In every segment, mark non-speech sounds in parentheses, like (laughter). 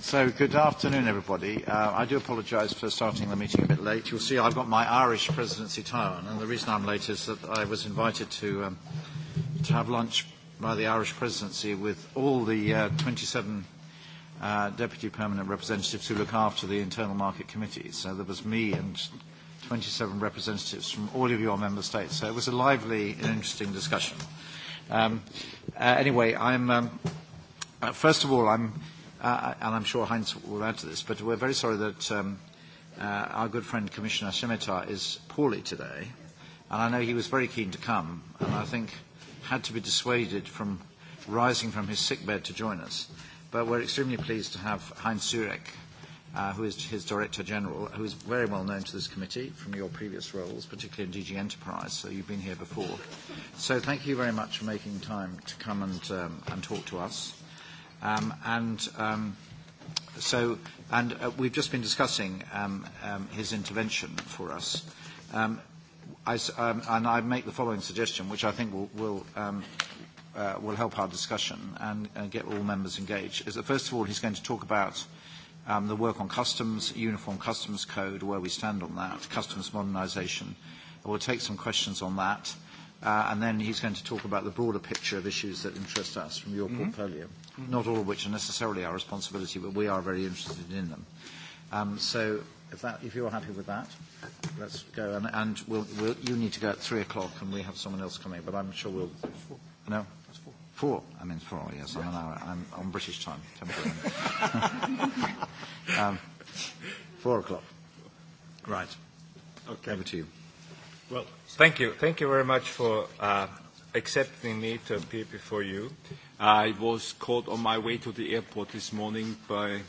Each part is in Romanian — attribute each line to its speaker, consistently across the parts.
Speaker 1: So, good afternoon, everybody. Uh, I do apologise for starting the meeting a bit late. You'll see I've got my Irish presidency tie on, and the reason I'm late is that I was invited to, um, to have lunch by the Irish presidency with all the uh, 27 uh, deputy permanent representatives who look after the internal market committee. So there was me and 27 representatives from all of your member states. So it was a lively and interesting discussion. Um, uh, anyway, I'm... Um, Uh, first of all, I'm, uh, uh, and I'm sure Heinz will add to this, but we're very sorry that um, uh, our good friend Commissioner Shemetar is poorly today. And I know he was very keen to come, and I think had to be dissuaded from rising from his sickbed to join us. But we're extremely pleased to have Heinz Zurek, uh, who is his Director General, who is very well known to this committee from your previous roles, particularly in DG Enterprise, so you've been here before. So thank you very much for making time to come and, um, and talk to us. Um, and um, so, and uh, we've just been discussing um, um, his intervention for us. Um, I, um, and I make the following suggestion, which I think will, will, um, uh, will help our discussion and, and uh, get all members engaged, is that first of all he's going to talk about um, the work on customs, uniform customs code, where we stand on that, customs modernisation. We'll take some questions on that uh, and then he's going to talk about the broader picture of issues that interest us from your mm -hmm. portfolio, mm -hmm. not all of which are necessarily our responsibility, but we are very interested in them. Um, so if, that, if you're happy with that, let's go. And, and we'll, we'll, you need to go at 3 o'clock, and we have someone else coming, but I'm sure we'll... Four. No? That's four. Four. I mean, four, yes. I'm, an hour, I'm on British time. (laughs) (laughs) um, four o'clock.
Speaker 2: Right. Okay. Over to you. Well, Thank you. Thank you very much for uh, accepting me to appear before you. I was called on my way to the airport this morning by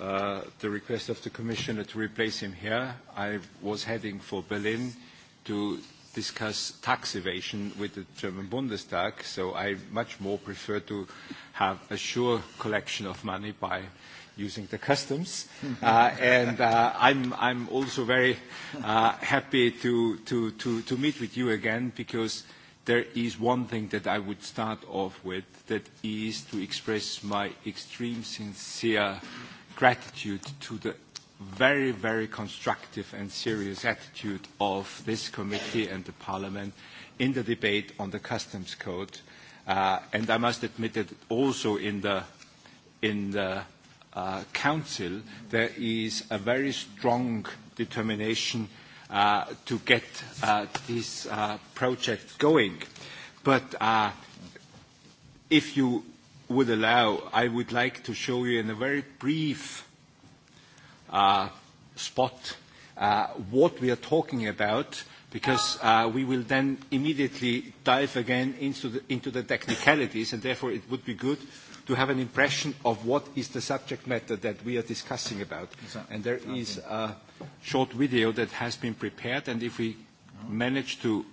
Speaker 2: uh, the request of the Commissioner to replace him here. I was heading for Berlin to discuss tax evasion with the German Bundestag, so I much more prefer to have a sure collection of money by using the customs. uh, and uh, I'm, I'm also very uh, happy to, to, to, to meet with you again because there is one thing that I would start off with that is to express my extreme sincere gratitude to the very, very constructive and serious attitude of this committee and the parliament in the debate on the customs code. Uh, and I must admit that also in the, in the uh, Council, there is a very strong determination uh, to get uh, this uh, project going. But uh, if you would allow, I would like to show you in a very brief uh, spot uh, what we are talking about because uh, we will then immediately dive again into the, into the technicalities and therefore it would be good to have an impression of what is the subject matter that we are discussing about. Exactly. And there is a short video that has been prepared, and if we manage to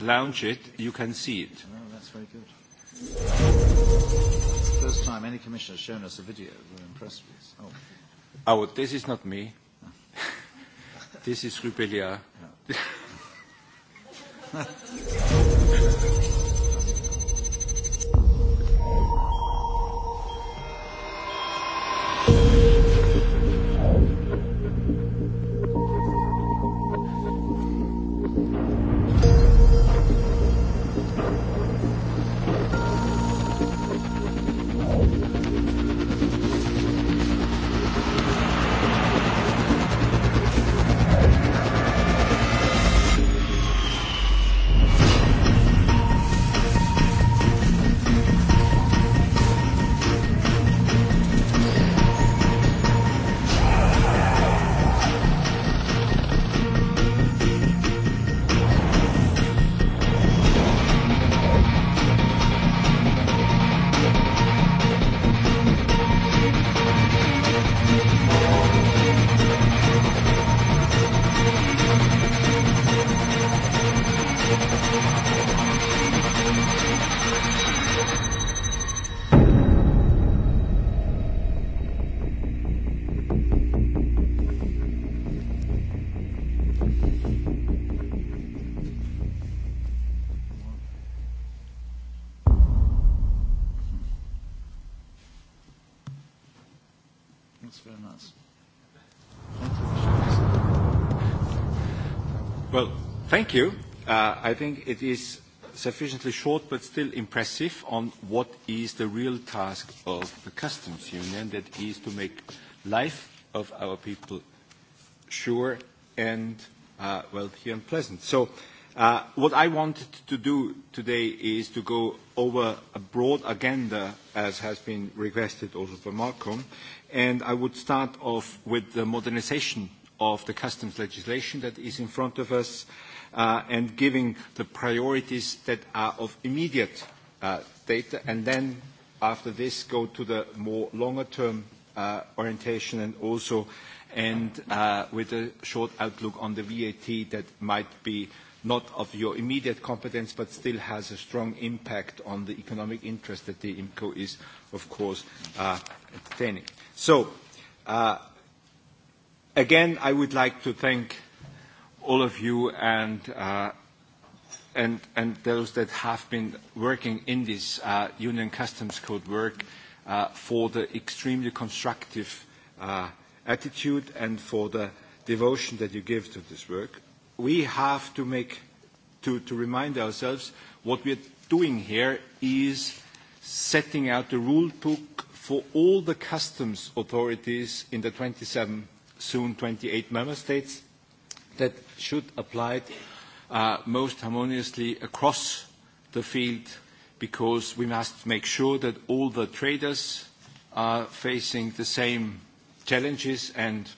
Speaker 2: launch it, you can see it. Oh, that's very good. It's the first time
Speaker 1: any commissioner has shown us a video. We're impressed with this.
Speaker 2: Oh, oh this is not me. (laughs) this is Rubelia. Yeah. (laughs) Thank you. Uh, I think it is sufficiently short but still impressive on what is the real task of the customs union that is to make life of our people sure and uh, wealthy and pleasant. So uh, what I wanted to do today is to go over a broad agenda as has been requested also by Markham, and I would start off with the modernization of the customs legislation that is in front of us uh, uh, and giving the priorities that are of immediate uh, data and then after this go to the more longer term uh, orientation and also and uh, with a short outlook on the VAT that might be not of your immediate competence, but still has a strong impact on the economic interest that the IMCO is, of course, uh, entertaining. So, uh, again, I would like to thank all of you and, uh, and, and those that have been working in this uh, Union Customs Code work uh, for the extremely constructive uh, attitude and for the devotion that you give to this work. We have to make, to, to remind ourselves what we are doing here is setting out the rule book for all the customs authorities in the 27, soon 28 member states that should applied uh, most harmoniously across the field because we must make sure that all the traders are facing the same challenges and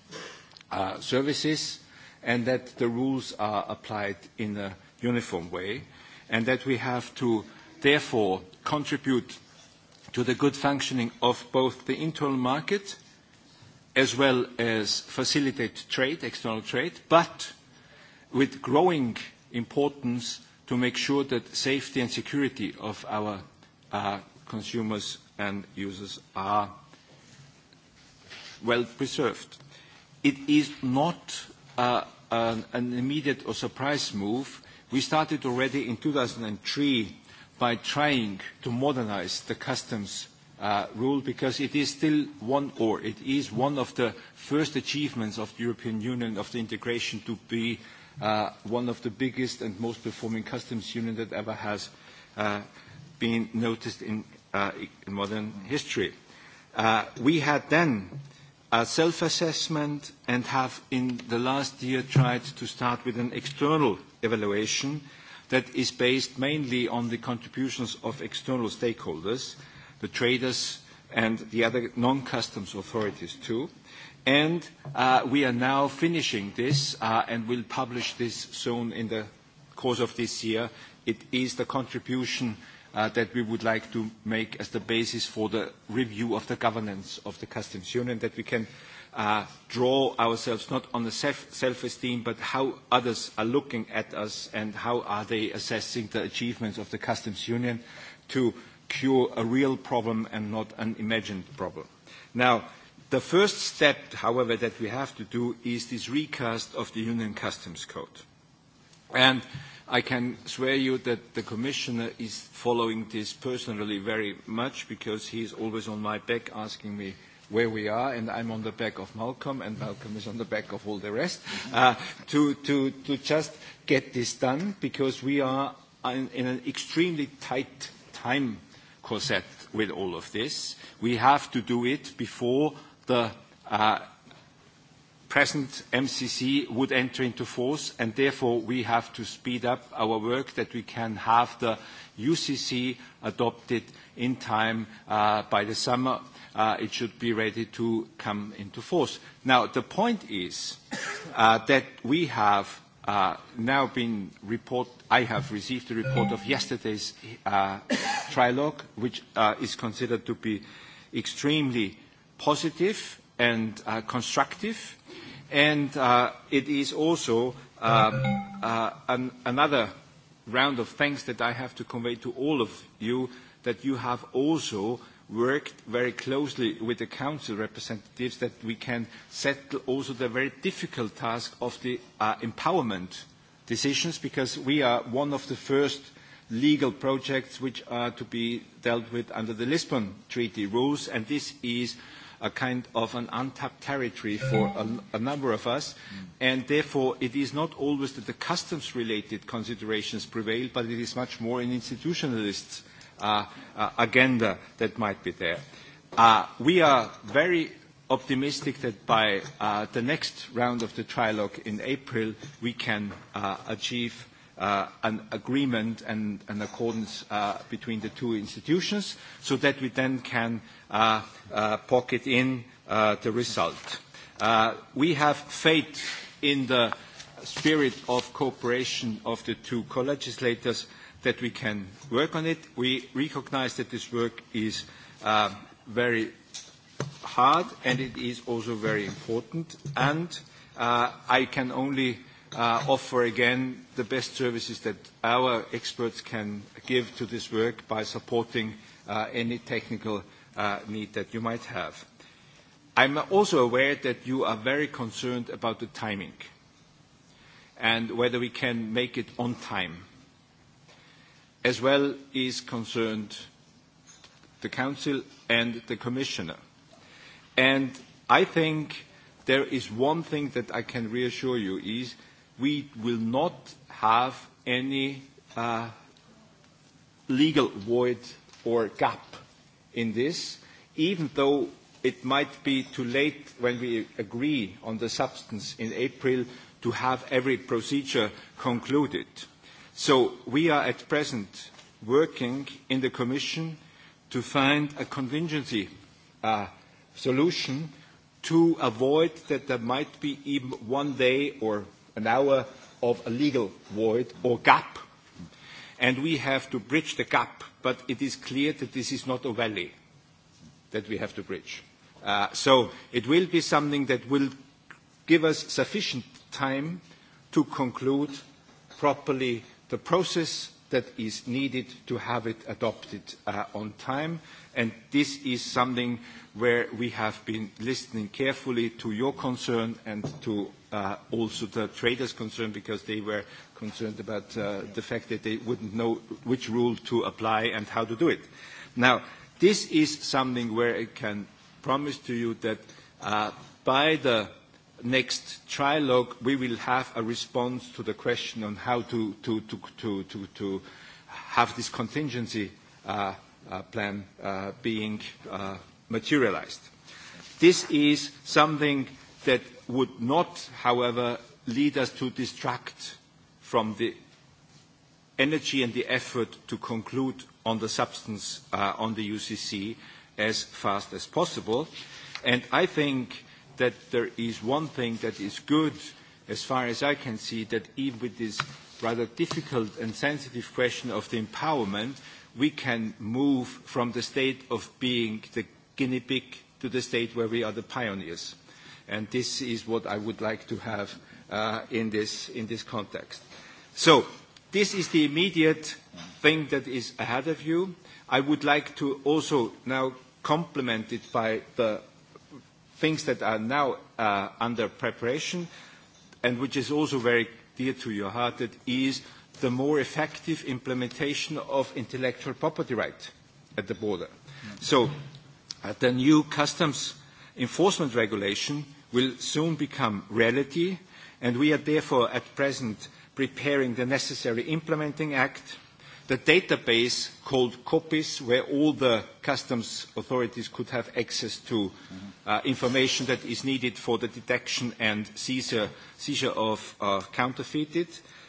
Speaker 2: uh, services and that the rules are applied in a uniform way and that we have to therefore contribute to the good functioning of both the internal market as well as facilitate trade, external trade, but with growing importance to make sure that safety and security of our uh, consumers and users are well preserved. It is not uh, an, an immediate or surprise move. We started already in 2003 by trying to modernize the customs uh, rule because it is still one or it is one of the first achievements of the European Union of the integration to be Uh, one of the biggest and most performing customs union that ever has uh, been noticed in, uh, in modern history. Uh, we had then a self-assessment and have in the last year tried to start with an external evaluation that is based mainly on the contributions of external stakeholders, the traders and the other non-customs authorities too and uh, we are now finishing this uh, and will publish this soon in the course of this year. It is the contribution uh, that we would like to make as the basis for the review of the governance of the customs union, that we can draw ourselves not on the self-esteem, but how others are looking at us and how are they assessing the achievements of the customs union to cure a real problem and not an imagined problem. Now, The first step, however, that we have to do is this recast of the Union Customs Code. And I can swear you that the Commissioner is following this personally very much because he is always on my back asking me where we are, and I'm on the back of Malcolm, and Malcolm is on the back of all the rest, mm-hmm. uh, to, to, to just get this done because we are in, in an extremely tight time corset with all of this. We have to do it before the uh, present MCC would enter into force, and therefore we have to speed up our work that we can have the UCC adopted in time uh, by the summer. Uh, it should be ready to come into force. Now, the point is (coughs) uh, that we have uh, now been report, I have received the report of yesterday's uh, (coughs) trilogue, which uh, is considered to be extremely positive and uh, constructive, and uh, it is also uh, another round of thanks that I have to convey to all of you that you have also worked very closely with the council representatives that we can settle also the very difficult task of the empowerment decisions because we are one of the first legal projects which are to be dealt with under the Lisbon Treaty rules and this is a kind of an untapped territory for a, a number of us, and therefore it is not always that the customs-related considerations prevail, but it is much more an institutionalist uh, uh, agenda that might be there. Uh, we are very optimistic that by uh, the next round of the trilogue in April, we can uh, achieve uh, an agreement and an accordance uh, between the two institutions so that we then can Uh, uh, pocket in uh, the result. we have faith in the spirit of cooperation of the two co-legislators that we can work on it. We recognize that this work is uh, very hard and it is also very important and uh, I can only uh, offer again the best services that our experts can give to this work by supporting uh, any technical uh, need that you might have. I'm also aware that you are very concerned about the timing and whether we can make it on time. As well is concerned the Council and the Commissioner. And I think there is one thing that I can reassure you is we will not have any uh, legal void or gap in this, even though it might be too late when we agree on the substance in April to have every procedure concluded. So we are at present working in the Commission to find a contingency uh, solution to avoid that there might be even one day or an hour of a legal void or gap and we have to bridge the gap, but it is clear that this is not a valley that we have to bridge. Uh, so it will be something that will give us sufficient time to conclude properly the process that is needed to have it adopted uh, on time. And this is something where we have been listening carefully to your concern and to uh, also the traders concerned because they were concerned about uh, the fact that they wouldn't know which rule to apply and how to do it. Now, this is something where I can promise to you that uh, by the next trilogue, we will have a response to the question on how to, to, to, to, to, to have this contingency uh, uh, plan uh, being uh, materialized. This is something that would not, however, lead us to distract from the energy and the effort to conclude on the substance uh, on the UCC as fast as possible. And I think that there is one thing that is good, as far as I can see, that even with this rather difficult and sensitive question of the empowerment, we can move from the state of being the guinea pig to the state where we are the pioneers. And this is what I would like to have uh, in, this, in this context. So this is the immediate thing that is ahead of you. I would like to also now complement it by the things that are now uh, under preparation and which is also very dear to your heart, that is the more effective implementation of intellectual property right at the border. So uh, the new customs enforcement regulation will soon become reality, and we are therefore at present preparing the necessary implementing act, the database called COPIS, where all the customs authorities could have access to mm-hmm. uh, information that is needed for the detection and seizure, seizure of uh, counterfeited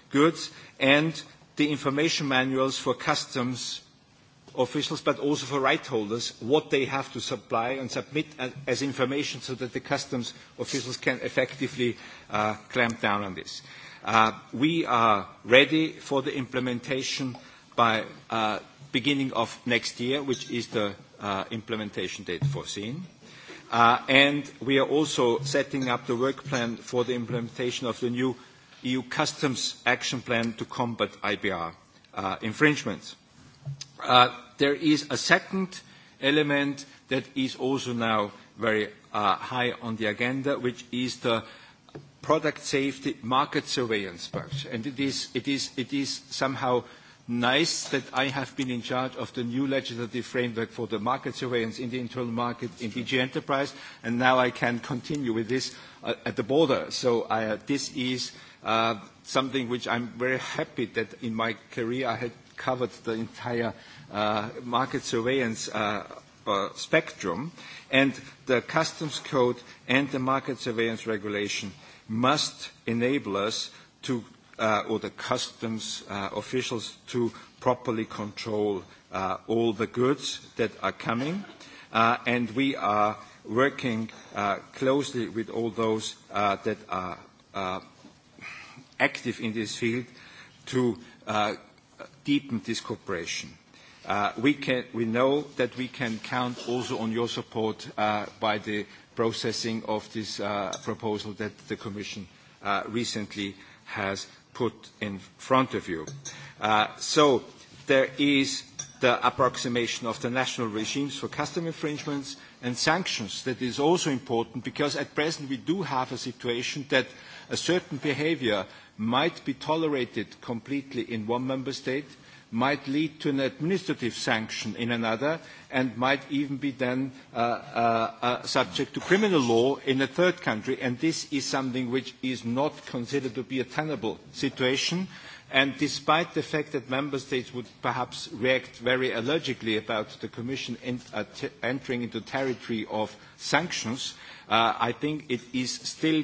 Speaker 2: goods, and the information manuals for customs officials, but also for right holders, what they have to supply and submit as information so that the customs officials can effectively uh, clamp down on this. Uh, we are ready for the implementation by uh, beginning of next year, which is the uh, implementation date foreseen. Uh, and we are also setting up the work plan for the implementation of the new EU Customs Action Plan to combat IBR uh, infringements. Uh, there is a second element that is also now very uh, high on the agenda, which is the product safety market surveillance part. And it is, it is, it is somehow nice that I have been in charge of the new legislative framework for the market surveillance in the internal market in DG Enterprise, and now I can continue with this uh, at the border. So uh, this is uh, something which I'm very happy that in my career I had covered the entire uh, market surveillance uh, uh, spectrum, and the customs code and the market surveillance regulation must enable us to, uh, or the customs uh, officials to properly control uh, all the goods that are coming, uh, and we are working uh, closely with all those uh, that are uh, active in this field to uh, deepen this cooperation. Uh, we, can, we know that we can count also on your support uh, by the processing of this uh, proposal that the Commission uh, recently has put in front of you. Uh, so there is the approximation of the national regimes for custom infringements and sanctions. That is also important because at present we do have a situation that a certain behavior might be tolerated completely in one member state, might lead to an administrative sanction in another, and might even be then uh, uh, uh, subject to criminal law in a third country. And this is something which is not considered to be a tenable situation. And despite the fact that member states would perhaps react very allergically about the Commission in, uh, entering into territory of sanctions, uh, I think it is still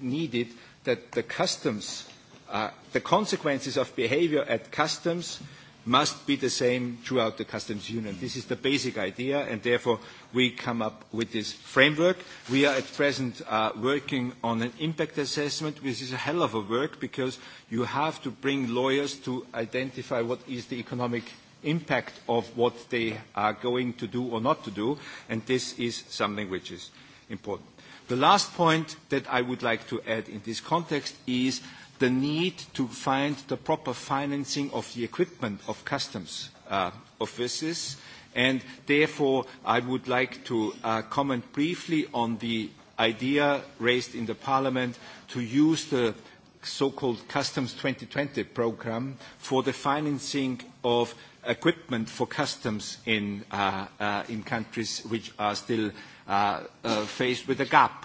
Speaker 2: needed that the customs, uh, the consequences of behavior at customs must be the same throughout the customs union. This is the basic idea, and therefore we come up with this framework. We are at present uh, working on an impact assessment, which is a hell of a work because you have to bring lawyers to identify what is the economic impact of what they are going to do or not to do, and this is something which is important. The last point that I would like to add in this context is the need to find the proper financing of the equipment of customs uh, offices. And therefore, I would like to uh, comment briefly on the idea raised in the Parliament to use the so-called Customs 2020 program for the financing of equipment for customs in, uh, uh, in countries which are still Uh, uh, faced with a gap.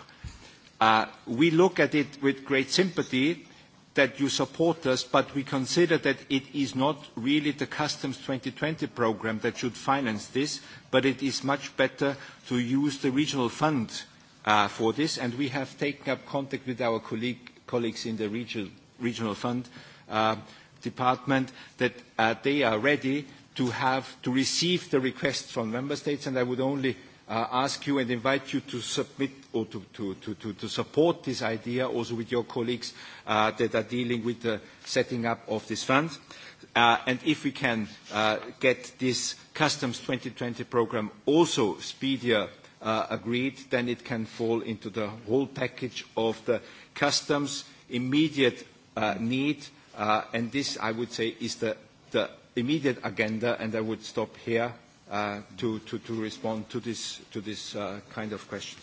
Speaker 2: Uh, we look at it with great sympathy that you support us, but we consider that it is not really the Customs 2020 program that should finance this, but it is much better to use the regional fund uh, for this, and we have taken up contact with our colleague, colleagues in the region, regional fund uh, department that uh, they are ready to have to receive the requests from member states, and I would only Uh, ask you and invite you to submit or to, to, to, to, support this idea also with your colleagues uh, that are dealing with the setting up of this fund. Uh, and if we can uh, get this Customs 2020 program also speedier uh, agreed, then it can fall into the whole package of the customs immediate uh, need. Uh, and this, I would say, is the, the immediate agenda, and I would stop here. Uh, to, to, to respond to this, to this uh, kind of question.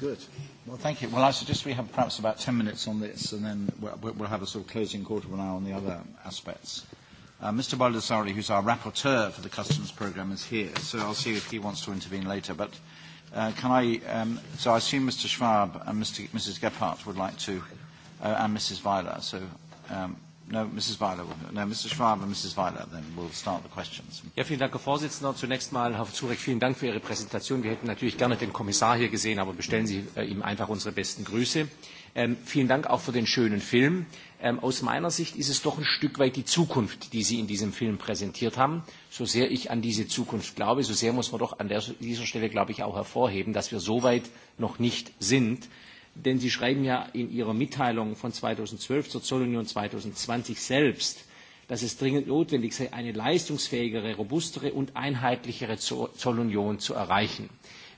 Speaker 1: Good. Well, thank you. Well, I suggest we have perhaps about 10 minutes on this, and then we'll, we'll have a sort of closing quarter of an hour on the other aspects. Uh, Mr. Baldessari, who's our rapporteur for the customs programme, is here, so I'll see if he wants to intervene later. But uh, can I, um, so I assume Mr. Schwab and Mr. Mrs. Gephardt would like to, uh, and Mrs. Weiler, so um, No, Mrs. Weiler. No, Mr. Schwab and Mrs. Weiler, then we'll start the questions.
Speaker 3: Ja, vielen Dank, Herr Vorsitzender. Zunächst mal, Herr Zurek, vielen Dank für Ihre Präsentation. Wir hätten natürlich gerne den Kommissar hier gesehen, aber bestellen Sie äh, ihm einfach unsere besten Grüße. Ähm, vielen Dank auch für den schönen Film. Ähm, aus meiner Sicht ist es doch ein Stück weit die Zukunft, die Sie in diesem Film präsentiert haben. So sehr ich an diese Zukunft glaube, so sehr muss man doch an der, dieser Stelle, glaube ich, auch hervorheben, dass wir so weit noch nicht sind Denn Sie schreiben ja in Ihrer Mitteilung von 2012 zur Zollunion 2020 selbst, dass es dringend notwendig sei, eine leistungsfähigere, robustere und einheitlichere Zollunion zu erreichen.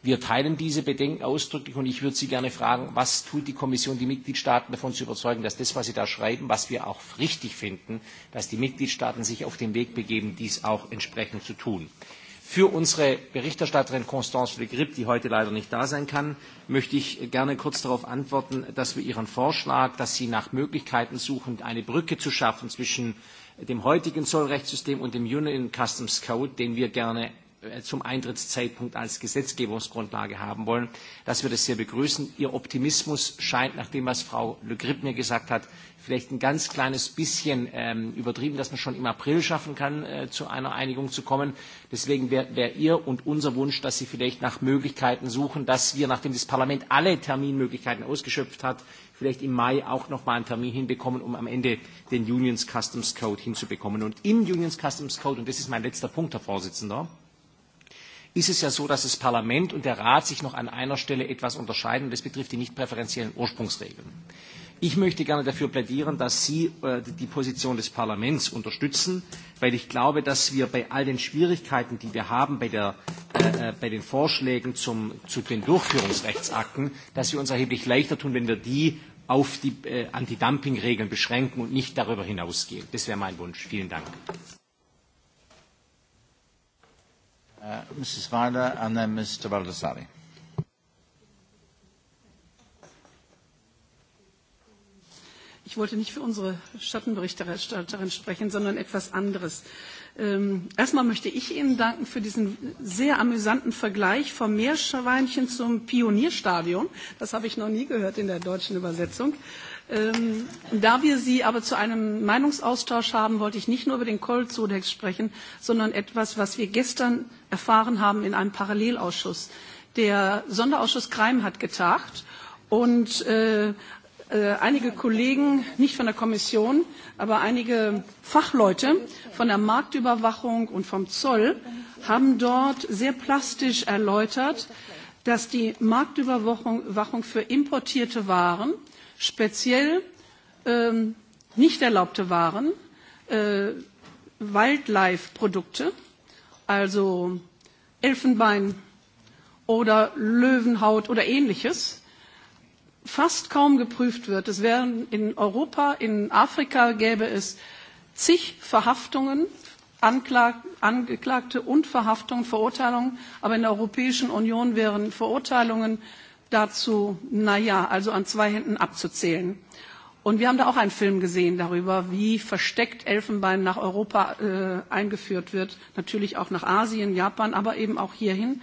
Speaker 3: Wir teilen diese Bedenken ausdrücklich und ich würde Sie gerne fragen, was tut die Kommission, die Mitgliedstaaten davon zu überzeugen, dass das, was Sie da schreiben, was wir auch richtig finden, dass die Mitgliedstaaten sich auf den Weg begeben, dies auch entsprechend zu tun. Für unsere Berichterstatterin Constance Le Grip, die heute leider nicht da sein kann, möchte ich gerne kurz darauf antworten, dass wir Ihren Vorschlag, dass Sie nach Möglichkeiten suchen, eine Brücke zu schaffen zwischen dem heutigen Zollrechtssystem und dem Union Customs Code, den wir gerne Äh, zum Eintrittszeitpunkt als Gesetzgebungsgrundlage haben wollen, dass wir das sehr begrüßen. Ihr Optimismus scheint, nach dem, was Frau Le Grip mir gesagt hat, vielleicht ein ganz kleines bisschen ähm, übertrieben, dass man schon im April schaffen kann, äh, zu einer Einigung zu kommen. Deswegen wäre wär Ihr und unser Wunsch, dass Sie vielleicht nach Möglichkeiten suchen, dass wir, nachdem das Parlament alle Terminmöglichkeiten ausgeschöpft hat, vielleicht im Mai auch noch mal einen Termin hinbekommen, um am Ende den Unions Customs Code hinzubekommen. Und im Unions Customs Code, und das ist mein letzter Punkt, Herr Vorsitzender, ist es ja so, dass das Parlament und der Rat sich noch an einer Stelle etwas unterscheiden, und das betrifft die nicht präferenziellen Ursprungsregeln. Ich möchte gerne dafür plädieren, dass Sie äh, die Position des Parlaments unterstützen, weil ich glaube, dass wir bei all den Schwierigkeiten, die wir haben bei, der, äh, äh bei den Vorschlägen zum, zu den Durchführungsrechtsakten, dass wir uns erheblich leichter tun, wenn wir die auf die äh, anti beschränken und nicht darüber hinausgehen. Das wäre mein Wunsch. Vielen Dank.
Speaker 1: Uh, Mrs. Weiler and then Mr. Baldessari.
Speaker 4: Ich wollte nicht für unsere Schattenberichterstatterin sprechen, sondern etwas anderes. Ähm, erstmal möchte ich Ihnen danken für diesen sehr amüsanten Vergleich vom Meerschweinchen zum Pionierstadion. Das habe ich noch nie gehört in der deutschen Übersetzung. Äh, Ähm, da wir Sie aber zu einem Meinungsaustausch haben, wollte ich nicht nur über den Kohl-Sodex sprechen, sondern etwas, was wir gestern erfahren haben in einem Parallelausschuss. Der Sonderausschuss Kreim hat getagt und äh, äh, einige Kollegen, nicht von der Kommission, aber einige Fachleute von der Marktüberwachung und vom Zoll haben dort sehr plastisch erläutert, dass die Marktüberwachung für importierte Waren speziell ähm, nicht erlaubte Waren, äh, Wildlife-Produkte, also Elfenbein oder Löwenhaut oder ähnliches, fast kaum geprüft wird. Es wären in Europa, in Afrika gäbe es zig Verhaftungen, Anklag, Angeklagte und Verhaftungen, Verurteilungen, aber in der Europäischen Union wären Verurteilungen dazu, naja, also an zwei Händen abzuzählen. Und wir haben da auch einen Film gesehen darüber, wie versteckt Elfenbein nach Europa äh, eingeführt wird, natürlich auch nach Asien, Japan, aber eben auch hierhin.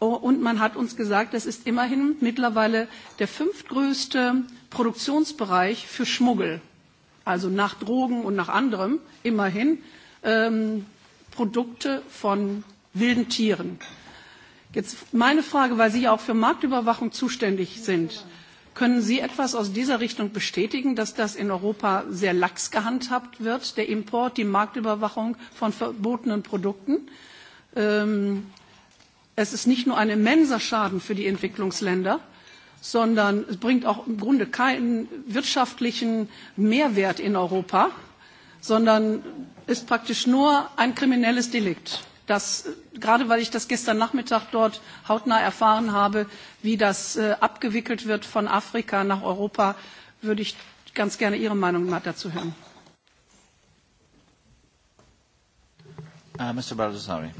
Speaker 4: Oh, und man hat uns gesagt, das ist immerhin mittlerweile der fünftgrößte Produktionsbereich für Schmuggel, also nach Drogen und nach anderem immerhin ähm, Produkte von wilden Tieren. Jetzt meine Frage, weil Sie ja auch für Marktüberwachung zuständig sind. Können Sie etwas aus dieser Richtung bestätigen, dass das in Europa sehr lax gehandhabt wird, der Import, die Marktüberwachung von verbotenen Produkten? Ähm, es ist nicht nur ein immenser Schaden für die Entwicklungsländer, sondern es bringt auch im Grunde keinen wirtschaftlichen Mehrwert in Europa, sondern ist praktisch nur ein kriminelles Delikt dass gerade weil ich das gestern Nachmittag dort hautnah erfahren habe, wie das äh, abgewickelt wird von Afrika nach Europa, würde ich ganz gerne Ihre Meinung mal dazu hören.
Speaker 5: Uh, Mr. Baldessari.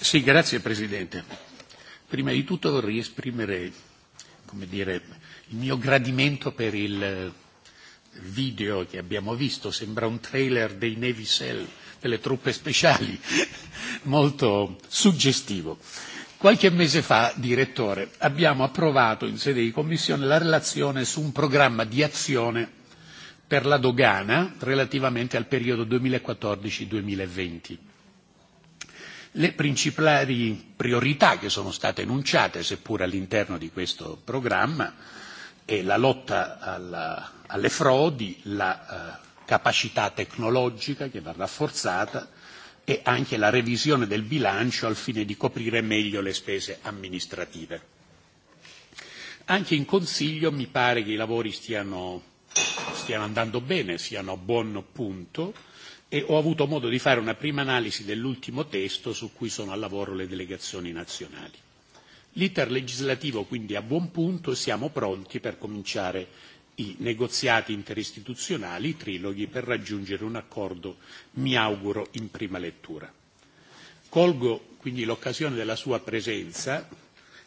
Speaker 5: Sì, grazie Presidente. Prima di tutto vorrei esprimere come dire, il mio gradimento per il video che abbiamo visto, sembra un trailer dei Navy Cell, delle truppe speciali, (laughs) molto suggestivo. Qualche mese fa, direttore, abbiamo approvato in sede di commissione la relazione su un programma di azione per la dogana relativamente al periodo 2014-2020. Le principali priorità che sono state enunciate, seppur all'interno di questo programma, e la lotta alla, alle frodi, la eh, capacità tecnologica che va rafforzata e anche la revisione del bilancio al fine di coprire meglio le spese amministrative. Anche in Consiglio mi pare che i lavori stiano, stiano andando bene, siano a buon punto e ho avuto modo di fare una prima analisi dell'ultimo testo su cui sono al lavoro le delegazioni nazionali L'iter legislativo quindi a buon punto, siamo pronti per cominciare i negoziati interistituzionali, i triloghi, per raggiungere un accordo, mi auguro, in prima lettura. Colgo quindi l'occasione della sua presenza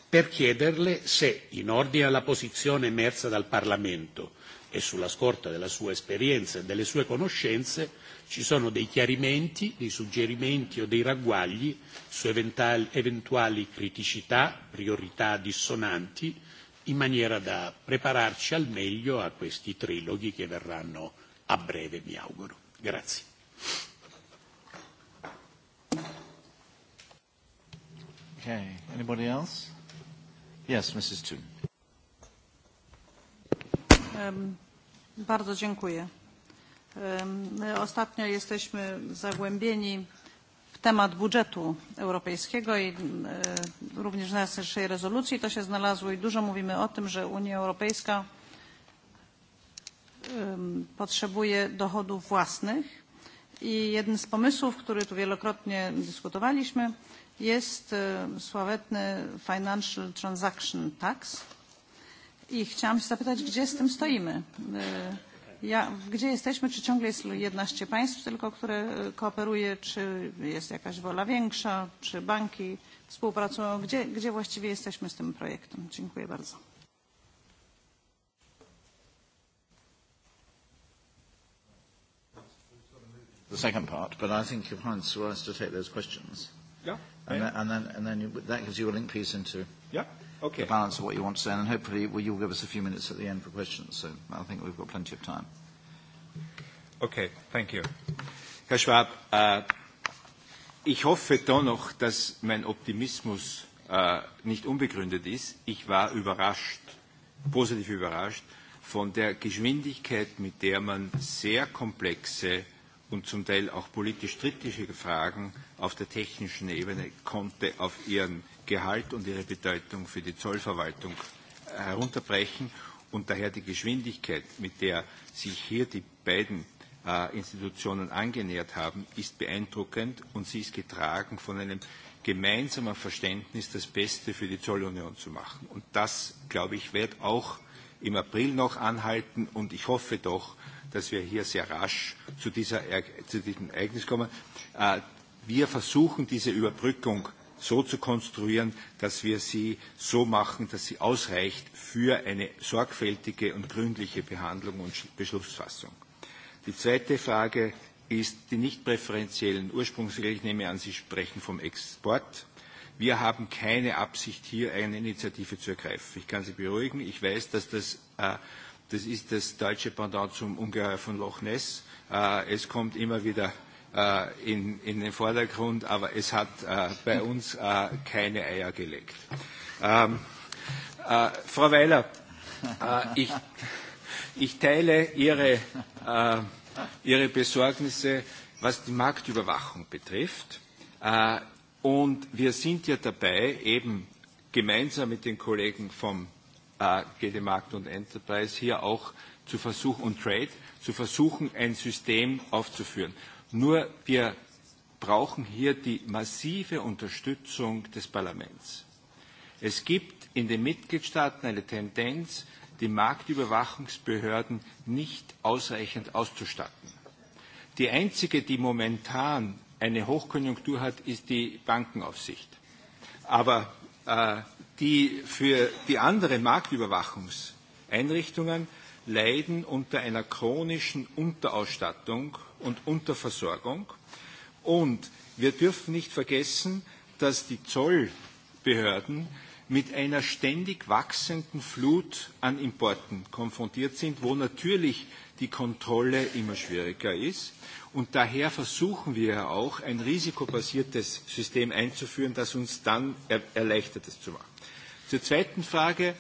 Speaker 5: per chiederle se, in ordine alla posizione emersa dal Parlamento e sulla scorta della sua esperienza e delle sue conoscenze, ci sono dei chiarimenti, dei suggerimenti o dei ragguagli su eventuali, eventuali criticità, priorità dissonanti, in maniera da prepararci al meglio a questi triloghi che verranno a breve, mi auguro. Grazie.
Speaker 1: Okay. Anybody else? Yes,
Speaker 6: Mrs.
Speaker 4: Um, bardzo dziękuję. My Ostatnio jesteśmy zagłębieni w temat budżetu europejskiego i również w naszej rezolucji to się znalazło i dużo mówimy o tym, że Unia Europejska potrzebuje dochodów własnych i jednym z pomysłów, który tu wielokrotnie dyskutowaliśmy, jest sławetny Financial Transaction Tax i chciałam się zapytać, gdzie z tym stoimy gdzie jesteśmy? Czy ciągle jest jedenaście państw tylko, które kooperuje? Czy jest jakaś wola większa? Czy banki współpracują? Gdzie, gdzie właściwie jesteśmy z tym projektem? Dziękuję
Speaker 1: bardzo. The second part, but I think if Hans to take those questions. Yeah. And, Then, and then, and then you, that gives you a link piece into. Yeah okay. the balance of what you want to say, and hopefully well, you'll give us a few minutes at the end for questions. So I think we've got plenty of time.
Speaker 2: Okay, thank you. Herr Schwab, äh, ich hoffe doch noch, dass mein Optimismus äh, nicht unbegründet ist. Ich war überrascht, positiv überrascht, von der Geschwindigkeit, mit der man sehr komplexe und zum Teil auch politisch strittige Fragen auf der technischen Ebene konnte auf ihren Gehalt und ihre Bedeutung für die Zollverwaltung äh, herunterbrechen und daher die Geschwindigkeit, mit der sich hier die beiden äh, Institutionen angenähert haben, ist beeindruckend und sie ist getragen von einem gemeinsamen Verständnis, das Beste für die Zollunion zu machen. Und das, glaube ich, wird auch im April noch anhalten und ich hoffe doch, dass wir hier sehr rasch zu, dieser, zu diesem Ereignis kommen. Äh, wir versuchen diese Überbrückung so zu konstruieren, dass wir sie so machen, dass sie ausreicht für eine sorgfältige und gründliche Behandlung und Beschlussfassung. Die zweite Frage ist die nicht präferentiellen Ursprungsregeln. Ich nehme an, Sie sprechen vom Export. Wir haben keine Absicht, hier eine Initiative zu ergreifen. Ich kann Sie beruhigen. Ich weiß, dass das, äh, das ist das deutsche Pendant zum Ungeheuer von Loch Ness. Äh, es kommt immer wieder Äh, in, in den Vordergrund, aber es hat äh, bei uns äh, keine Eier gelegt. Ähm, äh, Frau Weiler, äh, ich, ich teile Ihre, äh, Ihre Besorgnisse, was die Marktüberwachung betrifft. Äh, und wir sind ja dabei, eben gemeinsam mit den Kollegen vom äh, GD Markt und Enterprise hier auch zu versuchen und Trade zu versuchen, ein System aufzuführen. Nur wir brauchen hier die massive Unterstützung des Parlaments. Es gibt in den Mitgliedstaaten eine Tendenz, die Marktüberwachungsbehörden nicht ausreichend auszustatten. Die einzige, die momentan eine Hochkonjunktur hat, ist die Bankenaufsicht. Aber äh, die für die anderen Marktüberwachungseinrichtungen leiden unter einer chronischen Unterausstattung und Unterversorgung. Und wir dürfen nicht vergessen, dass die Zollbehörden mit einer ständig wachsenden Flut an Importen konfrontiert sind, wo natürlich die Kontrolle immer schwieriger ist. Und daher versuchen wir auch, ein risikobasiertes System einzuführen, das uns dann er erleichtert, es zu machen. Zur zweiten Frage,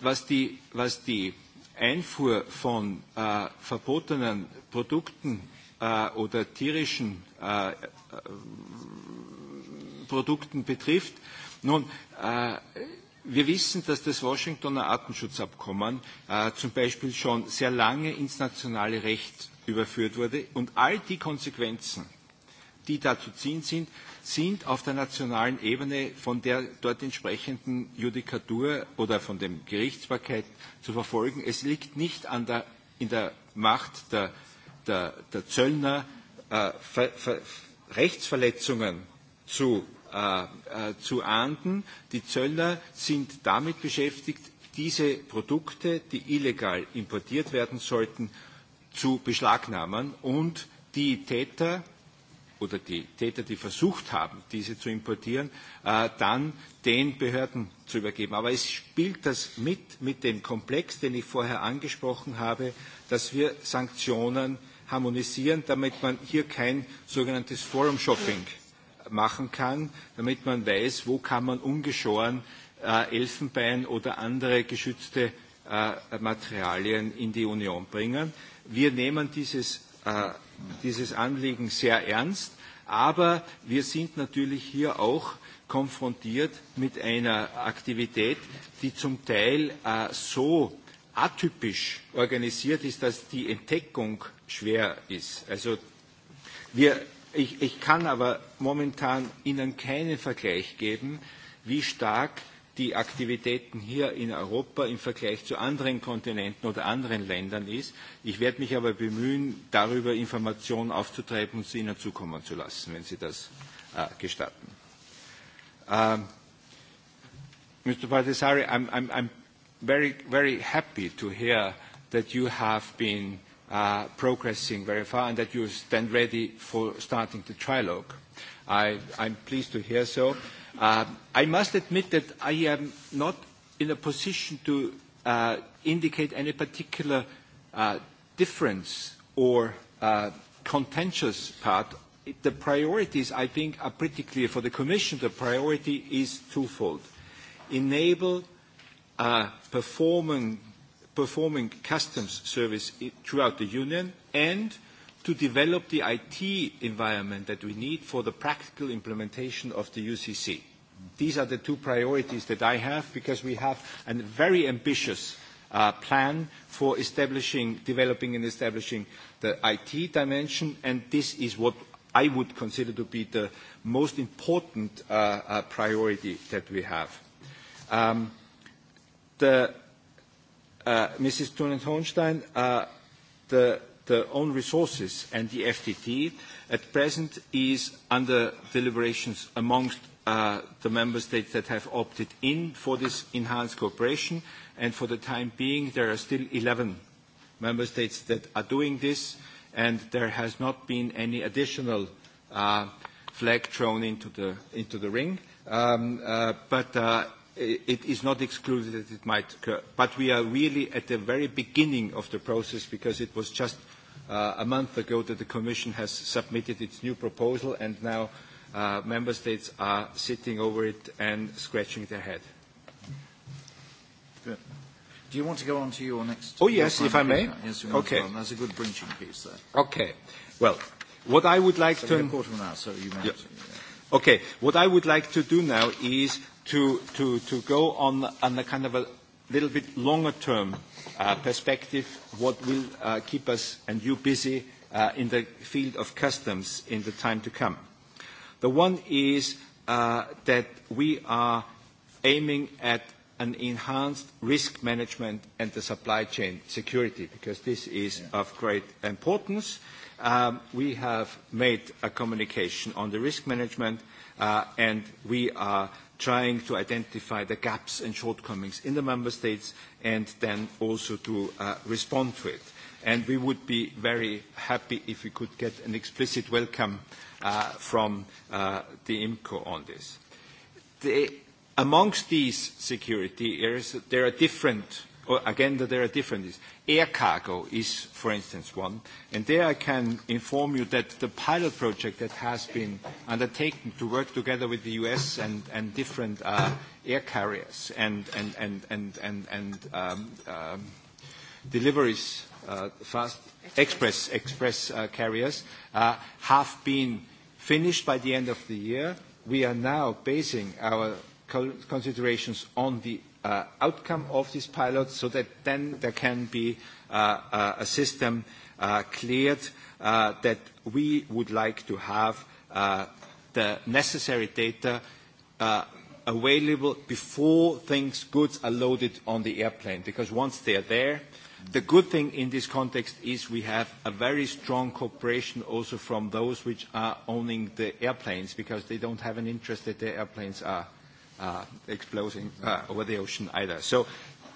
Speaker 2: was die, was die Einfuhr von äh, verbotenen Produkten äh, oder tierischen äh, äh, Produkten betrifft. Nun, äh, wir wissen, dass das Washingtoner Artenschutzabkommen äh, zum Beispiel schon sehr lange ins nationale Recht überführt wurde und all die Konsequenzen, die da zu ziehen sind, sind auf der nationalen Ebene von der dort entsprechenden Judikatur oder von dem Gerichtsbarkeit zu verfolgen. Es liegt nicht an der, in der Macht der der, der Zöllner äh, Ver, Ver, Rechtsverletzungen zu, äh, äh, zu ahnden. Die Zöllner sind damit beschäftigt, diese Produkte, die illegal importiert werden sollten, zu beschlagnahmen und die Täter oder die Täter, die versucht haben, diese zu importieren, äh, dann den Behörden zu übergeben. Aber es spielt das mit, mit dem Komplex, den ich vorher angesprochen habe, dass wir Sanktionen äh, harmonisieren, damit man hier kein sogenanntes Forum Shopping machen kann, damit man weiß, wo kann man ungeschoren äh, Elfenbein oder andere geschützte äh, Materialien in die Union bringen. Wir nehmen dieses, äh, dieses Anliegen sehr ernst, aber wir sind natürlich hier auch konfrontiert mit einer Aktivität, die zum Teil äh, so atypisch organisiert ist, dass die Entdeckung schwer ist. Also wir, ich, ich kann aber momentan Ihnen keinen Vergleich geben, wie stark die Aktivitäten hier in Europa im Vergleich zu anderen Kontinenten oder anderen Ländern ist. Ich werde mich aber bemühen, darüber Informationen aufzutreiben und sie Ihnen zukommen zu lassen, wenn Sie das äh, gestatten. Ähm, Mr. Baldessari, I'm, I'm, I'm very, very happy to hear that you have been progressing very far and that you stand ready for starting the trilogue. I, I'm pleased to hear so. Uh, I must admit that I am not in a position to uh, indicate any particular uh, difference or uh, contentious part. The priorities, I think, are pretty clear. For the Commission, the priority is twofold. Enable uh, performing performing customs service throughout the Union and to develop the IT environment that we need for the practical implementation of the UCC. These are the two priorities that I have because we have a very ambitious uh, plan for establishing, developing and establishing the IT dimension and this is what I would consider to be the most important uh, uh, priority that we have. Um, the Uh, Mrs. Tunen-Hohenstein, uh, the, the own resources and the FTT at present is under deliberations amongst uh, the member states that have opted in for this enhanced cooperation. And for the time being, there are still 11 member states that are doing this, and there has not been any additional uh, flag thrown into the, into the ring. Um, uh, but uh, it is not excluded that it might occur. But we are really at the very beginning of the process because it was just uh, a month ago that the Commission has submitted its new proposal and now uh, Member States are sitting over it and scratching their head.
Speaker 1: Good. Do you want to go on to your next? Oh yes, if I may. Yes, you okay. On.
Speaker 2: That's a good bridging piece there. Okay. Well, what I would like so to. so you may. yeah. Okay. What I would like to do now is to, to, to go on, on a kind of a little bit longer term uh, perspective, what will uh, keep us and you busy uh, in the field of customs in the time to come. The one is uh, that we are aiming at an enhanced risk management and the supply chain security, because this is yeah. of great importance. Um, we have made a communication on the risk management, uh, and we are trying to identify the gaps and shortcomings in the member states and then also to uh, respond to it. And we would be very happy if we could get an explicit welcome uh, from uh, the IMCO on this. The, amongst these security areas, there are different again, that there are differences. Air cargo is, for instance, one. And there I can inform you that the pilot project that has been undertaken to work together with the U.S. and, different uh, air carriers and, um, um, deliveries, uh, fast express, uh, carriers, have been finished by the end of the year. We are now basing our considerations on the uh, outcome of this pilot so that then there can be uh, uh, a system uh, cleared uh, that we would like to have uh, the necessary data uh, available before things, goods are loaded on the airplane. Because once they are there, the good thing in this context is we have a very strong cooperation also from those which are owning the airplanes because they don't have an interest that their airplanes are uh, exploding uh, over the ocean either. So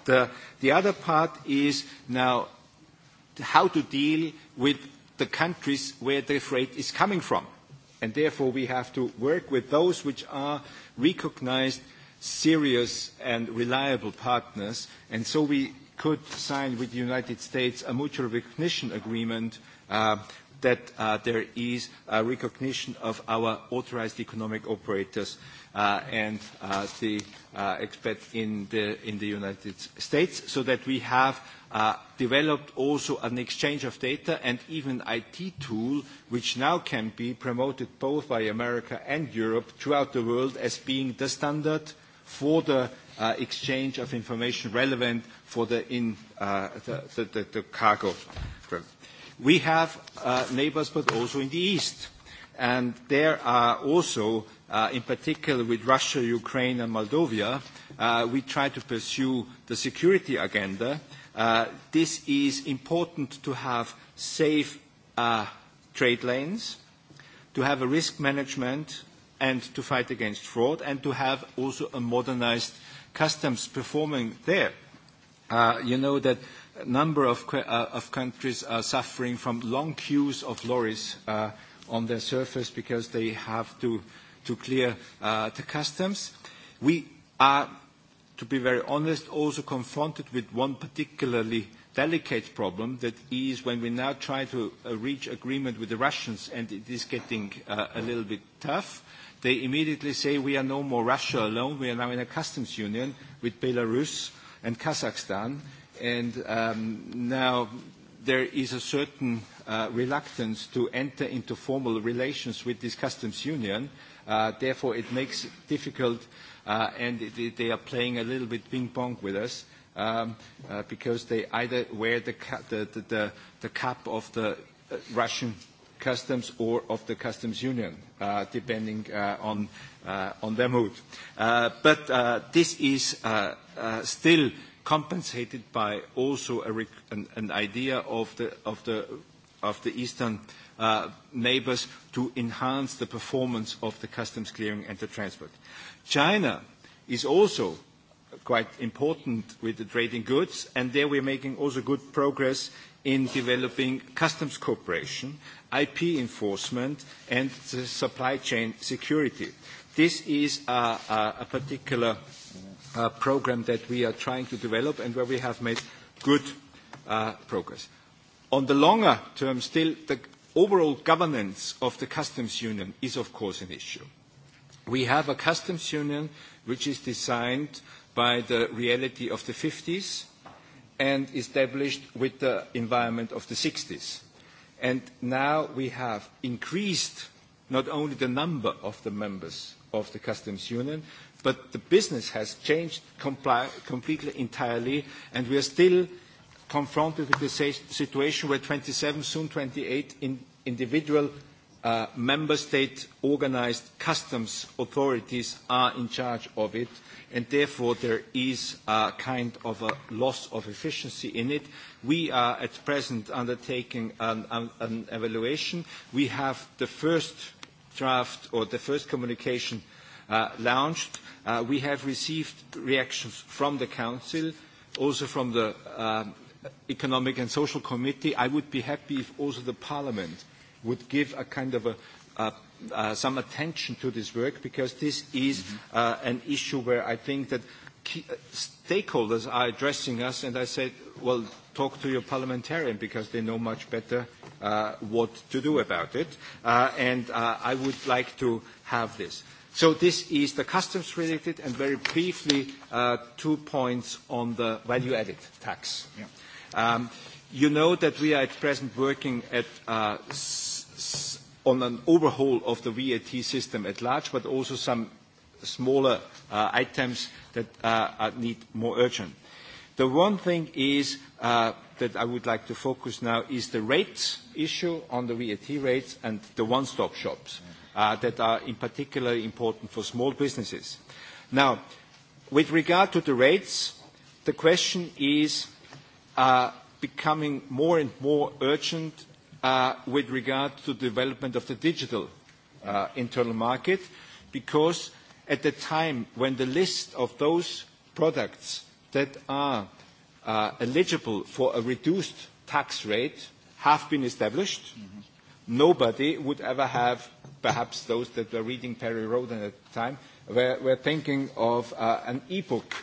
Speaker 2: the, the other part is now how to deal with the countries where the freight is coming from. And therefore, we have to work with those which are recognized serious and reliable partners. And so we could sign with the United States a mutual recognition agreement uh, that uh, there is a recognition of our authorized economic operators Uh, and uh, the uh, expert expat in the, United States, so that we have developed also an exchange of data and even IT tool, which now can be promoted both by America and Europe throughout the world as being the standard for the exchange of information relevant for the, cargo. We have neighbors, but also in the east. And there are also uh, in particular with Russia, Ukraine and Moldova, uh, we try to pursue the security agenda. Uh, this is important to have safe uh, trade lanes, to have a risk management and to fight against fraud, and to have also a modernized customs performing there. Uh, you know that a number of, uh, of countries are suffering from long queues of lorries uh, on their surface because they have to uh, to clear uh, the customs. We are, to be very honest, also confronted with one particularly delicate problem that is when we now try to uh, reach agreement with the Russians and it is getting uh, a little bit tough, they immediately say we are no more Russia alone, we are now in a customs union with Belarus and Kazakhstan. And um, now there is a certain uh, reluctance to enter into formal relations with this customs union Uh, therefore, it makes it difficult, uh, and it, it, they are playing a little bit ping-pong with us. Um, uh, because they either wear the, ca the, the, the, the cap of the uh, Russian customs or of the customs union, uh, depending uh, on, uh, on their mood. Uh, but uh, this is uh, uh, still compensated by also a rec an, an idea of the, of the, of the Eastern uh, Neighbours uh, neighbors to enhance the performance of the customs clearing and the transport. China is also quite important with the trade in goods, and there we're making also good progress in developing customs cooperation, IP enforcement, and the supply chain security. This is a, a, a particular uh, program that we are trying to develop and where we have made good uh, progress. On the longer term, still, the overall governance of the customs union is, of course, an issue. We have a customs union which is designed by the reality of the 50s and established with the environment of the 60s. And now we have increased not only the number of the members of the customs union, but the business has changed completely, entirely, and we are still confronted with the situation where 27, soon 28 in individual uh, member state organized customs authorities are in charge of it, and therefore there is a kind of a loss of efficiency in it. We are at present undertaking an, an, an evaluation. We have the first draft or the first communication uh, launched. Uh, we have received reactions from the Council, also from the um, Economic and Social Committee. I would be happy if also the Parliament uh, would give a kind of a, a uh, some attention to this work because this is mm-hmm. uh, an issue where I think that key, uh, stakeholders are addressing us and I said, well, talk to your parliamentarian because they know much better uh, what to do about it. Uh, and uh, I would like to have this. So this is the customs related and very briefly uh, two points on the value added tax. Yeah. Um, you know that we are at present working at uh, on an overhaul of the VAT system at large, but also some smaller uh, items that uh, need more urgent. The one thing is uh, that I would like to focus now is the rates issue on the VAT rates and the one-stop shops uh, that are in particular important for small businesses. Now, with regard to the rates, the question is uh, becoming more and more urgent Uh, with regard to development of the digital uh, internal market because at the time when the list of those products that are uh, eligible for a reduced tax rate have been established, mm -hmm. nobody would ever have, perhaps those that were reading Perry Roden at the time, were, were thinking of uh, an e-book.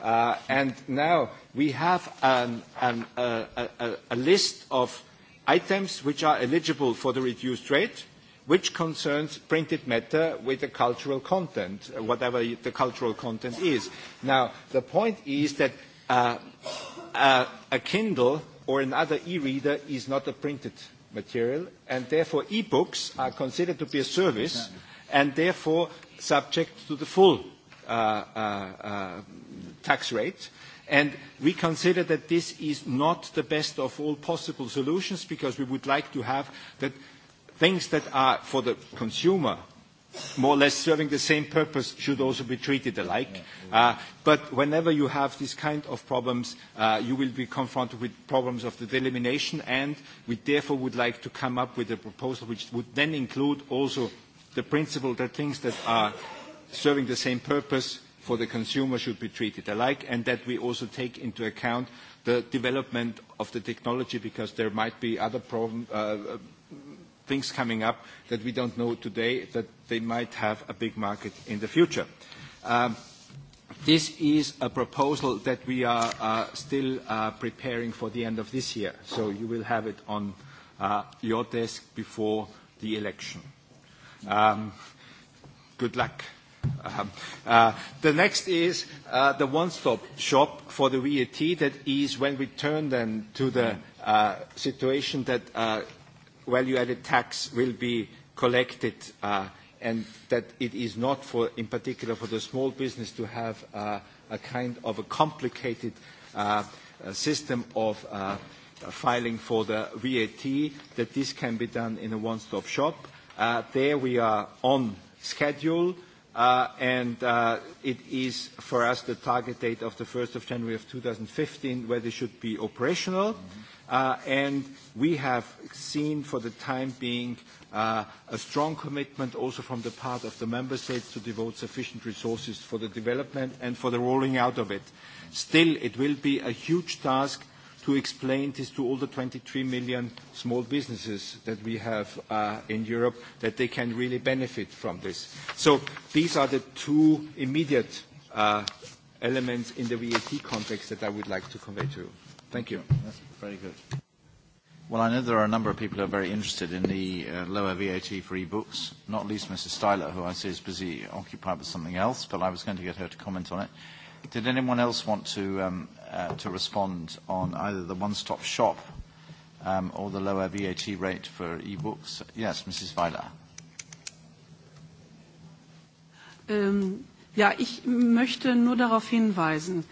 Speaker 2: Uh, and now we have an, an, uh, a, a, a list of items which are eligible for the reduced rate, which concerns printed matter with the cultural content, uh, whatever the cultural content is. Now, the point is that uh, uh, a Kindle or another e-reader is not a printed material, and therefore e-books are considered to be a service, and therefore subject to the full uh, uh, uh, tax rate. Uh, And we consider that this is not the best of all possible solutions because we would like to have that things that are for the consumer more or less serving the same purpose should also be treated alike. Uh, but whenever you have this kind of problems, uh, you will be confronted with problems of the delimitation, and we therefore would like to come up with a proposal which would then include also the principle that things that are serving the same purpose for the consumer should be treated alike and that we also take into account the development of the technology because there might be other problem, uh, things coming up that we don't know today that they might have a big market in the future. Um, this is a proposal that we are uh, still uh, preparing for the end of this year, so you will have it on uh, your desk before the election. Um, good luck. Uh-huh. Uh, the next is uh, the one-stop shop for the VAT. That is when we turn then to the uh, situation that uh, value-added tax will be collected, and that it is not for, in particular, for the small business to have a kind of a complicated system of filing for the VAT, that this can be done in a one-stop shop. There we are on schedule. Uh, and uh, it is for us the target date of the 1st of January of 2015 where they should be operational. Mm -hmm. uh, and we have seen for the time being uh, a strong commitment also from the part of the member states to devote sufficient resources for the development and for the rolling out of it. Still, it will be a huge task to explain this to all the 23 million small businesses that we have uh, in Europe, that they can really benefit from this. So these are the two immediate uh, elements in the VAT context that I would like to convey to you. Thank you. That's very good.
Speaker 1: Well, I know there are a number of people who are very interested in the uh, lower VAT for e-books, not least Mrs. Styler, who I see is busy occupied with something else, but I was going to get her to comment on it. Did anyone else want to um, uh, to respond on either the one-stop shop um, or the lower VAT rate for e-books. Yes, Mrs. Weiler.
Speaker 4: Ähm, ja, ich möchte nur darauf hinweisen,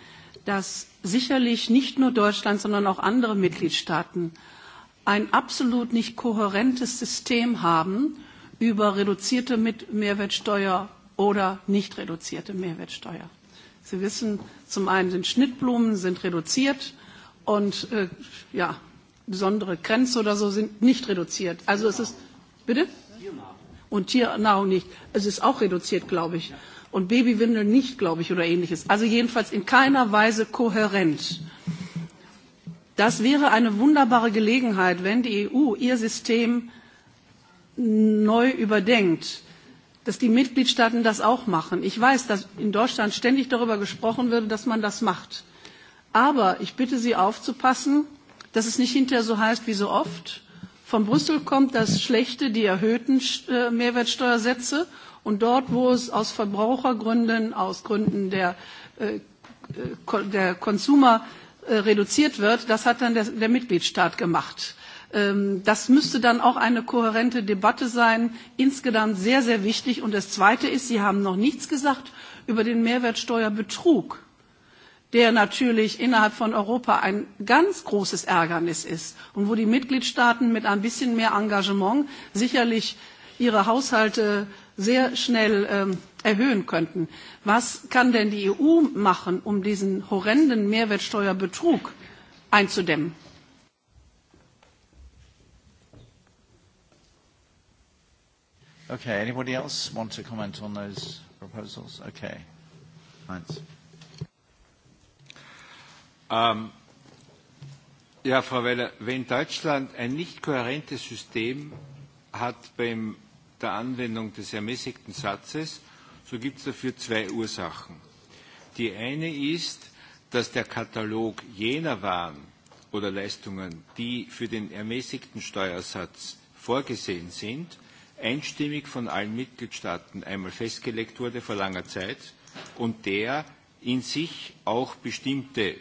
Speaker 4: dass sicherlich nicht nur Deutschland, sondern auch andere Mitgliedstaaten ein absolut nicht kohärentes System haben über reduzierte Mehrwertsteuer oder nicht reduzierte Mehrwertsteuer. Sie wissen, zum einen sind Schnittblumen sind reduziert und äh, ja, besondere Grenze oder so sind nicht reduziert. Also es ist bitte und Tiernahrung nicht. Es ist auch reduziert, glaube ich. Und Babywindeln nicht, glaube ich, oder ähnliches. Also jedenfalls in keiner Weise kohärent. Das wäre eine wunderbare Gelegenheit, wenn die EU ihr System neu überdenkt dass die Mitgliedstaaten das auch machen. Ich weiß, dass in Deutschland ständig darüber gesprochen wird, dass man das macht. Aber ich bitte Sie aufzupassen, dass es nicht hinterher so heißt wie so oft. Von Brüssel kommt das Schlechte, die erhöhten äh, Mehrwertsteuersätze. Und dort, wo es aus Verbrauchergründen, aus Gründen der, äh, äh, der Consumer reduziert wird, das hat dann der, der Mitgliedstaat gemacht. Ähm, das müsste dann auch eine kohärente Debatte sein. Insgesamt sehr, sehr wichtig. Und das Zweite ist, Sie haben noch nichts gesagt über den Mehrwertsteuerbetrug, der natürlich innerhalb von Europa ein ganz großes Ärgernis ist und wo die Mitgliedstaaten mit ein bisschen mehr Engagement sicherlich ihre Haushalte sehr schnell ähm, erhöhen könnten. Was kann denn die EU machen, um diesen horrenden Mehrwertsteuerbetrug einzudämmen?
Speaker 1: Okay, anybody else want to comment on those
Speaker 2: proposals? Okay. Thanks. Um, ja, Frau Weller, wenn Deutschland ein nicht kohärentes System hat bei der Anwendung des ermäßigten Satzes, so gibt es dafür zwei Ursachen. Die eine ist, dass der Katalog jener Waren oder Leistungen, die für den ermäßigten Steuersatz vorgesehen sind, einstimmig von allen Mitgliedstaaten einmal festgelegt wurde vor langer Zeit und der in sich auch bestimmte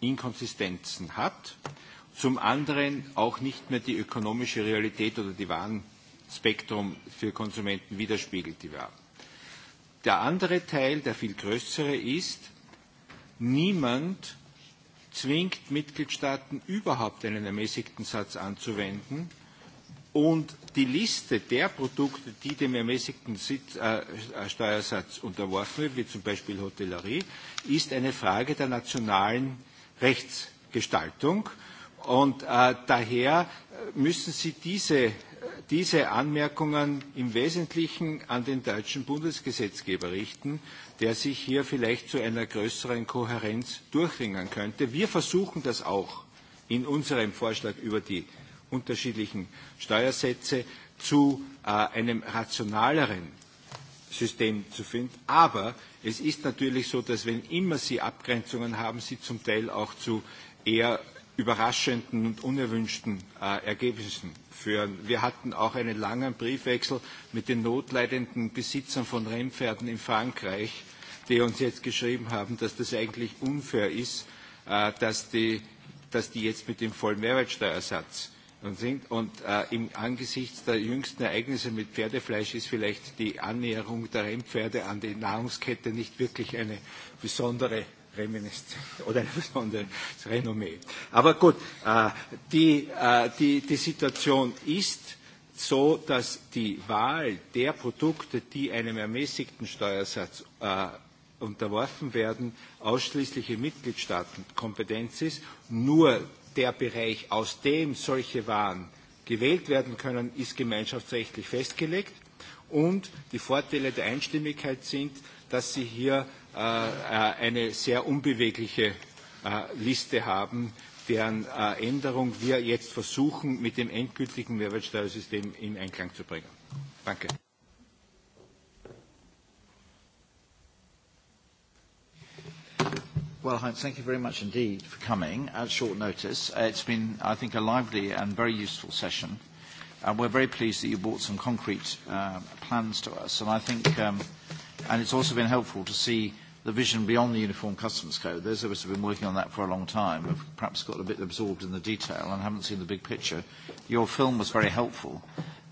Speaker 2: Inkonsistenzen hat, zum anderen auch nicht mehr die ökonomische Realität oder die Warenspektrum für Konsumenten widerspiegelt, die wir haben. Der andere Teil, der viel größere ist, niemand zwingt Mitgliedstaaten überhaupt einen ermäßigten Satz anzuwenden und die Liste der Produkte, die dem ermäßigten Sitz, äh, äh, Steuersatz unterworfen wird, wie zum Beispiel Hotellerie, ist eine Frage der nationalen Rechtsgestaltung. Und äh, daher äh, müssen Sie diese, äh, diese Anmerkungen im Wesentlichen an den deutschen Bundesgesetzgeber richten, der sich hier vielleicht zu einer größeren Kohärenz durchringen könnte. Wir versuchen das auch in unserem Vorschlag über die unterschiedlichen Steuersätze zu äh, einem rationaleren System zu finden. Aber es ist natürlich so, dass wenn immer Sie Abgrenzungen haben, sie zum Teil auch zu eher überraschenden und unerwünschten äh, Ergebnissen führen. Wir hatten auch einen langen Briefwechsel mit den notleidenden Besitzern von Rennpferden in Frankreich, die uns jetzt geschrieben haben, dass das eigentlich unfair ist, äh, dass, die, dass die jetzt mit dem vollen Mehrwertsteuersatz äh, sind. Und äh, im, angesichts der jüngsten Ereignisse mit Pferdefleisch ist vielleicht die Annäherung der Rennpferde an die Nahrungskette nicht wirklich eine besondere Reminiszenz (laughs) oder ein besonderes Renommee. Aber gut, äh, die, äh, die, die Situation ist so, dass die Wahl der Produkte, die einem ermäßigten Steuersatz äh, unterworfen werden, ausschließlich in Mitgliedstaaten Kompetenz ist. Nur der Bereich, aus dem solche Waren gewählt werden können, ist gemeinschaftsrechtlich festgelegt. Und die Vorteile der Einstimmigkeit sind, dass Sie hier äh, äh eine sehr unbewegliche äh, Liste haben, deren äh, Änderung wir jetzt versuchen, mit dem endgültigen Mehrwertsteuersystem in Einklang zu bringen. Danke.
Speaker 1: Well, Heinz, thank you very much indeed for coming at short notice. Uh, it's been, I think, a lively and very useful session. And uh, we're very pleased that you brought some concrete uh, plans to us. And I think, um, and it's also been helpful to see the vision beyond the Uniform Customs Code. Those of us who have been working on that for a long time have perhaps got a bit absorbed in the detail and haven't seen the big picture. Your film was very helpful,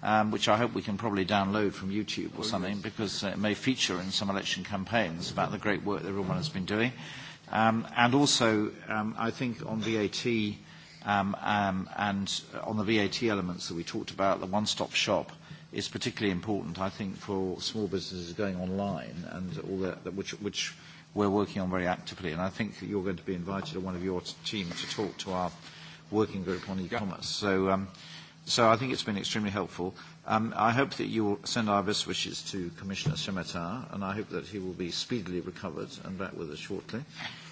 Speaker 1: um, which I hope we can probably download from YouTube or oh, something, because it may feature in some election campaigns about the great work that everyone has been doing. Um, and also, um, I think on VAT um, and on the VAT elements that we talked about, the one-stop shop is particularly important, I think, for small businesses going online and all that, which, we're working on very actively. And I think you're going to be invited or one of your team to talk to our working group on e-commerce. Yeah. So So I think it's been extremely helpful. Um, I hope that you will send our best wishes to Commissioner Sematar, and I hope that he will be speedily recovered and back with us shortly.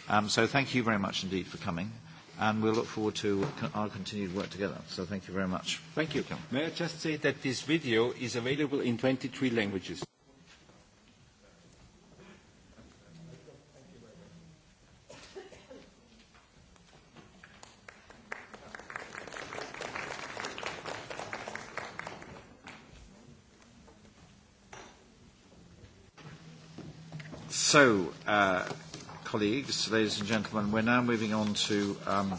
Speaker 1: Um, so thank you very much indeed for coming, and we'll look forward to our continued work together. So thank you very much.
Speaker 2: Thank you. May I just say that this video is available in 23 languages.
Speaker 1: So, uh, colleagues, ladies and gentlemen, we're now moving on to um,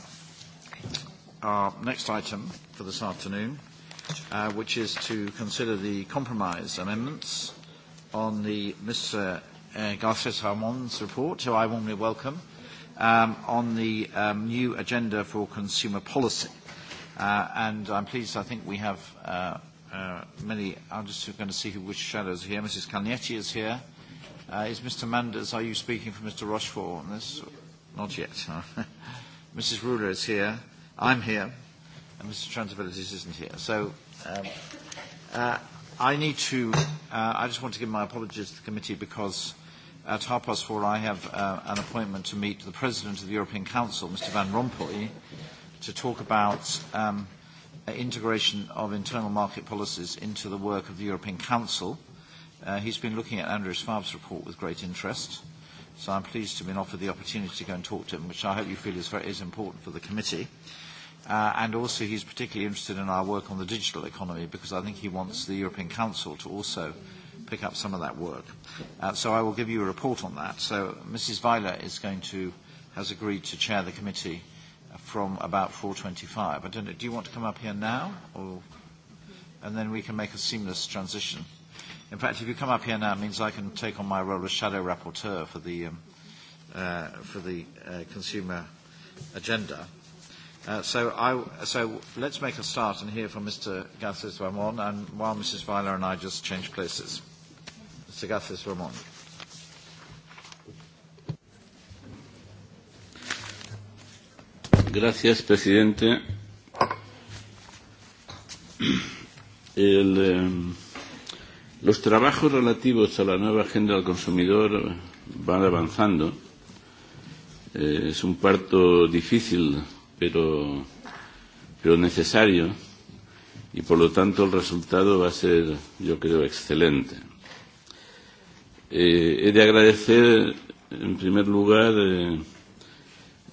Speaker 1: our next item for this afternoon, uh, which is to consider the compromise amendments on the Mr. Uh, Garces Harmon's report, who I warmly welcome, um, on the um, new agenda for consumer policy. Uh, and I'm pleased, I think we have uh, uh, many, I'm just going to see who which shadows are here. Mrs. Cagnetti is here. Uh, is Mr. Manders, are you speaking for Mr. Rochefort on this? Not yet. (laughs) Mrs. Ruler is here. I'm here. And Mr. Transabilities isn't here. So um, uh, I need to, uh, I just want to give my apologies to the committee because at half past four I have uh, an appointment to meet the President of the European Council, Mr. Van Rompuy, to talk about um, integration of internal market policies into the work of the European Council. Uh, he's been looking at Andrew Schwab's report with great interest, so I'm pleased to have been offered the opportunity to go and talk to him, which I hope you feel is, very, is important for the committee. Uh, and also he's particularly interested in our work on the digital economy because I think he wants the European Council to also pick up some of that work. Uh, so I will give you a report on that. So Mrs. Weiler is going to, has agreed to chair the committee from about 4.25. I don't know, do you want to come up here now? Or, and then we can make a seamless transition. In fact, if you come up here now, it means I can take on my role as shadow rapporteur for the, um, uh, for the uh, consumer agenda. Uh, so, I, so let's make a start and hear from Mr. Gathis Ramon, and while Mrs. Weiler and I just change places. Mr. Gathis Ramon.
Speaker 6: Gracias, presidente. El, um, Los trabajos relativos a la nueva agenda del consumidor van avanzando. Eh, es un parto difícil, pero, pero necesario, y por lo tanto el resultado va a ser, yo creo, excelente. Eh, he de agradecer, en primer lugar, eh,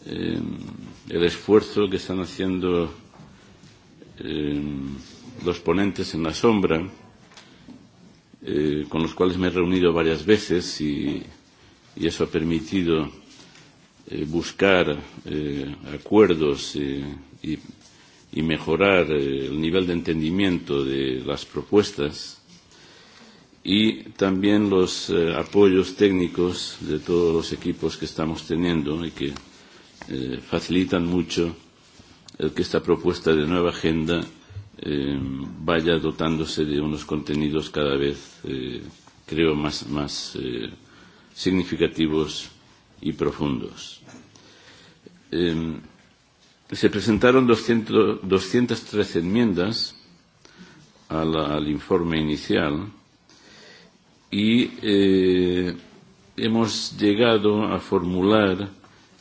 Speaker 6: eh, el esfuerzo que están haciendo eh, los ponentes en la sombra eh, con los cuales me he reunido varias veces y, y eso ha permitido eh, buscar eh, acuerdos eh, y, y mejorar eh, el nivel de entendimiento de las propuestas y también los eh, apoyos técnicos de todos los equipos que estamos teniendo y que eh, facilitan mucho el eh, que esta propuesta de nueva agenda eh, vaya dotándose de unos contenidos cada vez, eh, creo, más, más eh, significativos y profundos. Eh, se presentaron 200, 213 enmiendas al, al informe inicial y eh, hemos llegado a formular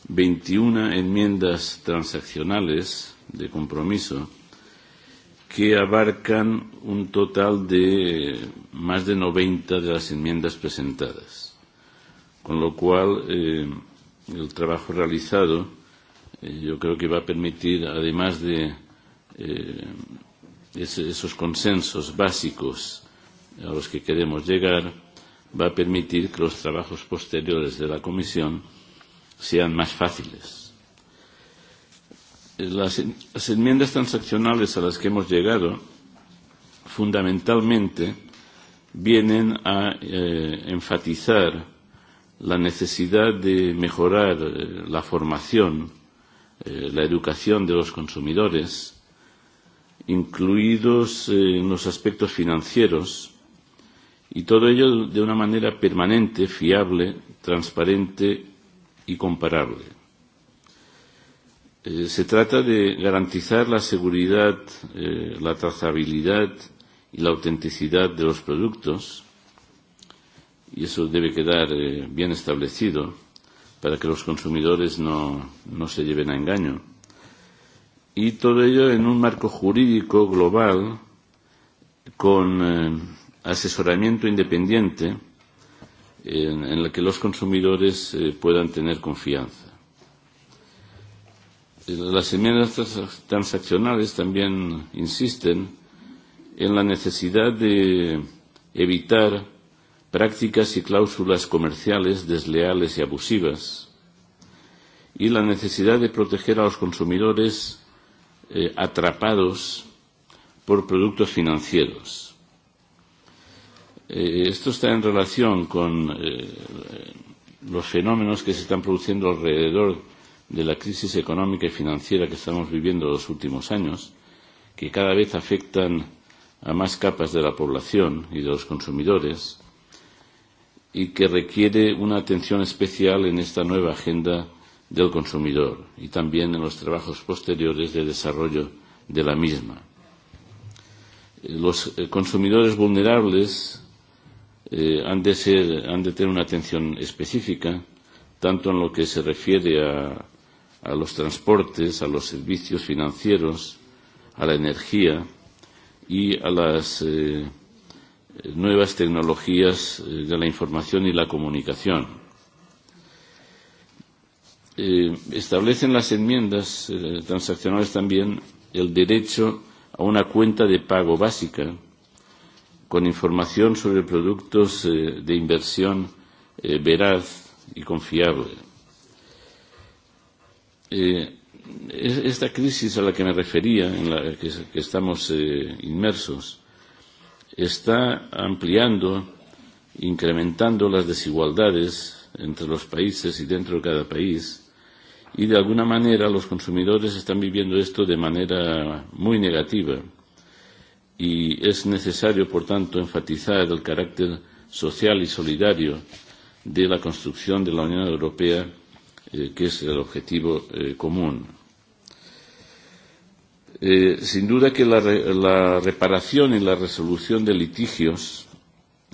Speaker 6: 21 enmiendas transaccionales de compromiso que abarcan un total de más de 90 de las enmiendas presentadas. Con lo cual, eh, el trabajo realizado eh, yo creo que va a permitir, además de eh, es, esos consensos básicos a los que queremos llegar, va a permitir que los trabajos posteriores de la Comisión sean más fáciles las, las enmiendas transaccionales a las que hemos llegado fundamentalmente vienen a eh, enfatizar la necesidad de mejorar eh, la formación, eh, la educación de los consumidores, incluidos eh, en los aspectos financieros, y todo ello de una manera permanente, fiable, transparente y comparable Eh, se trata de garantizar la seguridad, eh, la trazabilidad y la autenticidad de los productos, y eso debe quedar eh, bien establecido para que los consumidores no, no se lleven a engaño. Y todo ello en un marco jurídico global con eh, asesoramiento independiente en, en el que los consumidores eh, puedan tener confianza. Las enmiendas transaccionales también insisten en la necesidad de evitar prácticas y cláusulas comerciales desleales y abusivas y la necesidad de proteger a los consumidores eh, atrapados por productos financieros. Eh, esto está en relación con eh, los fenómenos que se están produciendo alrededor de la crisis económica y financiera que estamos viviendo en los últimos años, que cada vez afectan a más capas de la población y de los consumidores, y que requiere una atención especial en esta nueva agenda del consumidor y también en los trabajos posteriores de desarrollo de la misma. Los eh, consumidores vulnerables eh, han, de ser, han de tener una atención específica, tanto en lo que se refiere a, a los transportes, a los servicios financieros, a la energía y a las eh, nuevas tecnologías eh, de la información y la comunicación. Eh, establecen las enmiendas eh, transaccionales también el derecho a una cuenta de pago básica con información sobre productos eh, de inversión eh, veraz y confiable Eh, esta crisis a la que me refería, en la que, que estamos eh, inmersos, está ampliando, incrementando las desigualdades entre los países y dentro de cada país, y de alguna manera los consumidores están viviendo esto de manera muy negativa. Y es necesario, por tanto, enfatizar el carácter social y solidario de la construcción de la Unión Europea eh, que es el objetivo eh, común. Eh, sin duda que la, la reparación y la resolución de litigios,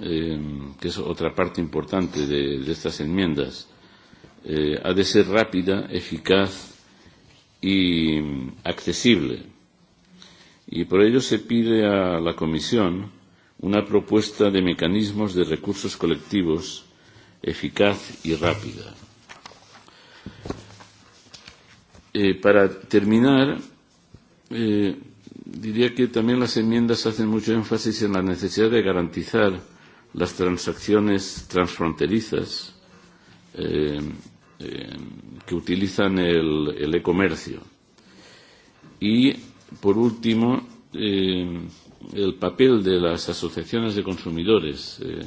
Speaker 6: eh, que es otra parte importante de, de estas enmiendas, eh, ha de ser rápida, eficaz y mm, accesible. Y por ello se pide a la Comisión una propuesta de mecanismos de recursos colectivos eficaz y rápida. Eh, para terminar, eh, diría que también las enmiendas hacen mucho énfasis en la necesidad de garantizar las transacciones transfronterizas eh, eh, que utilizan el, e-comercio. E Y, por último, eh, el papel de las asociaciones de consumidores eh,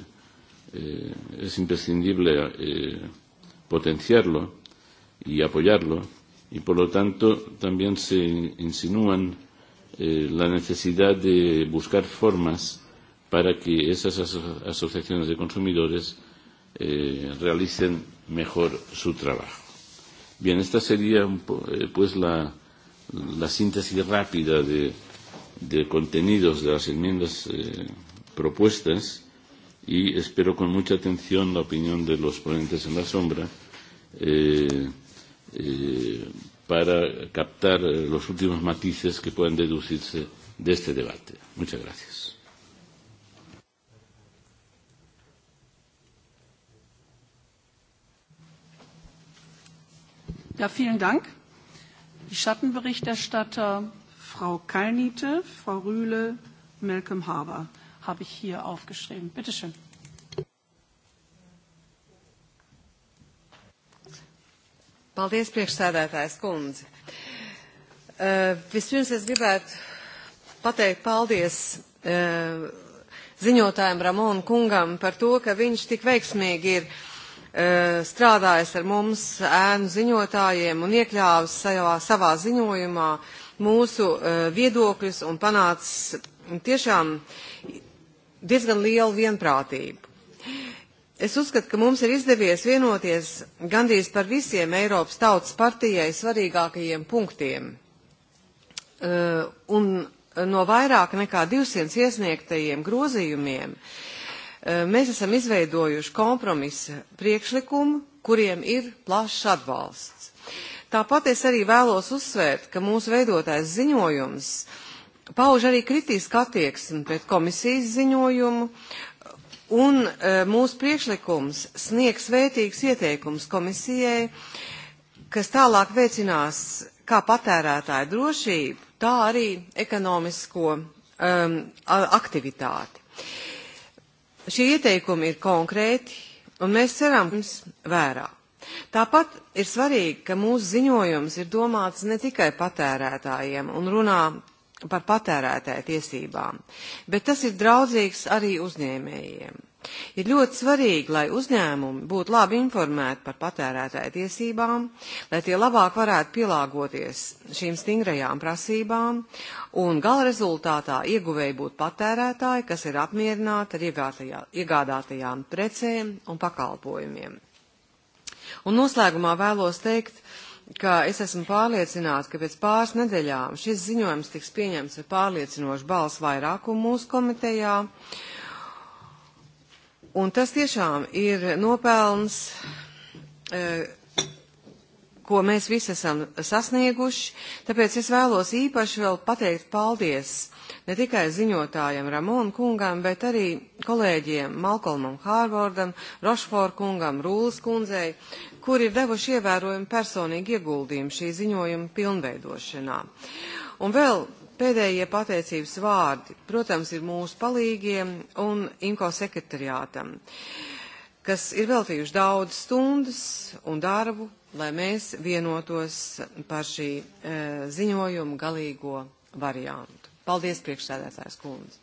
Speaker 6: eh, es imprescindible eh, potenciarlo y apoyarlo y por lo tanto también se insinúan eh, la necesidad de buscar formas para que esas aso asociaciones de consumidores eh, realicen mejor su trabajo. Bien, esta sería eh, pues la, la síntesis rápida de, de contenidos de las enmiendas eh, propuestas y espero con mucha atención la opinión de los ponentes en la sombra. Eh, Eh, para captar eh, los últimos matices que puedan deducirse de este debate. Muchas gracias.
Speaker 4: Ja, vielen Dank. Die Schattenberichterstatter Frau Kalnite, Frau Rühle, Malcolm Haber habe ich hier aufgeschrieben. Bitte schön.
Speaker 7: Paldies, priekšsēdētājs kundze. Eh, vispirms es gribētu pateikt paldies eh, ziņotājiem Ramon kungam par to, ka viņš tik veiksmīgi ir eh, strādājis ar mums ēnu ziņotājiem un iekļāvis savā, savā ziņojumā mūsu viedokļus un panācis tiešām diezgan lielu vienprātību. Es uzskatu, ka mums ir izdevies vienoties gandrīz par visiem Eiropas tautas partijai svarīgākajiem punktiem. Uh, un no vairāk nekā 200 iesniegtajiem grozījumiem uh, mēs esam izveidojuši kompromisa priekšlikumu, kuriem ir plašs atbalsts. Tāpat es arī vēlos uzsvērt, ka mūsu veidotājs ziņojums pauž arī kritisku attieksmi pret komisijas ziņojumu, un mūsu priekšlikums sniegs vērtīgs ieteikums komisijai, kas tālāk veicinās kā patērētāja drošību, tā arī ekonomisko um, aktivitāti. Šie ieteikumi ir konkrēti, un mēs ceram, ka jums vērā. Tāpat ir svarīgi, ka mūsu ziņojums ir domāts ne tikai patērētājiem un runā par patērētāju tiesībām, bet tas ir draudzīgs arī uzņēmējiem. Ir ļoti svarīgi, lai uzņēmumi būtu labi informēti par patērētāju tiesībām, lai tie labāk varētu pielāgoties šīm stingrajām prasībām, un gala rezultātā ieguvēji būtu patērētāji, kas ir apmierināti ar iegādātajā, iegādātajām precēm un pakalpojumiem. Un noslēgumā vēlos teikt, ka es esmu pārliecināts, ka pēc pāris nedēļām šis ziņojums tiks pieņemts ar pārliecinošu balsu vairākumu mūsu komitejā. Un tas tiešām ir nopelns e, ko mēs visi esam sasnieguši, tāpēc es vēlos īpaši vēl pateikt paldies ne tikai ziņotājiem Ramon kungam, bet arī kolēģiem Malkolmam Hārvordam, Rošfor kungam, Rūlas kundzei, kuri ir devuši ievērojumu personīgi ieguldījumu šī ziņojuma pilnveidošanā. Un vēl pēdējie pateicības vārdi, protams, ir mūsu palīgiem un Inko sekretariātam kas ir veltījuši daudz stundas un darbu lai mēs vienotos par šī ziņojuma galīgo variantu. Paldies, priekšsēdētājs kundze.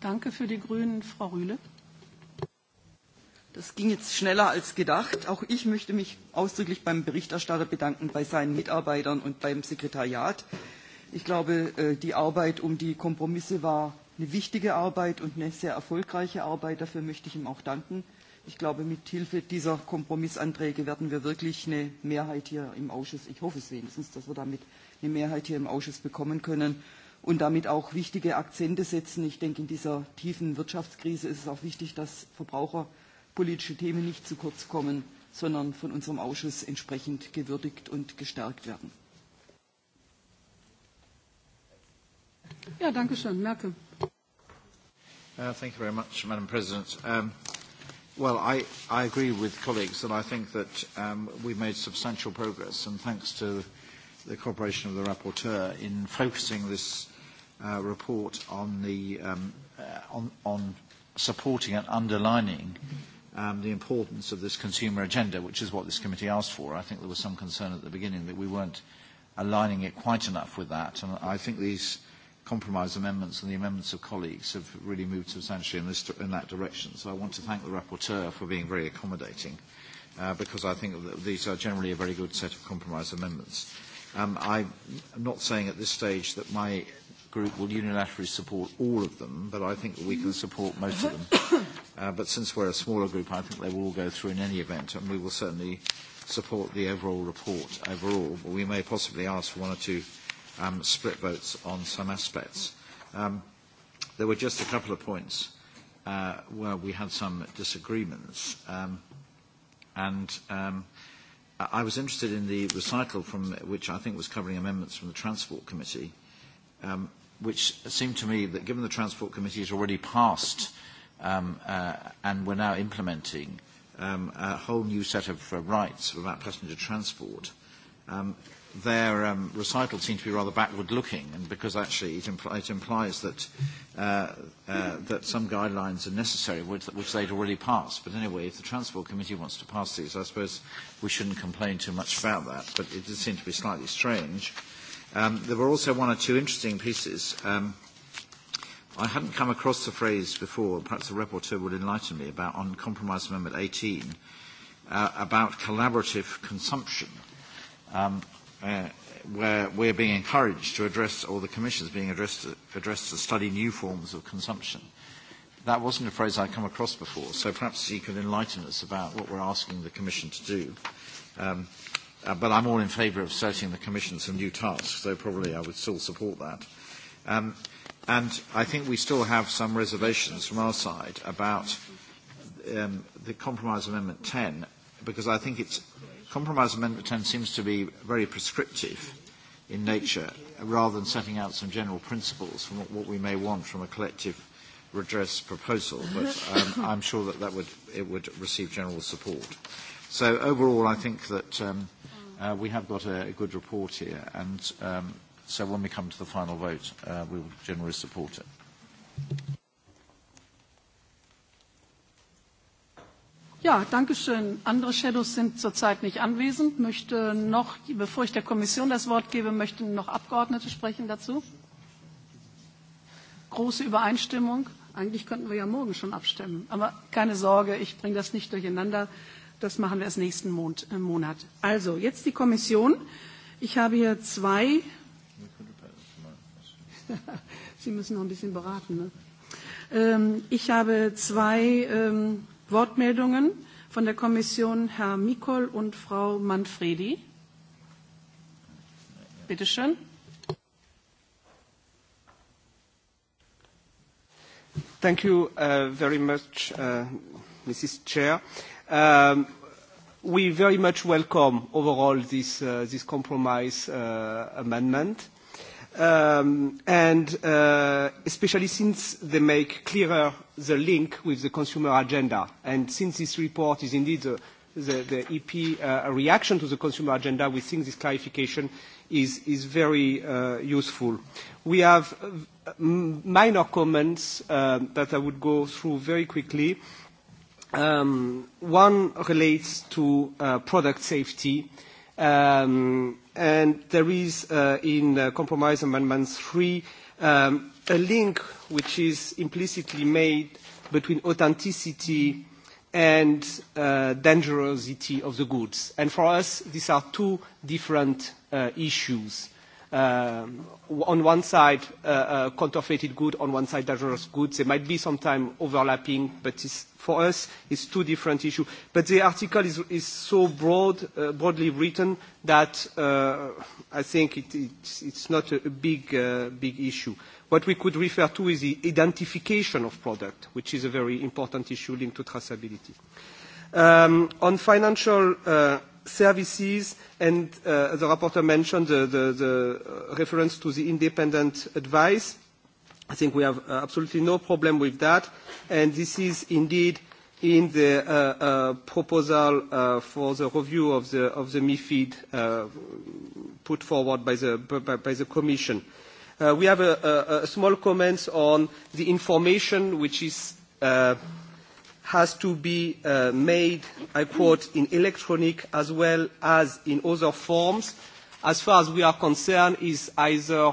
Speaker 7: Danke für die
Speaker 4: Grünen, Frau Rühle.
Speaker 8: Das ging jetzt schneller als gedacht. Auch ich möchte mich ausdrücklich beim Berichterstatter bedanken, bei seinen Mitarbeitern und beim Sekretariat. Ich glaube, äh, die Arbeit um die Kompromisse war eine wichtige Arbeit und eine sehr erfolgreiche Arbeit. Dafür möchte ich ihm auch danken. Ich glaube, mit Hilfe dieser Kompromissanträge werden wir wirklich eine Mehrheit hier im Ausschuss, ich hoffe es wenigstens, dass wir damit eine Mehrheit hier im Ausschuss bekommen können und damit auch wichtige Akzente setzen. Ich denke, in dieser tiefen Wirtschaftskrise ist es auch wichtig, dass verbraucherpolitische Themen nicht zu kurz kommen, sondern von unserem Ausschuss entsprechend gewürdigt und gestärkt werden.
Speaker 4: Ja, danke schön. Merkel.
Speaker 8: Uh,
Speaker 1: thank you very much, Madam President. Um, well, I, I agree with colleagues that I think that um, we've made substantial progress, and thanks to the cooperation of the rapporteur in focusing this uh, report on, the, um, uh, on, on supporting and underlining um, the importance of this consumer agenda, which is what this committee asked for. I think there was some concern at the beginning that we weren't aligning it quite enough with that, and I think these compromise amendments and the amendments of colleagues have really moved substantially in, this, in that direction. So I want to thank the rapporteur for being very accommodating, uh, because I think that these are generally a very good set of compromise amendments. Um, I'm not saying at this stage that my group will unilaterally support all of them, but I think that we can support most of them. (coughs) Uh, but since we're a smaller group, I think they will all go through in any event, and we will certainly support the overall report overall. But we may possibly ask for one or two um, split votes on some aspects. Um, there were just a couple of points uh, where we had some disagreements. Um, and um, I was interested in the recital from which I think was covering amendments from the Transport Committee, um, which seemed to me that given the Transport Committee has already passed um, uh, and we're now implementing um, a whole new set of uh, rights about passenger transport, um, their um, recital seems to be rather backward-looking, and because actually it, impl it implies that, uh, uh, that some guidelines are necessary, which, which they'd already passed. But anyway, if the Transport Committee wants to pass these, I suppose we shouldn't complain too much about that, but it did seem to be slightly strange. Um, there were also one or two interesting pieces. Um, I hadn't come across the phrase before, perhaps the rapporteur would enlighten me, about on Compromise Amendment 18, uh, about collaborative consumption. Um, uh, where we're being encouraged to address, or the Commission is being addressed, addressed to study new forms of consumption. That wasn't a phrase I'd come across before, so perhaps you could enlighten us about what we're asking the Commission to do. Um, uh, but I'm all in favour of setting the Commission some new tasks, so probably I would still support that. Um, and I think we still have some reservations from our side about um, the compromise amendment 10, because I think it's Compromise Amendment 10 seems to be very prescriptive in nature rather than setting out some general principles from what we may want from a collective redress proposal, but um, I'm sure that, that would, it would receive general support. So overall, I think that um, uh, we have got a, a good report here, and um, so when we come to the final vote, uh, we will generally support it.
Speaker 4: Ja, danke schön. Andere Shadows sind zurzeit nicht anwesend. Möchte noch, bevor ich der Kommission das Wort gebe, möchten noch Abgeordnete sprechen dazu? Große Übereinstimmung. Eigentlich könnten wir ja morgen schon abstimmen. Aber keine Sorge, ich bringe das nicht durcheinander. Das machen wir erst nächsten Mond, äh, Monat. Also, jetzt die Kommission. Ich habe hier zwei. (laughs) Sie müssen noch ein bisschen beraten. Ne? Ähm, ich habe zwei. Ähm, Wortmeldungen von der Kommission Herr Mikol und Frau Manfredi. Bitte schön.
Speaker 9: Thank you uh, very much, uh, Mrs. Chair. Um, we very much welcome overall this, uh, this compromise uh, amendment um, and uh, especially since they make clearer the link with the consumer agenda. And since this report is indeed the, the, the EP uh, reaction to the consumer agenda, we think this clarification is, is very uh, useful. We have uh, minor comments uh, that I would go through very quickly. Um, one relates to uh, product safety. Uh, Um, and there is uh, in uh, Compromise Amendment 3 um, a link which is implicitly made between authenticity and uh, dangerosity of the goods. And for us, these are two different uh, issues. Uh, on one side uh, uh, counterfeited good, on one side dangerous goods. There might be sometimes overlapping, but it's, for us it's two different issues. But the article is, is so broad, uh, broadly written that uh, I think it, it's, it's not a, a big, uh, big issue. What we could refer to is the identification of product, which is a very important issue linked to traceability. Um, on financial uh, services and uh, the rapporteur mentioned the, the, the uh, reference to the independent advice. I think we have uh, absolutely no problem with that. And this is indeed in the uh, uh, proposal uh, for the review of the, of the MIFID uh, put forward by the, by, by the Commission. Uh, we have a, a, a small comments on the information which is uh, has to be uh, made, I quote, in electronic as well as in other forms. As far as we are concerned, is either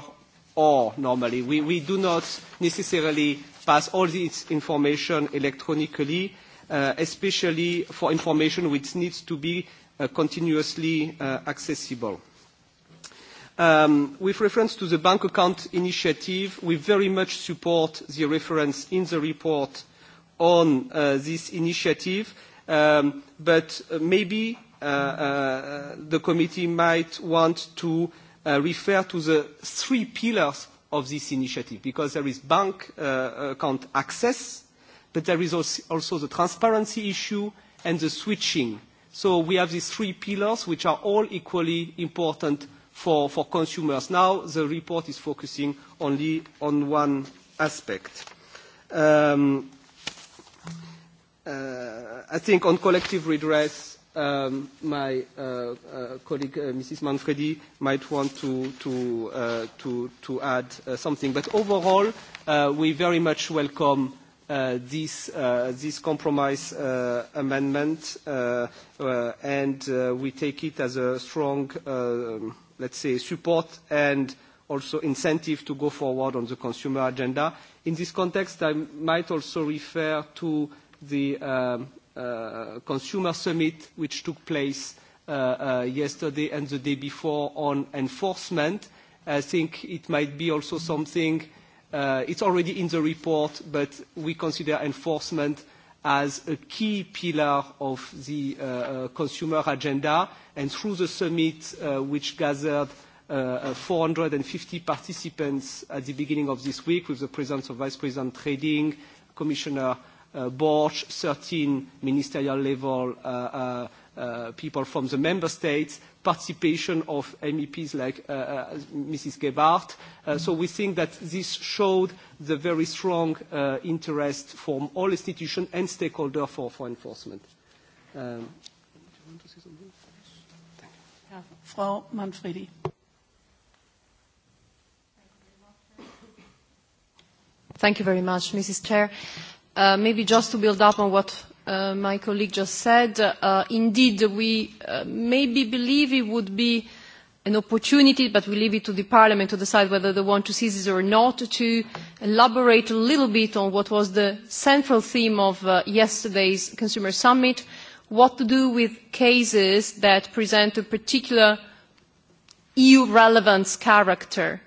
Speaker 9: or normally. We, we do not necessarily pass all this information electronically, uh, especially for information which needs to be uh, continuously uh, accessible. Um, with reference to the bank account initiative, we very much support the reference in the report uh, on uh, this initiative, um, but maybe uh, uh, the committee might want to uh, refer to the three pillars of this initiative, because there is bank uh, account access, but there is also the transparency issue and the switching. So we have these three pillars, which are all equally important for, for consumers. Now the report is focusing only on one aspect. Um, uh, I think on collective redress, um, my uh, uh, colleague uh, Mrs. Manfredi might want to, to, uh, to, to add uh, something. But overall, uh, we very much welcome uh, this, uh, this compromise uh, amendment, uh, uh, and uh, we take it as a strong, uh, um, let's say, support and also incentive to go forward on the consumer agenda. In this context, I might also refer to the uh, uh, consumer summit which took place uh, uh, yesterday and the day before on enforcement. I think it might be also something, uh, it's already in the report, but we consider enforcement as a key pillar of the uh, uh consumer agenda. And through the summit, uh, which gathered 450 uh, uh, participants at the beginning of this week with the presence of Vice President Trading, Commissioner uh, Borch, 13 ministerial level uh, uh, uh, people from the member states, participation of MEPs like uh, Mrs. Gebhardt. Uh, so we think that this showed the very strong uh, interest from all institutions and stakeholders for, for enforcement. Um,
Speaker 4: Frau Manfredi.
Speaker 10: Thank you very much, Mrs. Chair. Uh, maybe just to build up on what uh, my colleague just said, uh, indeed, we uh, maybe believe it would be an opportunity, but we leave it to the Parliament to decide whether they want to seize this or not, to elaborate a little bit on what was the central theme of uh, yesterday's Consumer Summit, what to do with cases that present a particular EU relevance character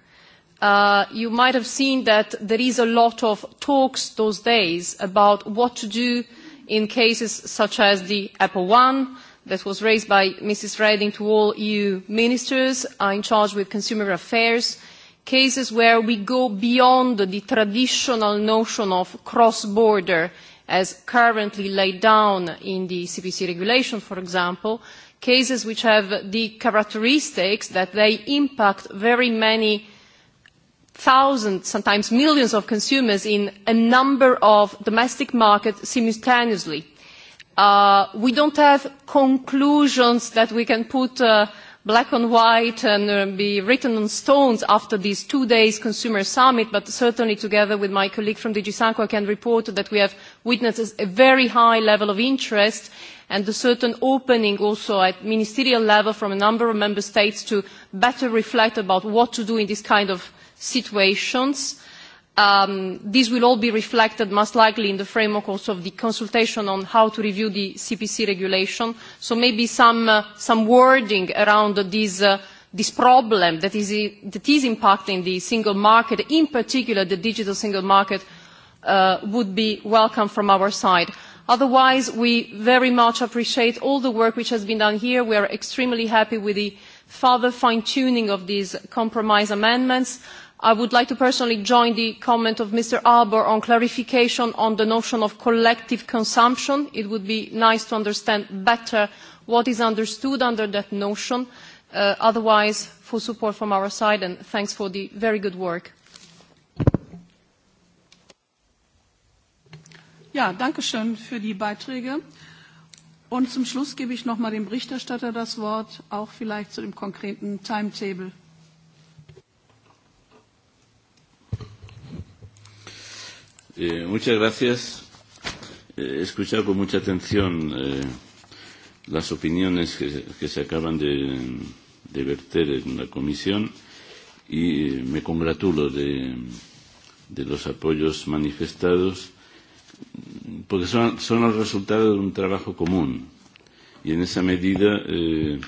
Speaker 10: Uh, you might have seen that there is a lot of talks those days about what to do in cases such as the Apple One that was raised by Mrs. Reding to all EU ministers uh, in charge with consumer affairs, cases where we go beyond the traditional notion of cross-border as currently laid down in the CPC regulation, for example, cases which have the characteristics that they impact very many thousands, sometimes millions of consumers in a number of domestic markets simultaneously. Uh, we don't have conclusions that we can put uh, black on white and uh, be written on stones after this two days consumer summit, but certainly together with my colleague from DG Sanko, I can report that we have witnessed a very high level of interest and a certain opening also at ministerial level from a number of member states to better reflect about what to do in this kind of situations. Um, these will all be reflected most likely in the framework also of the consultation on how to review the CPC regulation. So maybe some, uh, some wording around this, uh, this problem that is, that is impacting the single market, in particular the digital single market, uh, would be welcome from our side. Otherwise, we very much appreciate all the work which has been done here. We are extremely happy with the further fine-tuning of these compromise amendments. I would like to personally join the comment of Mr. Arbor on clarification on the notion of collective consumption. It would be nice to understand better what is understood under that notion. Uh, otherwise, full support from our side and thanks for the very good work.
Speaker 4: Ja, danke schön für die Beiträge. Und zum Schluss gebe ich noch mal dem Berichterstatter das Wort, auch vielleicht zu dem konkreten Timetable.
Speaker 6: Eh, muchas gracias. Eh, he escuchado con mucha atención eh, las opiniones que, que se acaban de, de verter en la comisión y eh, me congratulo de, de los apoyos manifestados porque son, son el resultado de un trabajo común y en esa medida eh,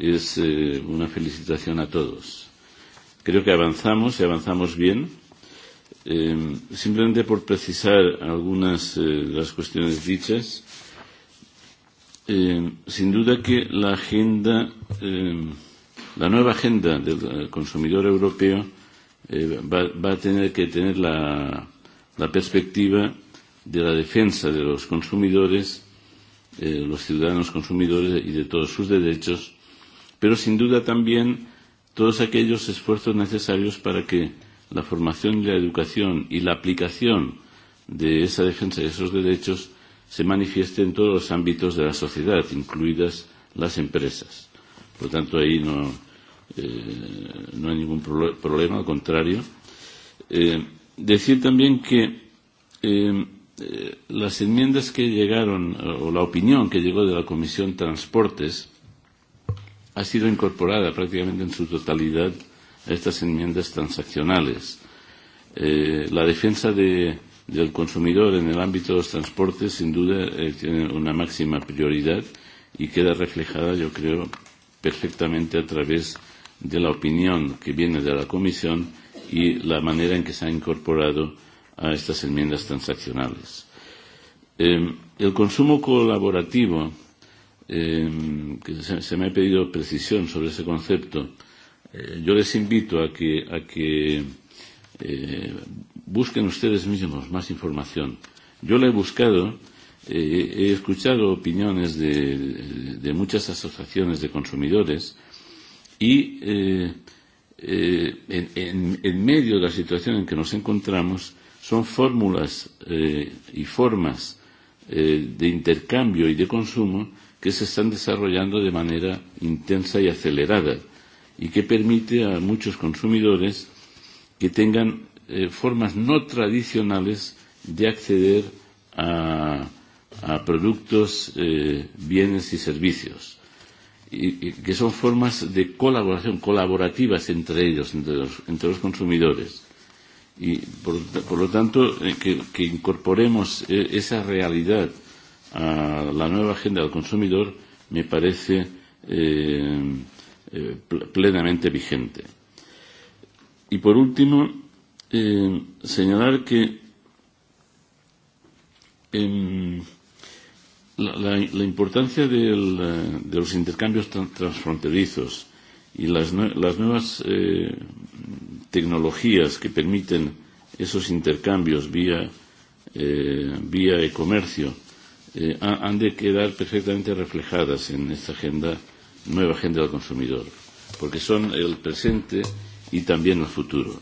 Speaker 6: es eh, una felicitación a todos. Creo que avanzamos y avanzamos bien Eh, simplemente por precisar algunas de eh, las cuestiones dichas, eh, sin duda que la agenda, eh, la nueva agenda del eh, consumidor europeo eh, va, va a tener que tener la, la perspectiva de la defensa de los consumidores, eh, los ciudadanos consumidores y de todos sus derechos, pero sin duda también todos aquellos esfuerzos necesarios para que la formación y la educación y la aplicación de esa defensa de esos derechos se manifieste en todos los ámbitos de la sociedad, incluidas las empresas. Por lo tanto, ahí no, eh, no hay ningún pro problema, al contrario. Eh, decir también que eh, eh, las enmiendas que llegaron, o la opinión que llegó de la Comisión Transportes, ha sido incorporada prácticamente en su totalidad eh, estas enmiendas transaccionales. Eh, la defensa de, del consumidor en el ámbito de los transportes, sin duda, eh, tiene una máxima prioridad y queda reflejada, yo creo, perfectamente a través de la opinión que viene de la Comisión y la manera en que se ha incorporado a estas enmiendas transaccionales. Eh, el consumo colaborativo, eh, que se, se me ha pedido precisión sobre ese concepto, Eh, yo les invito a que, a que eh, busquen ustedes mismos más información. Yo la he buscado, eh, he escuchado opiniones de, de muchas asociaciones de consumidores y eh, eh, en, en, medio de la situación en que nos encontramos son fórmulas eh, y formas eh, de intercambio y de consumo que se están desarrollando de manera intensa y acelerada y que permite a muchos consumidores que tengan eh, formas no tradicionales de acceder a, a productos, eh, bienes y servicios, y, y que son formas de colaboración, colaborativas entre ellos, entre los, entre los consumidores. Y por, por lo tanto, eh, que, que incorporemos eh, esa realidad a la nueva agenda del consumidor me parece eh, eh, plenamente vigente. Y por último, eh, señalar que eh, la, la, la importancia del, eh, de los intercambios transfronterizos y las, las nuevas eh, tecnologías que permiten esos intercambios vía eh, vía e-comercio eh, han de quedar perfectamente reflejadas en esta agenda nueva agenda del consumidor, porque son el presente y también el futuro.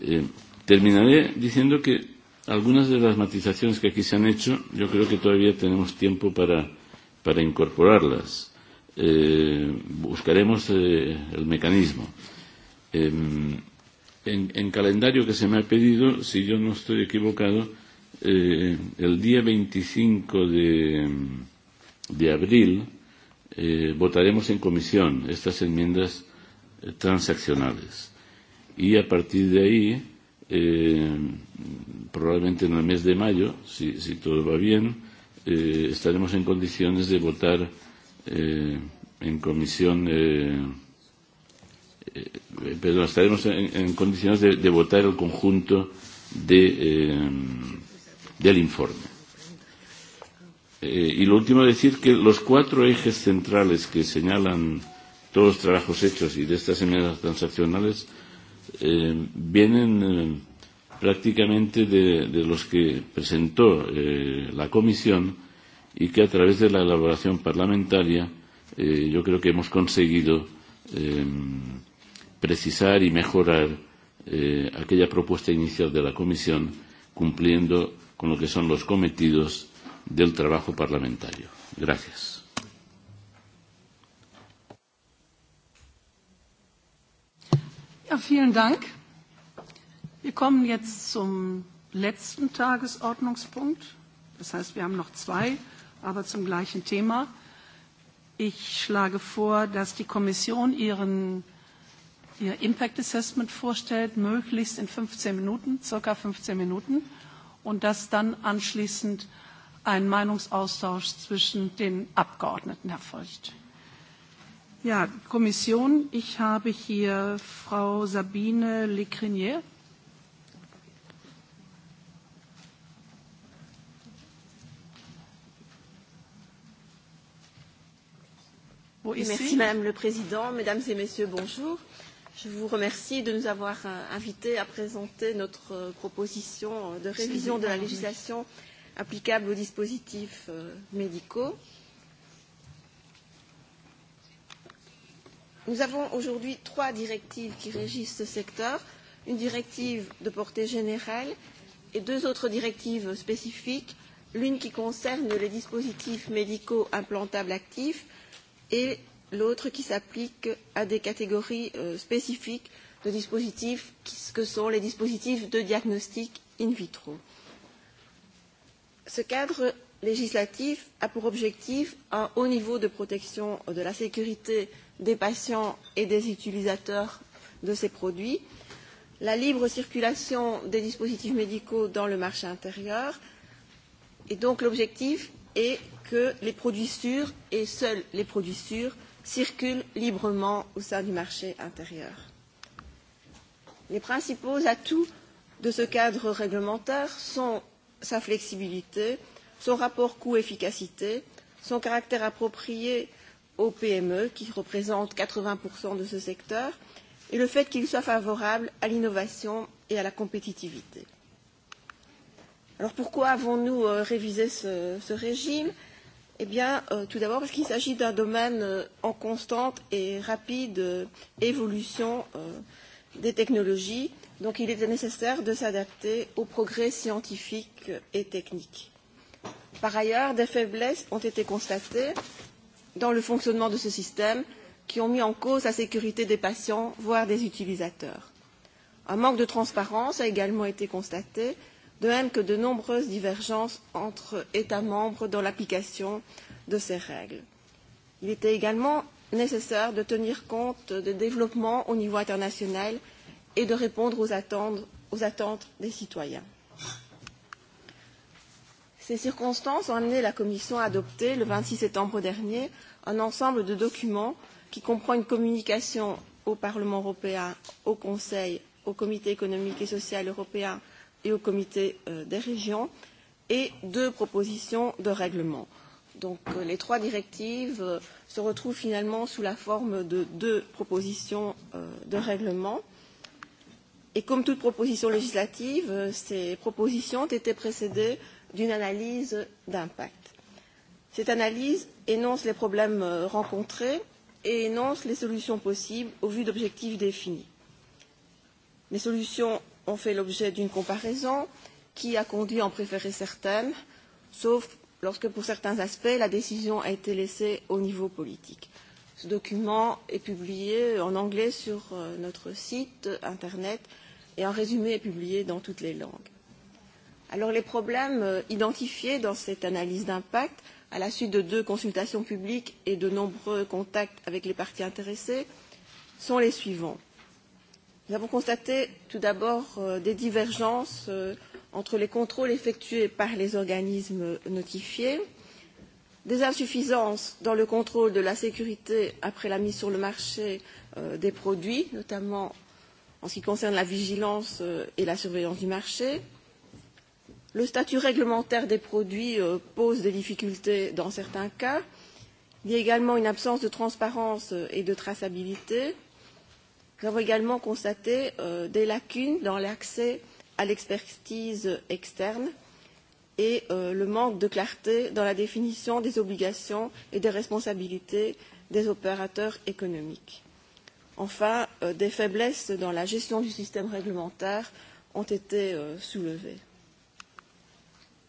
Speaker 6: Eh, terminaré diciendo que algunas de las matizaciones que aquí se han hecho, yo creo que todavía tenemos tiempo para, para incorporarlas. Eh, buscaremos eh, el mecanismo. Eh, en, en calendario que se me ha pedido, si yo no estoy equivocado, eh, el día 25 de, de abril, eh, votaremos en comisión estas enmiendas eh, transaccionales y a partir de ahí, eh, probablemente en el mes de mayo, si, si todo va bien, eh, estaremos en condiciones de votar eh, en comisión. Eh, eh, perdón, estaremos en, en condiciones de, de votar el conjunto de, eh, del informe. Eh, y lo último, decir que los cuatro ejes centrales que señalan todos los trabajos hechos y de estas enmiendas transaccionales eh, vienen eh, prácticamente de, de los que presentó eh, la Comisión y que a través de la elaboración parlamentaria eh, yo creo que hemos conseguido eh, precisar y mejorar eh, aquella propuesta inicial de la Comisión cumpliendo con lo que son los cometidos del trabajo parlamentario. Gracias.
Speaker 4: Ja, vielen Dank. Wir kommen jetzt zum letzten Tagesordnungspunkt. Das heißt, wir haben noch zwei, aber zum gleichen Thema. Ich schlage vor, dass die Kommission ihren, ihr Impact Assessment vorstellt, möglichst in 15 Minuten, circa 15 Minuten, und dass dann anschließend einen Meinungsaustausch zwischen den Abgeordneten erfolgt. Ja, Kommission, ich habe hier Frau Sabine Lecrinier.
Speaker 11: Merci Madame le Président, Mesdames et Messieurs, bonjour. Je vous remercie de nous avoir euh, invités à présenter notre euh, proposition de révision de la législation applicables aux dispositifs euh, médicaux. Nous avons aujourd'hui trois directives qui régissent ce secteur, une directive de portée générale et deux autres directives spécifiques, l'une qui concerne les dispositifs médicaux implantables actifs et l'autre qui s'applique à des catégories euh, spécifiques de dispositifs que sont les dispositifs de diagnostic in vitro. Euh, ce cadre législatif a pour objectif un haut niveau de protection de la sécurité des patients et des utilisateurs de ces produits, la libre circulation des dispositifs médicaux dans le marché intérieur, et donc l'objectif est que les produits sûrs et seuls les produits sûrs circulent librement au sein du marché intérieur. Les principaux atouts de ce cadre réglementaire sont sa flexibilité, son rapport coût-efficacité, son caractère approprié aux PME, qui représentent 80% de ce secteur, et le fait qu'il soit favorable à l'innovation et à la compétitivité. Alors pourquoi avons-nous euh, révisé ce, ce régime Eh bien, euh, tout d'abord parce qu'il s'agit d'un domaine euh, en constante et rapide euh, évolution euh, des technologies Donc il était nécessaire de s'adapter aux progrès scientifiques et techniques. Par ailleurs, des faiblesses ont été constatées dans le fonctionnement de ce système qui ont mis en cause la sécurité des patients, voire des utilisateurs. Un manque de transparence a également été constaté, de même que de nombreuses divergences entre États membres dans l'application de ces règles. Il était également nécessaire de tenir compte des développements au niveau international et de répondre aux attentes, aux attentes des citoyens. Ces circonstances ont amené la Commission à adopter, le 26 septembre dernier, un ensemble de documents qui comprend une communication au Parlement européen, au Conseil, au Comité économique et social européen et au Comité euh, des régions, et deux propositions de règlement. Donc euh, les trois directives euh, se retrouvent finalement sous la forme de deux propositions euh, de règlement. Euh, Et comme toute proposition législative, euh, ces propositions ont été précédées d'une analyse d'impact. Cette analyse énonce les problèmes euh, rencontrés et énonce les solutions possibles au vu d'objectifs définis. Les solutions ont fait l'objet d'une comparaison qui a conduit à en préférer certaines, sauf lorsque pour certains aspects, la décision a été laissée au niveau politique. Ce document est publié en anglais sur euh, notre site internet et un résumé est publié dans toutes les langues. Alors les problèmes euh, identifiés dans cette analyse d'impact, à la suite de deux consultations publiques et de nombreux contacts avec les parties intéressées, sont les suivants. Nous avons constaté tout d'abord euh, des divergences euh, entre les contrôles effectués par les organismes notifiés, des insuffisances dans le contrôle de la sécurité après la mise sur le marché des produits, notamment en ce qui concerne la vigilance euh, et la surveillance du marché. Le statut réglementaire des produits euh, pose des difficultés dans certains cas. Il y a également une absence de transparence euh, et de traçabilité. Nous avons également constaté des lacunes dans l'accès à l'expertise externe et le manque de clarté dans la définition des obligations et des responsabilités des opérateurs économiques. Enfin, euh, des faiblesses dans la gestion du système réglementaire ont été euh, soulevées.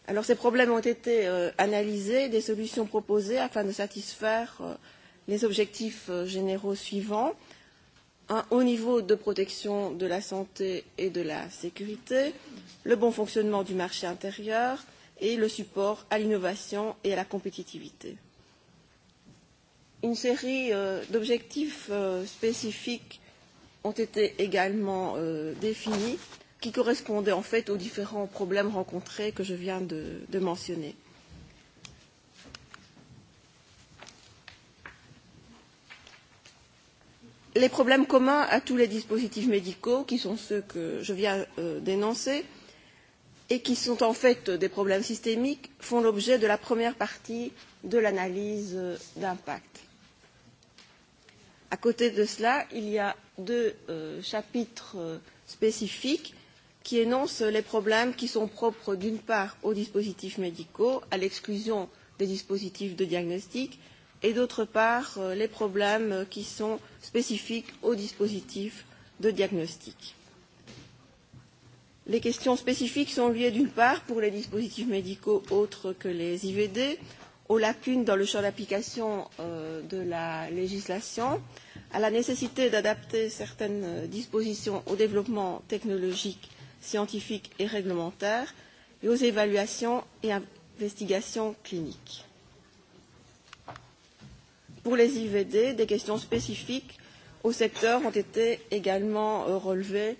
Speaker 11: Alors ces problèmes ont été euh, analysés, des solutions proposées afin de satisfaire euh, les objectifs euh, généraux suivants un haut niveau de protection de la santé et de la sécurité, le bon fonctionnement du marché intérieur et le support à l'innovation et à la compétitivité une série euh, d'objectifs euh, spécifiques ont été également euh, définis, qui correspondaient en fait aux différents problèmes rencontrés que je viens de, de mentionner. Les problèmes communs à tous les dispositifs médicaux, qui sont ceux que je viens euh, d'énoncer, et qui sont en fait des problèmes systémiques, font l'objet de la première partie de l'analyse euh, d'impact. À côté de cela, il y a deux euh, chapitres euh, spécifiques qui énoncent les problèmes qui sont propres d'une part aux dispositifs médicaux, à l'exclusion des dispositifs de diagnostic, et d'autre part euh, les problèmes qui sont spécifiques aux dispositifs de diagnostic. Les questions spécifiques sont liées d'une part pour les dispositifs médicaux autres que les IVD aux lacunes dans le champ d'application euh, de la législation, à la nécessité d'adapter certaines euh, dispositions au développement technologique, scientifique et réglementaire, et aux évaluations et investigations cliniques. Pour les IVD, des questions spécifiques au secteur ont été également euh, relevées,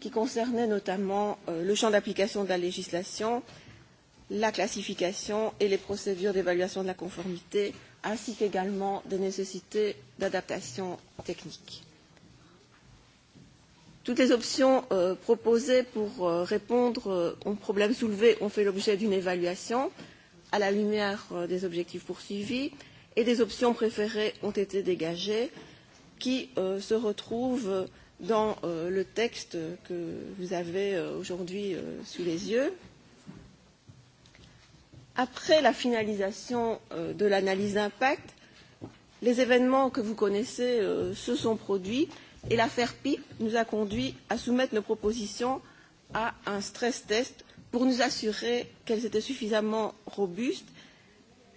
Speaker 11: qui concernaient notamment euh, le champ d'application de la législation, la classification et les procédures d'évaluation de la conformité, ainsi qu'également des nécessités d'adaptation technique. Toutes les options euh, proposées pour euh, répondre euh, aux problèmes soulevés ont fait l'objet d'une évaluation à la lumière euh, des objectifs poursuivis et des options préférées ont été dégagées qui euh, se retrouvent dans euh, le texte que vous avez euh, aujourd'hui euh, sous les yeux. Euh, après la finalisation euh, de l'analyse d'impact, les événements que vous connaissez euh, se sont produits et l'affaire PIP nous a conduit à soumettre nos propositions à un stress test pour nous assurer qu'elles étaient suffisamment robustes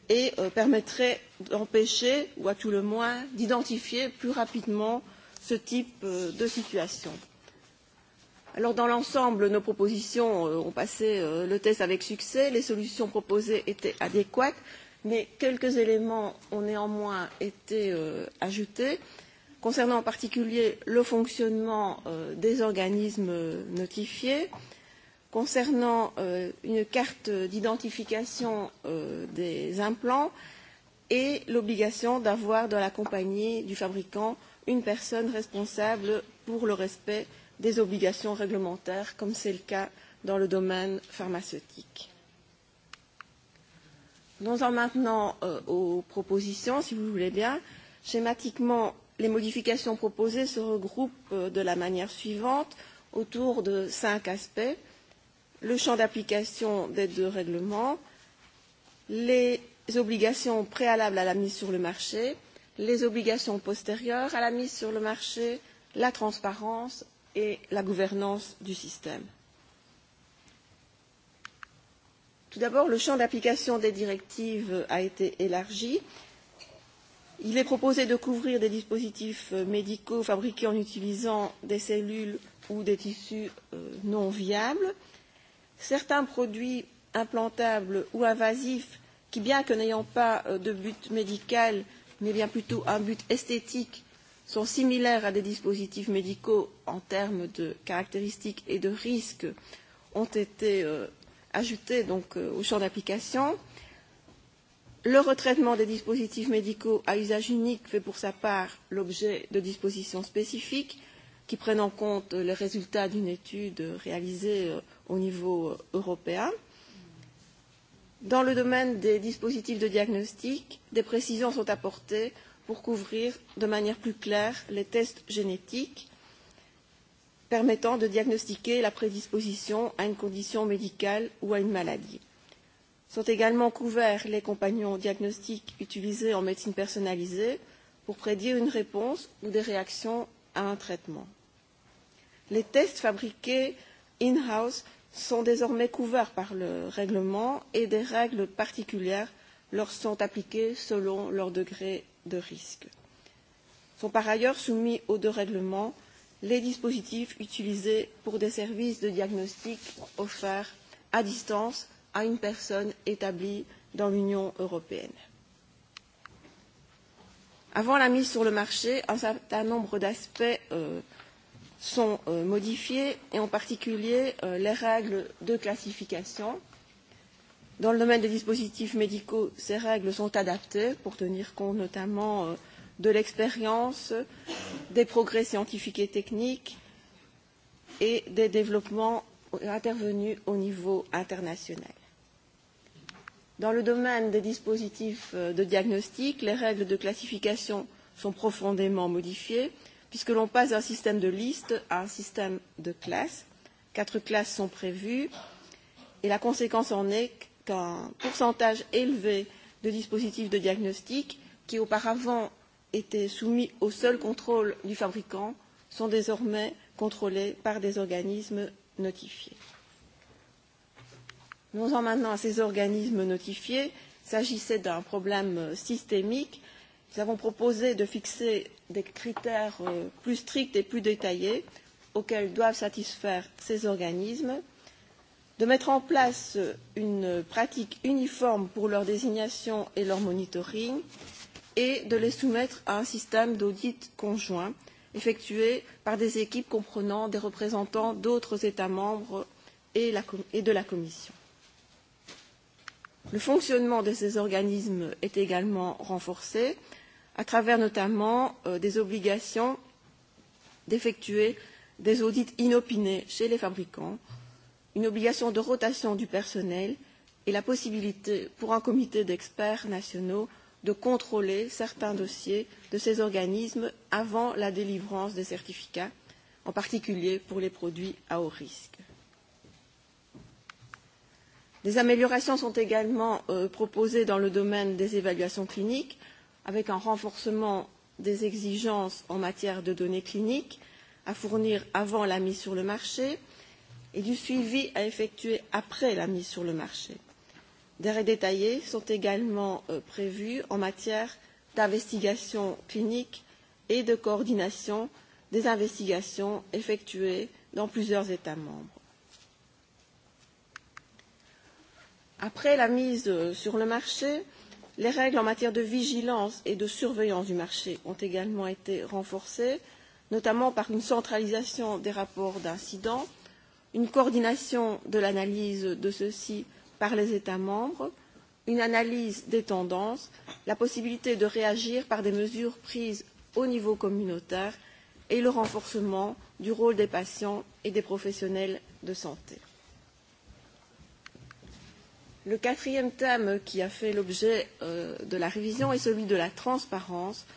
Speaker 11: et euh, permettrait d'empêcher ou à tout le moins d'identifier plus rapidement ce type euh, de situation. Alors dans l'ensemble, nos propositions euh, ont passé euh, le test avec succès, les solutions proposées étaient adéquates, mais quelques éléments ont néanmoins été euh, ajoutés concernant en particulier le fonctionnement des organismes notifiés, concernant une carte d'identification des implants et l'obligation d'avoir dans la compagnie du fabricant une personne responsable pour le respect des obligations réglementaires, comme c'est le cas dans le domaine pharmaceutique. Venons-en maintenant euh, aux propositions, si vous voulez bien. Schématiquement, les modifications proposées se regroupent euh, de la manière suivante autour de cinq aspects le champ d'application des deux règlements, les obligations préalables à la mise sur le marché, les obligations postérieures à la mise sur le marché, la transparence et la gouvernance du système. Tout d'abord, le champ d'application des directives a été élargi. Il est proposé de couvrir des dispositifs médicaux fabriqués en utilisant des cellules ou des tissus euh, non viables. Certains produits implantables ou invasifs qui, bien que n'ayant pas euh, de but médical, mais bien plutôt un but esthétique, sont similaires à des dispositifs médicaux en termes de caractéristiques et de risques ont été euh, ajoutés donc, euh, au champ d'application. Le retraitement des dispositifs médicaux à usage unique fait pour sa part l'objet de dispositions spécifiques qui prennent en compte les résultats d'une étude réalisée euh, au niveau euh, européen. Dans le domaine des dispositifs de diagnostic, des précisions sont apportées pour couvrir de manière plus claire les tests génétiques permettant de diagnostiquer la prédisposition à une condition médicale ou à une maladie. Sont également couverts les compagnons diagnostiques utilisés en médecine personnalisée pour prédire une réponse ou des réactions à un traitement. Les tests fabriqués in-house sont désormais couverts par le règlement et des règles particulières leur sont appliquées selon leur degré de risque. Sont par ailleurs soumis aux deux règlements les dispositifs utilisés pour des services de diagnostic offerts à distance à une personne établie dans l'Union européenne. Avant la mise sur le marché, un certain nombre d'aspects euh, sont euh, modifiés, et en particulier euh, les règles de classification, euh, Dans le domaine des dispositifs médicaux, ces règles sont adaptées pour tenir compte notamment euh, de l'expérience, des progrès scientifiques et techniques et des développements intervenus au niveau international. Dans le domaine des dispositifs euh, de diagnostic, les règles de classification sont profondément modifiées puisque l'on passe d'un système de liste à un système de classes. Quatre classes sont prévues et la conséquence en est d'un pourcentage élevé de dispositifs de diagnostic qui auparavant étaient soumis au seul contrôle du fabricant sont désormais contrôlés par des organismes notifiés. Nous en maintenant à ces organismes notifiés. S'agissait d'un problème systémique. Nous avons proposé de fixer des critères euh, plus stricts et plus détaillés auxquels doivent satisfaire ces organismes de mettre en place euh, une pratique uniforme pour leur désignation et leur monitoring et de les soumettre à un système d'audit conjoint effectué par des équipes comprenant des représentants d'autres États membres et, de la Commission. Le fonctionnement de ces organismes est également renforcé à travers notamment euh, des obligations d'effectuer des audits inopinés chez les fabricants une obligation de rotation du personnel et la possibilité pour un comité d'experts nationaux de contrôler certains dossiers de ces organismes avant la délivrance des certificats, en particulier pour les produits à haut risque. Des améliorations sont également euh, proposées dans le domaine des évaluations cliniques, avec un renforcement des exigences en matière de données cliniques à fournir avant la mise sur le marché, et du suivi à effectuer après la mise sur le marché. Des règles détaillées sont également euh, prévues en matière d'investigation clinique et de coordination des investigations effectuées dans plusieurs États membres. Après la mise euh, sur le marché, les règles en matière de vigilance et de surveillance du marché ont également été renforcées, notamment par une centralisation des rapports d'incidents une coordination de l'analyse de ceux-ci par les États membres, une analyse des tendances, la possibilité de réagir par des mesures prises au niveau communautaire et le renforcement du rôle des patients et des professionnels de santé. Le quatrième thème qui a fait l'objet euh, de la révision est celui de la transparence.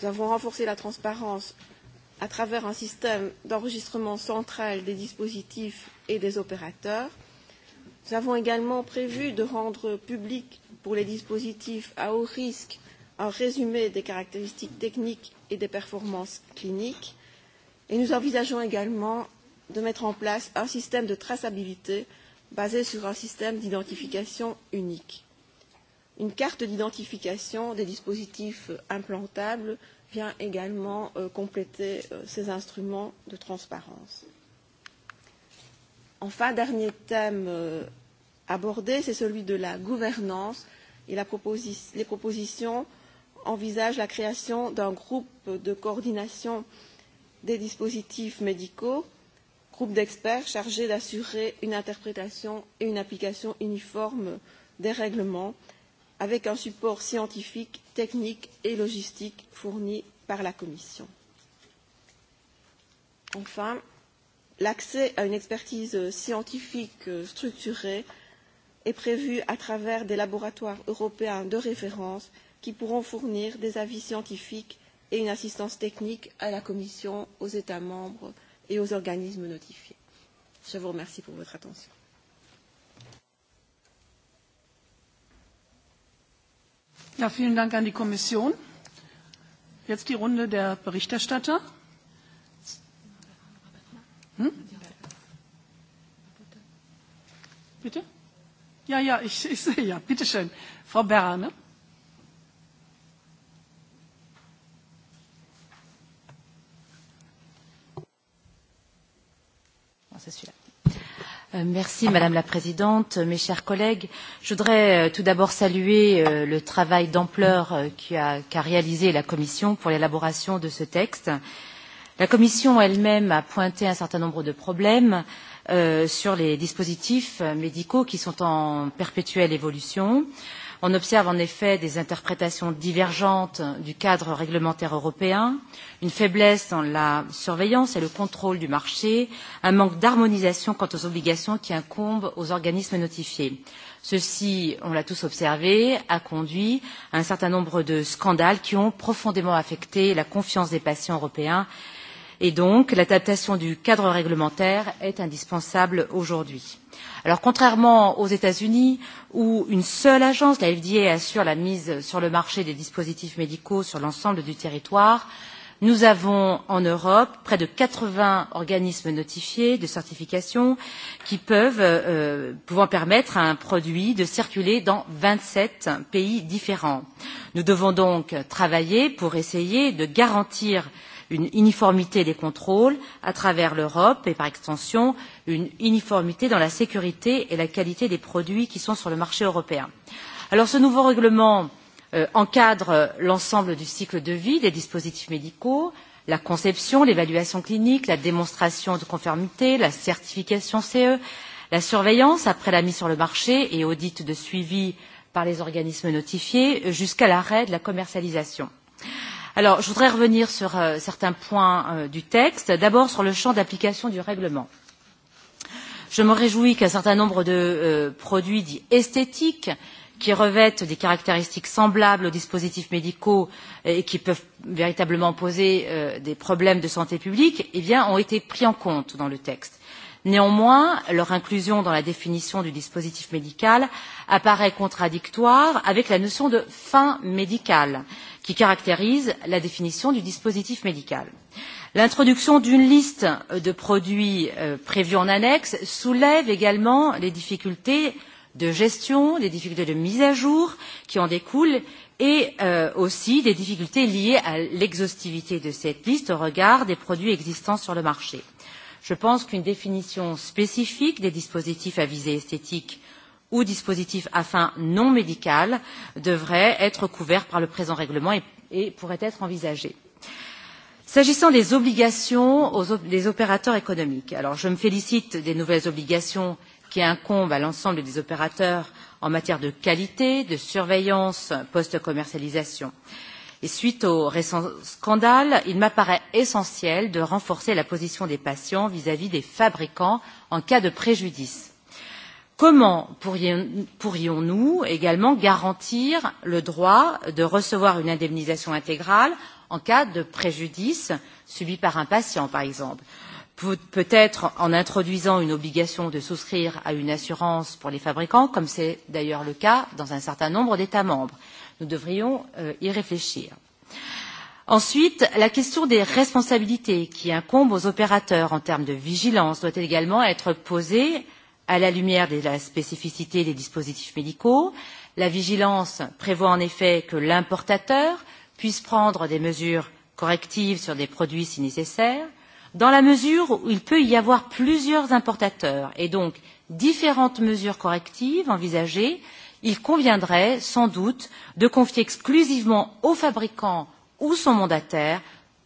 Speaker 11: Nous avons renforcé la transparence à travers un système d'enregistrement central des dispositifs et des opérateurs. Nous avons également prévu de rendre public pour les dispositifs à haut risque un résumé des caractéristiques techniques et des performances cliniques. Et nous envisageons également de mettre en place un système de traçabilité basé sur un système d'identification unique. Une carte d'identification des dispositifs implantables vient également euh, compléter euh, ces instruments de transparence. Enfin, dernier thème euh, abordé, c'est celui de la gouvernance. Et la proposi les propositions envisagent la création d'un groupe de coordination des dispositifs médicaux, groupe d'experts chargé d'assurer une interprétation et une application uniforme des règlements, avec un support scientifique techniques et logistiques fournies par la Commission. Enfin, l'accès à une expertise scientifique structurée est prévu à travers des laboratoires européens de référence qui pourront fournir des avis scientifiques et une assistance technique à la Commission, aux États membres et aux organismes notifiés. Je vous remercie pour votre attention.
Speaker 4: Ja, vielen Dank an die Kommission. Jetzt die Runde der Berichterstatter. Hm? Bitte? Ja, ja, ich, ich sehe ja. Bitte schön. Frau Berner.
Speaker 12: Euh, merci Madame la Présidente, euh, mes chers collègues. Je voudrais euh, tout d'abord saluer le travail d'ampleur qu'a qu réalisé la Commission pour l'élaboration de ce texte. La Commission elle-même a pointé un certain nombre de problèmes euh, sur les dispositifs médicaux qui sont en perpétuelle évolution. Euh, On observe en effet des interprétations divergentes du cadre réglementaire européen, une faiblesse dans la surveillance et le contrôle du marché, un manque d'harmonisation quant aux obligations qui incombent aux organismes notifiés. Ceci, on l'a tous observé, a conduit à un certain nombre de scandales qui ont profondément affecté la confiance des patients européens et donc l'adaptation du cadre réglementaire est indispensable aujourd'hui. Alors contrairement aux États-Unis où une seule agence, la FDA, assure la mise sur le marché des dispositifs médicaux sur l'ensemble du territoire, nous avons en Europe près de 80 organismes notifiés de certification qui peuvent euh, pouvant permettre à un produit de circuler dans 27 pays différents. Nous devons donc travailler pour essayer de garantir euh, une uniformité des contrôles à travers l'Europe et par extension une uniformité dans la sécurité et la qualité des produits qui sont sur le marché européen. Alors ce nouveau règlement euh, encadre l'ensemble du cycle de vie des dispositifs médicaux, la conception, l'évaluation clinique, la démonstration de conformité, la certification CE, la surveillance après la mise sur le marché et audit de suivi par les organismes notifiés jusqu'à l'arrêt de la commercialisation. Alors, je voudrais revenir sur euh, certains points euh, du texte. D'abord, sur le champ d'application du règlement. Je me réjouis qu'un certain nombre de euh, produits dits esthétiques qui revêtent des caractéristiques semblables aux dispositifs médicaux euh, et qui peuvent véritablement poser euh, des problèmes de santé publique, eh bien, ont été pris en compte dans le texte. Néanmoins, leur inclusion dans la définition du dispositif médical apparaît contradictoire avec la notion de fin médicale. Euh, qui caractérise la définition du dispositif médical. L'introduction d'une liste de produits euh, prévue en annexe soulève également les difficultés de gestion, les difficultés de mise à jour qui en découlent et euh, aussi des difficultés liées à l'exhaustivité de cette liste au regard des produits existants sur le marché. Je pense qu'une définition spécifique des dispositifs à visée esthétique euh, ou dispositifs à fin non médicale devraient être couverts par le présent règlement et, et pourraient être envisagés. S'agissant des obligations aux, des opérateurs économiques, alors je me félicite des nouvelles obligations qui incombent à l'ensemble des opérateurs en matière de qualité, de surveillance post-commercialisation. Et suite au récent scandale, il m'apparaît essentiel de renforcer la position des patients vis-à-vis -vis des fabricants en cas de préjudice comment pourrions nous également garantir le droit de recevoir une indemnisation intégrale en cas de préjudice subi par un patient par exemple peut être en introduisant une obligation de souscrire à une assurance pour les fabricants comme c'est d'ailleurs le cas dans un certain nombre d'états membres nous devrions euh, y réfléchir. ensuite la question des responsabilités qui incombent aux opérateurs en termes de vigilance doit également être posée à la lumière de la spécificité des dispositifs médicaux. La vigilance prévoit en effet que l'importateur puisse prendre des mesures correctives sur des produits si nécessaire, dans la mesure où il peut y avoir plusieurs importateurs et donc différentes mesures correctives envisagées, il conviendrait sans doute de confier exclusivement au fabricant ou son mandataire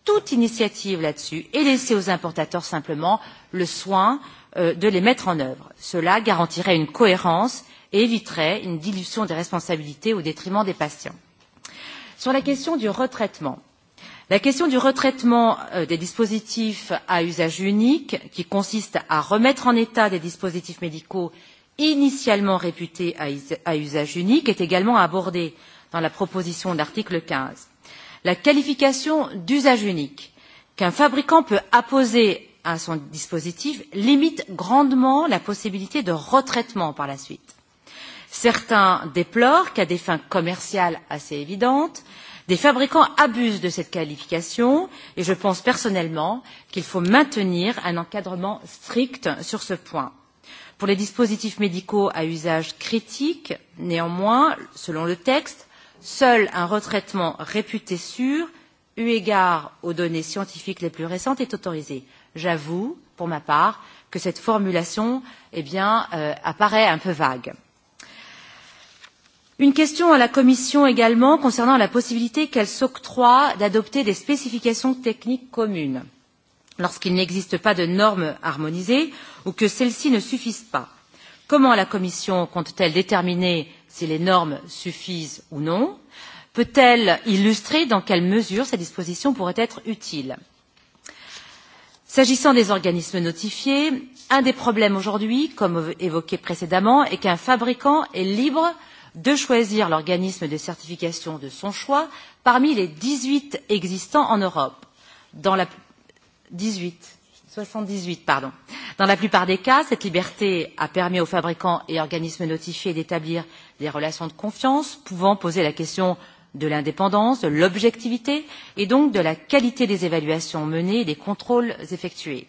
Speaker 12: toute initiative là-dessus et laisser aux importateurs simplement le soin Euh, de les mettre en œuvre. Cela garantirait une cohérence et éviterait une dilution des responsabilités au détriment des patients. Sur la question du retraitement, la question du retraitement euh, des dispositifs à usage unique, qui consiste à remettre en état des dispositifs médicaux initialement réputés à, à usage unique, est également abordée dans la proposition de l'article 15. La qualification d'usage unique qu'un fabricant peut apposer à son dispositif limite grandement la possibilité de retraitement par la suite. Certains déplorent qu'à des fins commerciales assez évidentes, des fabricants abusent de cette qualification et je pense personnellement qu'il faut maintenir un encadrement strict sur ce point. Pour les dispositifs médicaux à usage critique, néanmoins, selon le texte, seul un retraitement réputé sûr, eu égard aux données scientifiques les plus récentes, est autorisé j'avoue, pour ma part, que cette formulation eh bien, euh, apparaît un peu vague. Une question à la Commission également concernant la possibilité qu'elle s'octroie d'adopter des spécifications techniques communes lorsqu'il n'existe pas de normes harmonisées ou que celles-ci ne suffisent pas. Comment la Commission compte-t-elle déterminer si les normes suffisent ou non Peut-elle illustrer dans quelle mesure ces dispositions pourraient être utiles S'agissant des organismes notifiés, un des problèmes aujourd'hui, comme évoqué précédemment, est qu'un fabricant est libre de choisir l'organisme de certification de son choix parmi les 18 existants en Europe. Dans la 18, 78, pardon. Dans la plupart des cas, cette liberté a permis aux fabricants et organismes notifiés d'établir des relations de confiance, pouvant poser la question de l'indépendance, de l'objectivité et donc de la qualité des évaluations menées et des contrôles effectués.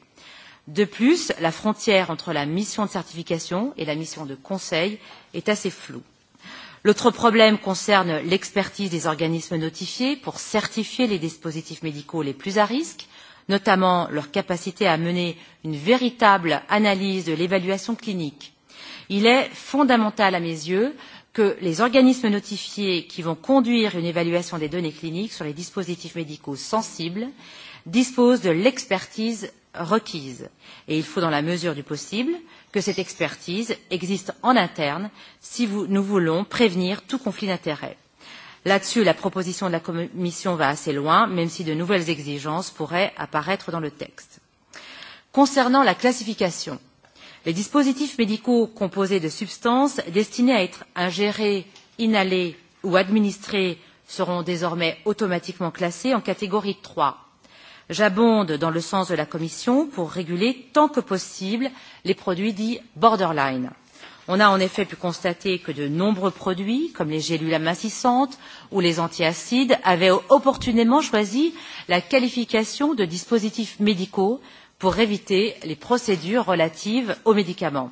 Speaker 12: De plus, la frontière entre la mission de certification et la mission de conseil est assez floue. L'autre problème concerne l'expertise des organismes notifiés pour certifier les dispositifs médicaux les plus à risque, notamment leur capacité à mener une véritable analyse de l'évaluation clinique. Il est fondamental à mes yeux que les organismes notifiés qui vont conduire une évaluation des données cliniques sur les dispositifs médicaux sensibles disposent de l'expertise requise et il faut, dans la mesure du possible, que cette expertise existe en interne si vous, nous voulons prévenir tout conflit d'intérêts. Là-dessus, la proposition de la Commission va assez loin, même si de nouvelles exigences pourraient apparaître dans le texte. Concernant la classification, Les dispositifs médicaux composés de substances destinées à être ingérées, inhalées ou administrées seront désormais automatiquement classés en catégorie 3. J'abonde dans le sens de la Commission pour réguler tant que possible les produits dits borderline. On a en effet pu constater que de nombreux produits, comme les gélules amincissantes ou les antiacides, avaient opportunément choisi la qualification de dispositifs médicaux pour éviter les procédures relatives aux médicaments.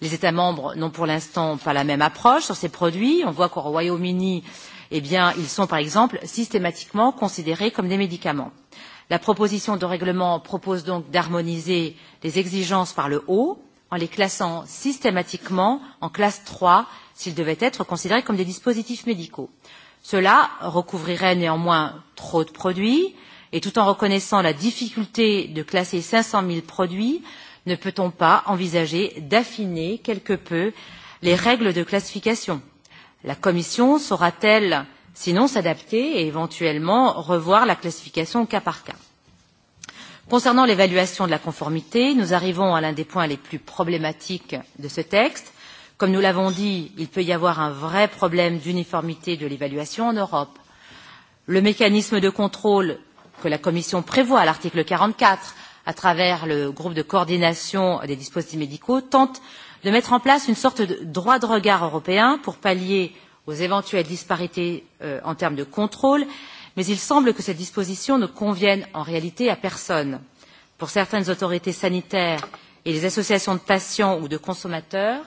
Speaker 12: Les États membres n'ont pour l'instant pas la même approche sur ces produits. On voit qu'au Royaume-Uni, eh bien, ils sont par exemple systématiquement considérés comme des médicaments. La proposition de règlement propose donc d'harmoniser les exigences par le haut en les classant systématiquement en classe 3 s'ils devaient être considérés comme des dispositifs médicaux. Cela recouvrirait néanmoins trop de produits, Et tout en reconnaissant la difficulté de classer 500 000 produits, ne peut-on pas envisager d'affiner quelque peu les règles de classification La Commission saura-t-elle sinon s'adapter et éventuellement revoir la classification cas par cas Concernant l'évaluation de la conformité, nous arrivons à l'un des points les plus problématiques de ce texte. Comme nous l'avons dit, il peut y avoir un vrai problème d'uniformité de l'évaluation en Europe. Le mécanisme de contrôle que la Commission prévoit à l'article 44 à travers le groupe de coordination des dispositifs médicaux, tente de mettre en place une sorte de droit de regard européen pour pallier aux éventuelles disparités euh, en termes de contrôle, mais il semble que cette disposition ne convienne en réalité à personne. Pour certaines autorités sanitaires et les associations de patients ou de consommateurs,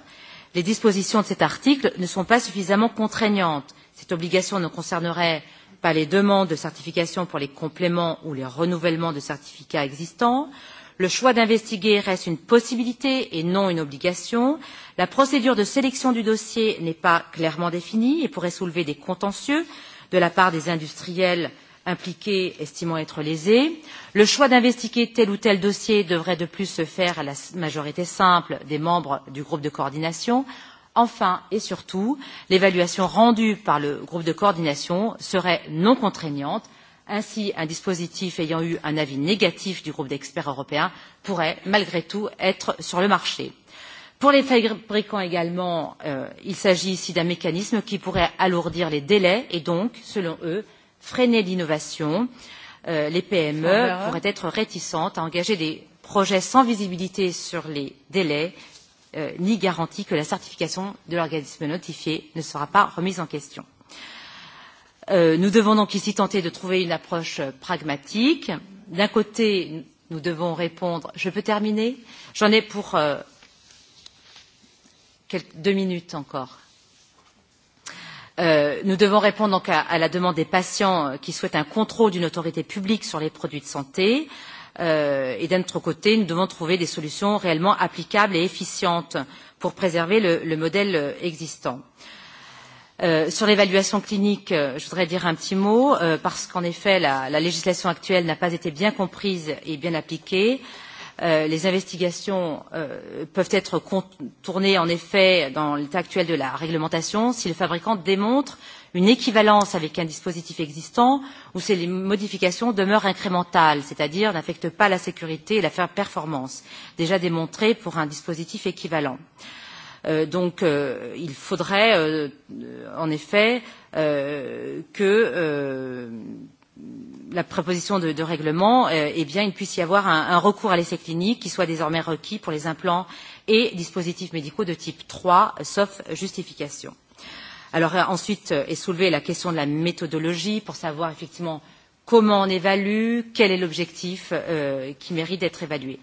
Speaker 12: les dispositions de cet article ne sont pas suffisamment contraignantes. Cette obligation ne concernerait par les demandes de certification pour les compléments ou les renouvellements de certificats existants. Le choix d'investiguer reste une possibilité et non une obligation. La procédure de sélection du dossier n'est pas clairement définie et pourrait soulever des contentieux de la part des industriels impliqués estimant être lésés. Le choix d'investiguer tel ou tel dossier devrait de plus se faire à la majorité simple des membres du groupe de coordination Enfin et surtout, l'évaluation rendue par le groupe de coordination serait non contraignante. Ainsi, un dispositif ayant eu un avis négatif du groupe d'experts européen pourrait malgré tout être sur le marché. Pour les fabricants également, euh, il s'agit ici d'un mécanisme qui pourrait alourdir les délais et donc, selon eux, freiner l'innovation. Euh, les PME pourraient être réticentes à engager des projets sans visibilité sur les délais euh, ni garantie que la certification de l'organisme notifié ne sera pas remise en question. Euh, nous devons donc ici tenter de trouver une approche pragmatique. D'un côté, nous devons répondre. Je peux terminer J'en ai pour euh, quelques, deux minutes encore. Euh, nous devons répondre donc à, à la demande des patients qui souhaitent un contrôle d'une autorité publique sur les produits de santé. Euh, Euh, et d'un autre côté, nous devons trouver des solutions réellement applicables et efficientes pour préserver le, le modèle euh, existant. Euh, sur l'évaluation clinique, euh, je voudrais dire un petit mot, euh, parce qu'en effet, la, la législation actuelle n'a pas été bien comprise et bien appliquée. Euh, les investigations euh, peuvent être contournées, en effet, dans l'état actuel de la réglementation, si le fabricant démontre euh, une équivalence avec un dispositif existant ou si les modifications demeurent incrémentales, c'est-à-dire n'affectent pas la sécurité et la performance, déjà démontrée pour un dispositif équivalent. Euh, donc euh, il faudrait euh, en effet euh, que euh, la proposition de, de règlement, euh, eh bien, il puisse y avoir un, un recours à l'essai clinique qui soit désormais requis pour les implants et dispositifs médicaux de type 3, sauf justification. Euh, Alors euh, ensuite euh, est soulevée la question de la méthodologie pour savoir effectivement comment on évalue, quel est l'objectif euh, qui mérite d'être évalué.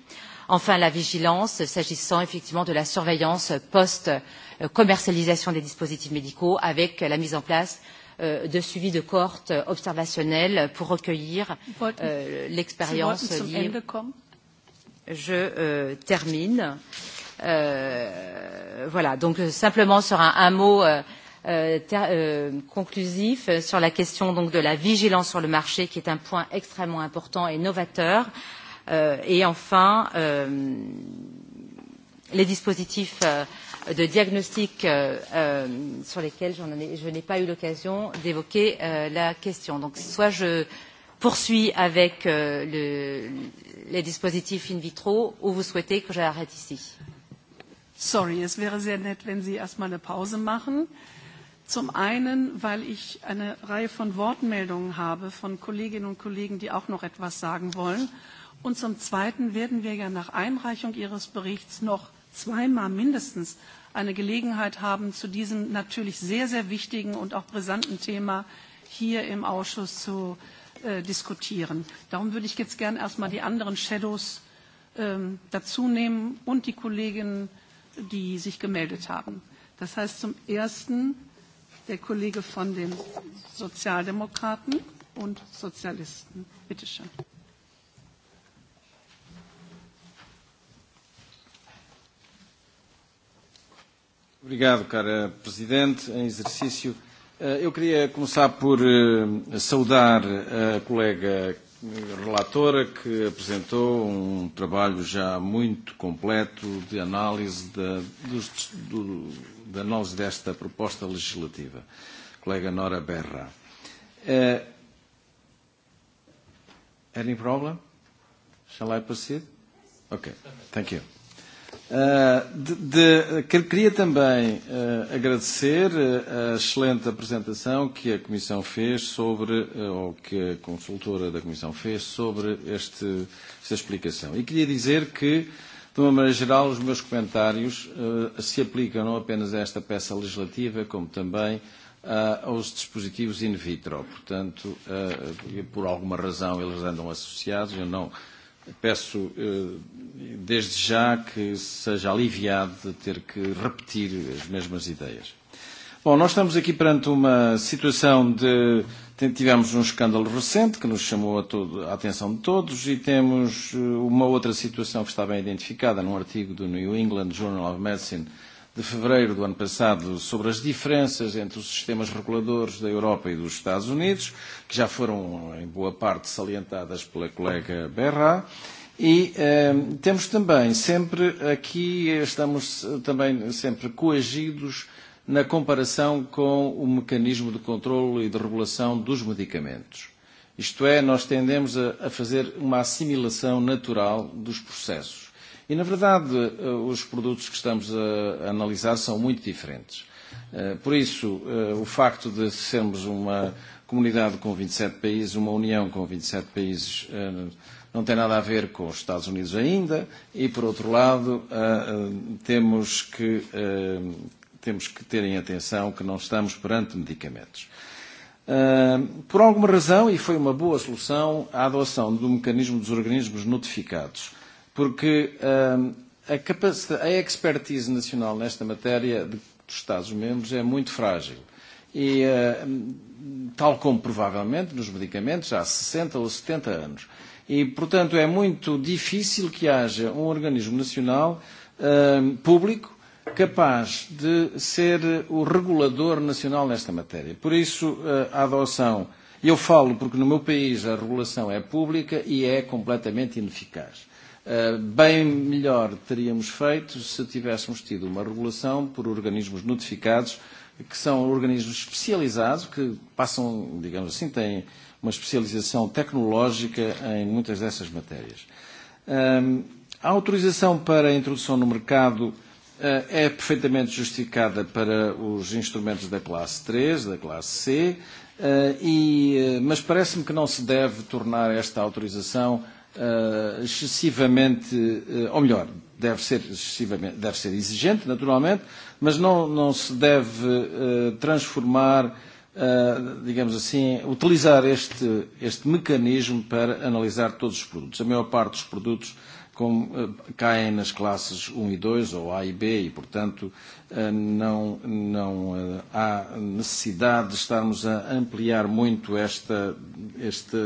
Speaker 12: Enfin, la vigilance, s'agissant effectivement de la surveillance post-commercialisation des dispositifs médicaux, avec la mise en place euh, de suivi de cohortes observationnelles pour recueillir euh, l'expérience. Liée. Je euh, termine. Euh, voilà, donc euh, simplement sur un, un mot. Euh, euh, euh, conclusif euh, sur la question donc, de la vigilance sur le marché, qui est un point extrêmement important et novateur. Euh, et enfin, euh, les dispositifs euh, de diagnostic euh, euh, sur lesquels ai, je n'ai pas eu l'occasion d'évoquer euh, la question. Donc, soit je poursuis avec euh, le, les dispositifs in vitro ou vous souhaitez que j'arrête ici. Sorry, es wäre sehr nett, wenn Sie erstmal eine Pause machen. Zum einen,
Speaker 4: weil ich eine Reihe von Wortmeldungen habe von Kolleginnen und Kollegen, die auch noch etwas sagen wollen. Und zum Zweiten werden wir ja nach Einreichung Ihres Berichts noch zweimal mindestens eine Gelegenheit haben, zu diesem natürlich sehr, sehr wichtigen und auch brisanten Thema hier im Ausschuss zu äh, diskutieren. Darum würde ich jetzt gern erstmal die anderen Shadows ähm, dazu und die Kolleginnen, die sich gemeldet haben. Das heißt zum Ersten der Kollege von den Sozialdemokraten und Sozialisten. Bitte schön.
Speaker 13: Obrigado, cara Presidente, em exercício. Eh, eu queria começar por eh, saudar a colega relatora que apresentou um trabalho já muito completo de análise da, dos, do, de da nós desta proposta legislativa, colega Nora Berra. Uh, any problem? Shall I proceed? Ok, thank you. Uh, de, de, queria também uh, agradecer a excelente apresentação que a Comissão fez sobre, uh, ou que a consultora da Comissão fez sobre este, esta explicação. E queria dizer que uh, de uma maneira geral, os meus comentários uh, se aplicam não apenas a esta peça legislativa, como também uh, aos dispositivos in vitro. Portanto, uh, por alguma razão eles andam associados. Eu não peço uh, desde já que seja aliviado de ter que repetir as mesmas ideias. Bom, nós estamos aqui perante uma situação de uh, Tivemos um escândalo recente que nos chamou a, todo, a atenção de todos e temos eh, uma outra situação que está bem identificada num artigo do New England Journal of Medicine de fevereiro do ano passado sobre as diferenças entre os sistemas reguladores da Europa e dos Estados Unidos, que já foram em boa parte salientadas pela colega Berra. E eh, temos também sempre aqui, estamos eh, também sempre coagidos na comparação com o mecanismo de controlo e de regulação dos medicamentos. Isto é, nós tendemos a, a fazer uma assimilação natural dos processos. E, na verdade, eh, os produtos que estamos a, a analisar são muito diferentes. Eh, por isso, eh, o facto de sermos uma comunidade com 27 países, uma união com 27 países, não tem nada a ver com os Estados Unidos ainda, e, por outro lado, temos que temos que ter em atenção que não estamos perante medicamentos. Uh, por alguma razão, e foi uma boa solução, a adoção do mecanismo dos organismos notificados, porque uh, a, capacidade, a expertise nacional nesta matéria de, dos Estados-membros é muito frágil. E, uh, tal como provavelmente nos medicamentos, há 60 ou 70 anos. E, portanto, é muito difícil que haja um organismo nacional uh, público capaz de ser o regulador nacional nesta matéria. Por isso, a eh, adoção, eu falo porque no meu país a regulação é pública e é completamente ineficaz. Eh, bem melhor teríamos feito se tivéssemos tido uma regulação por organismos notificados, que são organismos especializados, que passam, digamos assim, têm uma especialização tecnológica em muitas dessas matérias. Ehm, a autorização para a introdução no mercado uh, Eh, é perfeitamente justificada para os instrumentos da classe 3, da classe C, eh, e, eh, mas parece-me que não se deve tornar esta autorização excessivamente, ou melhor, deve ser excessivamente, deve ser exigente, naturalmente, mas não, não se deve transformar Uh, digamos assim, utilizar este, este mecanismo para analisar todos os produtos. A maior parte dos produtos como, eh, caem nas classes 1 um e 2, ou A e B, e, portanto, eh, não, não eh, há necessidade de estarmos a ampliar muito esta, este,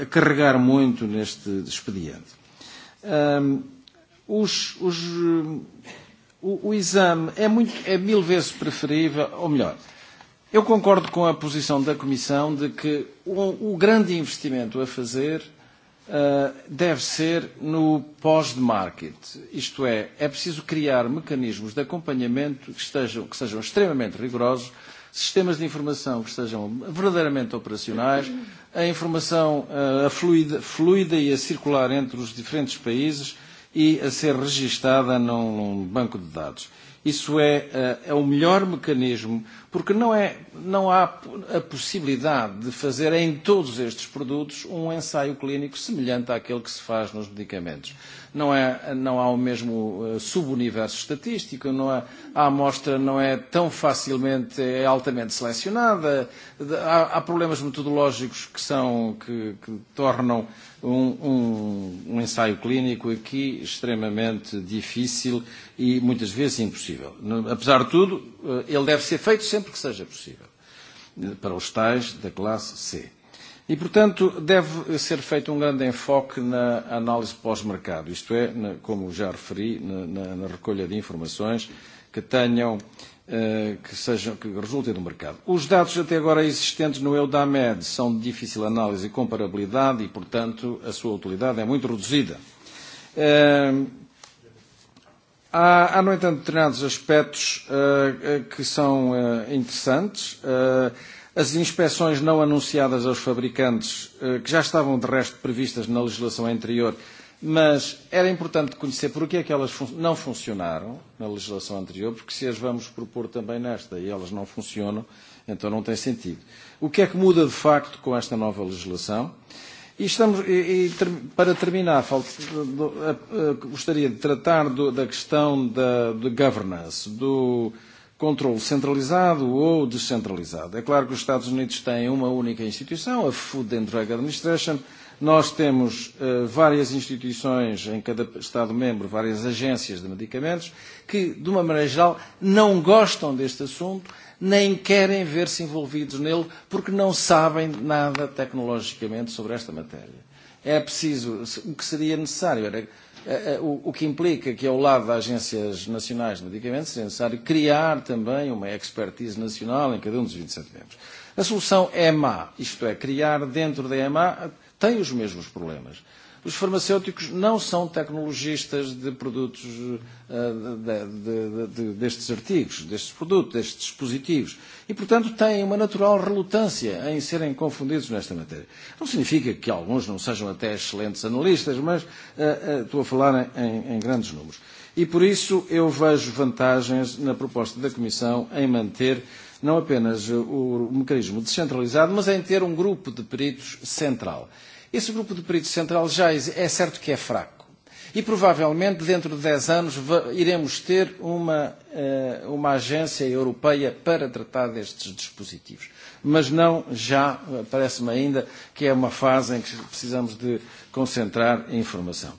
Speaker 13: a carregar muito neste expediente. Um, os, os, o, o exame é, muito, é mil vezes preferível, ou melhor, eu concordo com a posição da Comissão de que o, o grande investimento a fazer Ah, deve ser no pós-market. Isto é, é preciso criar mecanismos de acompanhamento que, estejam, que sejam extremamente rigorosos, sistemas de informação que sejam verdadeiramente operacionais, a informação uh, fluida, fluida e a circular entre os diferentes países e a ser registada num, num banco de dados. Isso é, eh, é o melhor mecanismo, porque não, é, não há a possibilidade de fazer em todos estes produtos um ensaio clínico semelhante àquele que se faz nos medicamentos. Não, é, não há o mesmo eh, subuniverso estatístico, não há, a amostra não é tão facilmente, é altamente selecionada, há, há problemas metodológicos que, são, que, que tornam uh, um, um, um ensaio clínico aqui extremamente difícil e muitas vezes impossível. Apesar de tudo, eh, ele deve ser feito sempre que seja possível, eh, para os tais da classe C. E, portanto, deve ser feito um grande enfoque na análise pós-mercado, isto é, na, como já referi, na, na, na recolha de informações que tenham Eh, que, sejam, que resultem do mercado. Os dados até agora existentes no EUDAMED são de difícil análise e comparabilidade e, portanto, a sua utilidade é muito reduzida. Eh, há, há no entanto, determinados aspectos uh, que são uh, interessantes. Uh, as inspeções não anunciadas aos fabricantes, uh, que já estavam de resto previstas na legislação anterior, uh, Mas era importante conhecer porque é que elas fun não funcionaram na legislação anterior, porque se as vamos propor também nesta e elas não funcionam, então não tem sentido. O que é que muda de facto com esta nova legislação? E, estamos, e, e ter, para terminar, falta, do, a, a, gostaria de tratar do, da questão da de governance, do controle centralizado ou descentralizado. É claro que os Estados Unidos têm uma única instituição, a Food and Drug Administration, Nós temos uh, várias instituições em cada Estado-membro, várias agências de medicamentos, que, de uma maneira geral, não gostam deste assunto, nem querem ver-se envolvidos nele, porque não sabem nada tecnologicamente sobre esta matéria. É preciso, o que seria necessário era eh, eh, o que implica que, ao lado das agências nacionais de medicamentos, seria necessário criar também uma expertise nacional em cada um dos 27 membros. A solução é má, isto é, criar dentro da EMA têm os mesmos problemas. Os farmacêuticos não são tecnologistas de produtos, eh, de, de, de, de, destes artigos, destes produtos, destes dispositivos. E, portanto, têm uma natural relutância em serem confundidos nesta matéria. Não significa que alguns não sejam até excelentes analistas, mas uh, uh, estou a falar em, em grandes números. E, por isso, eu vejo vantagens na proposta da Comissão em manter uh, não apenas o mecanismo descentralizado, mas em ter um grupo de peritos central. Esse grupo de peritos central já é certo que é fraco. E provavelmente dentro de 10 anos iremos ter uma, eh, uma agência europeia para tratar destes dispositivos. Mas não já, eh, parece-me ainda que é uma fase em que precisamos de concentrar a informação.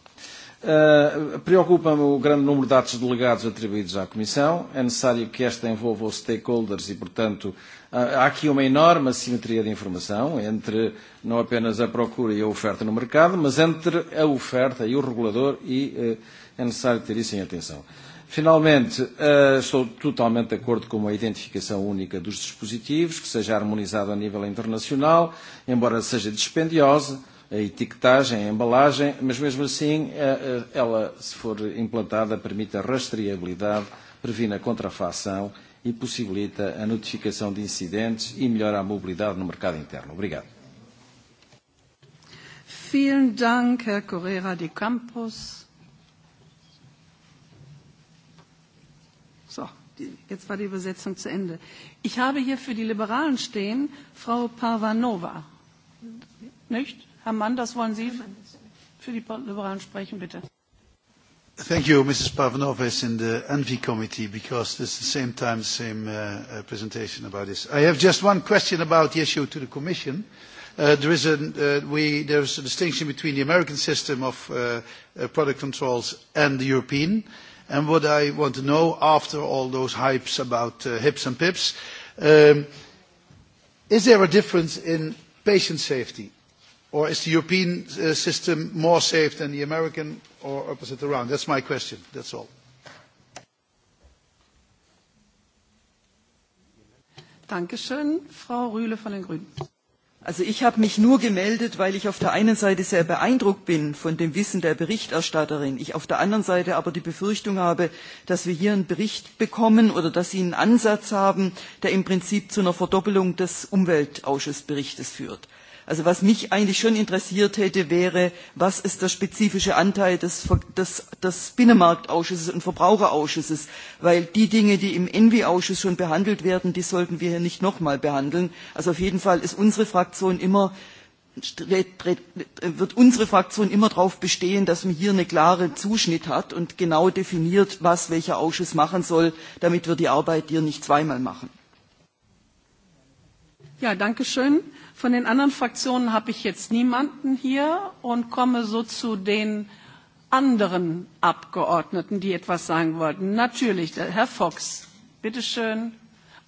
Speaker 13: Eh, preocupa-me o grande número de atos delegados atribuídos à Comissão. É necessário que esta envolva os stakeholders e, portanto, há aqui uma enorme assimetria de informação entre não apenas a procura e a oferta no mercado, mas entre a oferta e o regulador e eh, é necessário ter isso em atenção. Finalmente, eh, estou totalmente de acordo com a identificação única dos dispositivos, que seja harmonizada a nível internacional, embora seja dispendiosa a etiquetagem, a embalagem, mas mesmo assim eh, eh, ela, se for implantada, permite a rastreabilidade, previne a contrafação e possibilita a notificação de incidentes e melhora a mobilidade no mercado interno. Obrigado.
Speaker 4: Vielen Dank, Herr Correa de Campos. So, jetzt war die Übersetzung zu Ende. Ich habe hier für die Liberalen stehen Frau Parvanova. Nicht? Herr Manders, wollen Sie für die Liberalen sprechen, bitte?
Speaker 1: Thank you, Mrs. Pavanovis, in the Envy Committee, because it's the same time, same uh, uh, presentation about this. I have just one question about the issue to the Commission. Uh, there is a, uh, we, there's a distinction between the American system of uh, uh, product controls and the European. And what I want to know, after all those hypes about uh, hips and pips, um, is there a difference in patient safety? Or is the European uh, system more safe than the American or opposite around? That's my question. That's all.
Speaker 8: Dankeschön. Frau Rühle von den Grünen. Also ich habe mich nur gemeldet, weil ich auf der einen Seite sehr beeindruckt bin von dem Wissen der Berichterstatterin, ich auf der anderen Seite aber die Befürchtung habe, dass wir hier einen Bericht bekommen oder dass Sie einen Ansatz haben, der im Prinzip zu einer Verdoppelung des Umweltausschussberichtes führt. Also was mich eigentlich schon interessiert hätte, wäre, was ist der spezifische Anteil des, des, des Binnenmarktausschusses und Verbraucherausschusses? Weil die Dinge, die im Envi-Ausschuss schon behandelt werden, die sollten wir hier nicht nochmal behandeln. Also auf jeden Fall ist unsere Fraktion immer wird unsere Fraktion immer darauf bestehen, dass man hier einen klaren Zuschnitt hat und genau definiert, was welcher Ausschuss machen soll, damit wir die Arbeit hier nicht zweimal machen.
Speaker 4: Ja, danke schön. Von den anderen Fraktionen habe ich jetzt niemanden hier und komme so zu den anderen Abgeordneten, die etwas sagen wollten. Natürlich, Herr Fox, bitteschön.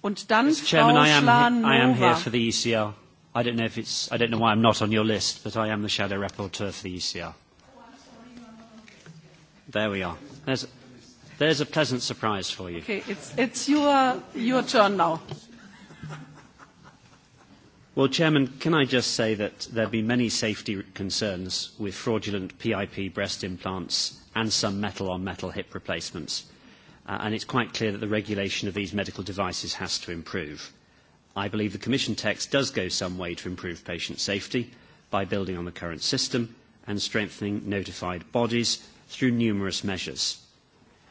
Speaker 4: Und dann Mr. Chairman, Frau I I am here for
Speaker 14: the ECL. I don't know if it's, I don't know why I'm not on your list, but I am the shadow rapporteur for the ECL. There we are. There's, there's a pleasant surprise for you.
Speaker 4: Okay, it's, it's your, your turn now.
Speaker 14: Well, Chairman, can I just say that there have been many safety concerns with fraudulent PIP breast implants and some metal-on-metal -metal hip replacements, uh, and it's quite clear that the regulation of these medical devices has to improve. I believe the Commission text does go some way to improve patient safety by building on the current system and strengthening notified bodies through numerous measures.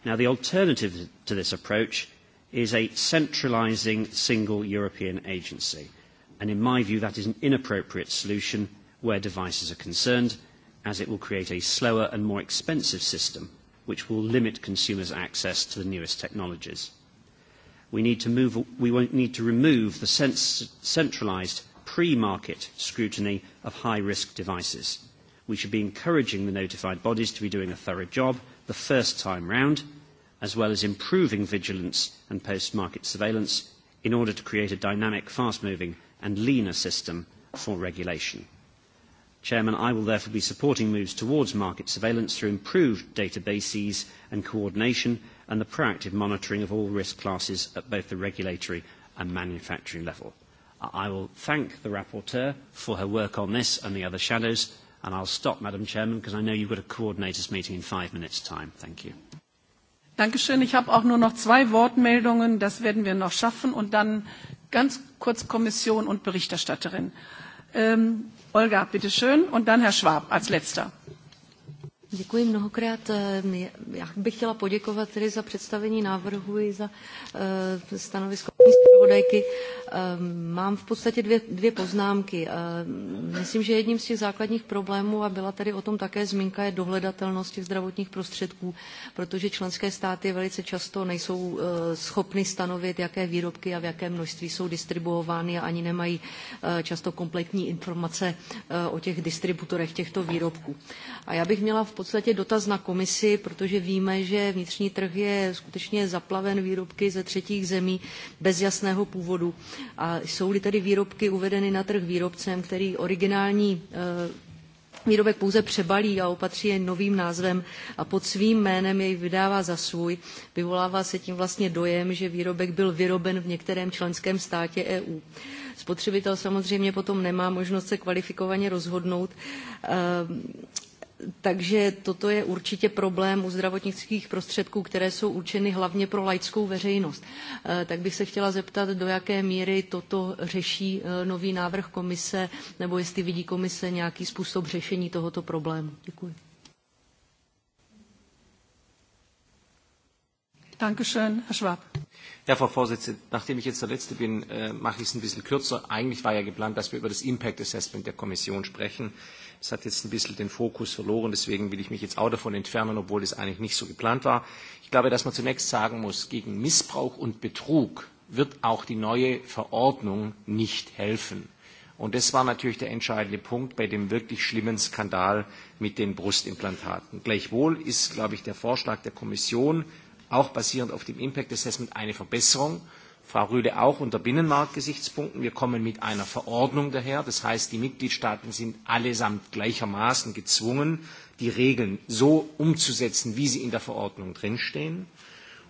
Speaker 14: Now, the alternative to this approach is a centralising single European agency – and in my view that is an inappropriate solution where devices are concerned, as it will create a slower and more expensive system which will limit consumers' access to the newest technologies. We need to, move, we need to remove the centralised pre-market scrutiny of high-risk devices. We should be encouraging the notified bodies to be doing a thorough job the first time round, as well as improving vigilance and post-market surveillance in order to create a dynamic, fast-moving and leaner system for regulation. Chairman, I will therefore be supporting moves towards market surveillance through improved databases and coordination and the proactive monitoring of all risk classes at both the regulatory and manufacturing level. I will thank the rapporteur for her work on this and the other shadows, and I'll stop, Madam Chairman, because I know you've got a coordinators meeting in five minutes' time. Thank you.
Speaker 4: Dankeschön. Ich habe auch nur noch zwei Wortmeldungen. Das werden wir noch schaffen. Und dann Ganz kurz Kommission und Berichterstatterin. Ähm, Olga, schön, und dann Herr Schwab als letzter.
Speaker 15: Děkuji mnohokrát. Eh, já bych chtěla poděkovat tedy za představení návrhu i za eh, stanovisko zpravodajky. Eh, mám v podstatě dvě, dvě poznámky. Myslím, že jedním z těch základních problémů, a byla tady o tom také zmínka, je dohledatelnost těch zdravotních prostředků, protože členské státy velice často nejsou schopny stanovit, jaké výrobky a v jaké množství jsou distribuovány a ani nemají často kompletní informace o těch distributorech těchto výrobků. A já bych měla v podstatě dotaz na komisi, protože víme, že vnitřní trh je skutečně zaplaven výrobky ze třetích zemí bez jasného původu. A jsou-li tedy výrobky uvedeny na trh výrobcem, který originální eh, výrobek pouze přebalí a opatří je novým názvem a pod svým jménem jej vydává za svůj, vyvolává se tím vlastně dojem, že výrobek byl vyroben v některém členském státě EU. Spotřebitel samozřejmě potom nemá možnost se kvalifikovaně rozhodnout, eh, Takže toto je určitě problém u zdravotnických prostředků, které jsou určeny hlavně pro laickou veřejnost. Eh, tak bych se chtěla zeptat, do jaké míry toto řeší eh, nový návrh komise, nebo jestli vidí komise nějaký způsob řešení tohoto problému.
Speaker 8: Děkuji.
Speaker 4: Dankeschön, Herr Schwab.
Speaker 3: Ja, Frau Vorsitzende, nachdem ich jetzt der Letzte bin, äh, mache ich es ein bisschen kürzer. Eigentlich war ja geplant, dass wir über das Impact Assessment der Kommission sprechen. Äh, Es hat jetzt ein bisschen den Fokus verloren, deswegen will ich mich jetzt auch davon entfernen, obwohl es eigentlich nicht so geplant war. Ich glaube, dass man zunächst sagen muss, gegen Missbrauch und Betrug wird auch die neue Verordnung nicht helfen. Und das war natürlich der entscheidende Punkt bei dem wirklich schlimmen Skandal mit den Brustimplantaten. Gleichwohl ist, glaube ich, der Vorschlag der Kommission, auch basierend auf dem Impact Assessment, eine Verbesserung. Frau Rühle auch unter Binnenmarktgesichtspunkten. Wir kommen mit einer Verordnung daher. Das heißt, die Mitgliedstaaten sind allesamt gleichermaßen gezwungen, die Regeln so umzusetzen, wie sie in der Verordnung drinstehen.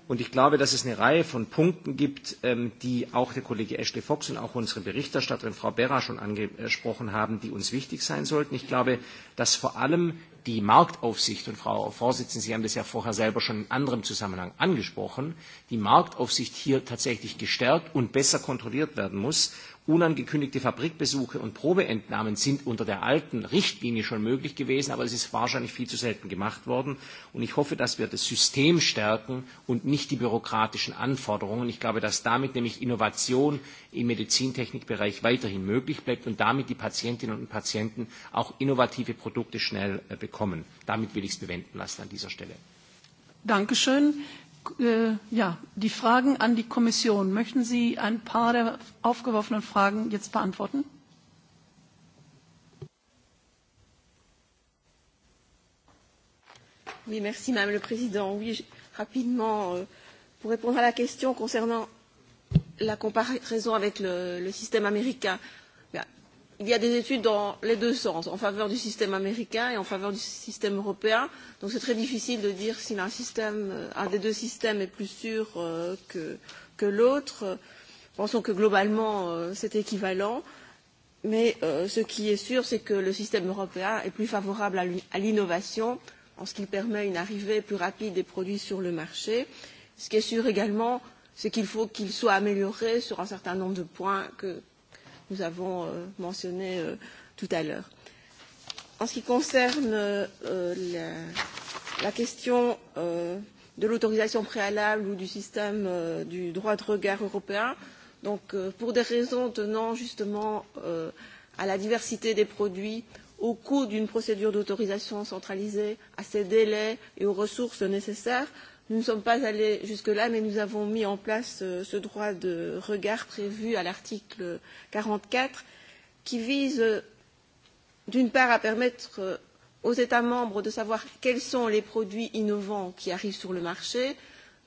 Speaker 3: Und ich glaube, dass es eine Reihe von Punkten gibt, ähm, die auch der Kollege Ashley Fox und auch unsere Berichterstatterin Frau Berra schon angesprochen haben, die uns wichtig sein sollten. Ich glaube, dass vor allem die Marktaufsicht, und Frau Vorsitzende, Sie haben das ja vorher selber schon in anderem Zusammenhang angesprochen, die Marktaufsicht hier tatsächlich gestärkt und besser kontrolliert werden muss, Unangekündigte Fabrikbesuche und Probeentnahmen sind unter der alten Richtlinie schon möglich gewesen, aber es ist wahrscheinlich viel zu selten gemacht worden. Und ich hoffe, dass wir das System stärken und nicht die bürokratischen Anforderungen. Ich glaube, dass damit nämlich Innovation im Medizintechnikbereich weiterhin möglich bleibt und damit die Patientinnen und Patienten auch innovative Produkte schnell äh, bekommen. Damit will ich es bewenden lassen an dieser Stelle.
Speaker 4: Dankeschön äh, ja, die Fragen an die Kommission. Möchten Sie ein paar der aufgeworfenen Fragen jetzt beantworten?
Speaker 11: Oui, merci Madame le Président. Oui, rapidement, euh, pour répondre à la question concernant la comparaison avec le, le système américain. Euh, il y a des études dans les deux sens, en faveur du système américain et en faveur du système européen. Donc c'est très difficile de dire si un, système, euh, un des deux systèmes est plus sûr euh, que, que l'autre. Pensons que globalement euh, c'est équivalent. Mais euh, ce qui est sûr, c'est que le système européen est plus favorable à l'innovation en ce qu'il permet une arrivée plus rapide des produits sur le marché. Ce qui est sûr également, c'est qu'il faut qu'il soit amélioré sur un certain nombre de points que, nous avons euh, mentionné euh, tout à l'heure. En ce qui concerne euh, la, la question euh, de l'autorisation préalable ou du système euh, du droit de regard européen, donc euh, pour des raisons tenant justement euh, à la diversité des produits, au coût d'une procédure d'autorisation centralisée, à ses délais et aux ressources nécessaires, Nous ne sommes pas allés jusque-là, mais nous avons mis en place euh, ce droit de regard prévu à l'article 44 qui vise euh, d'une part à permettre euh, aux États membres de savoir quels sont les produits innovants qui arrivent sur le marché,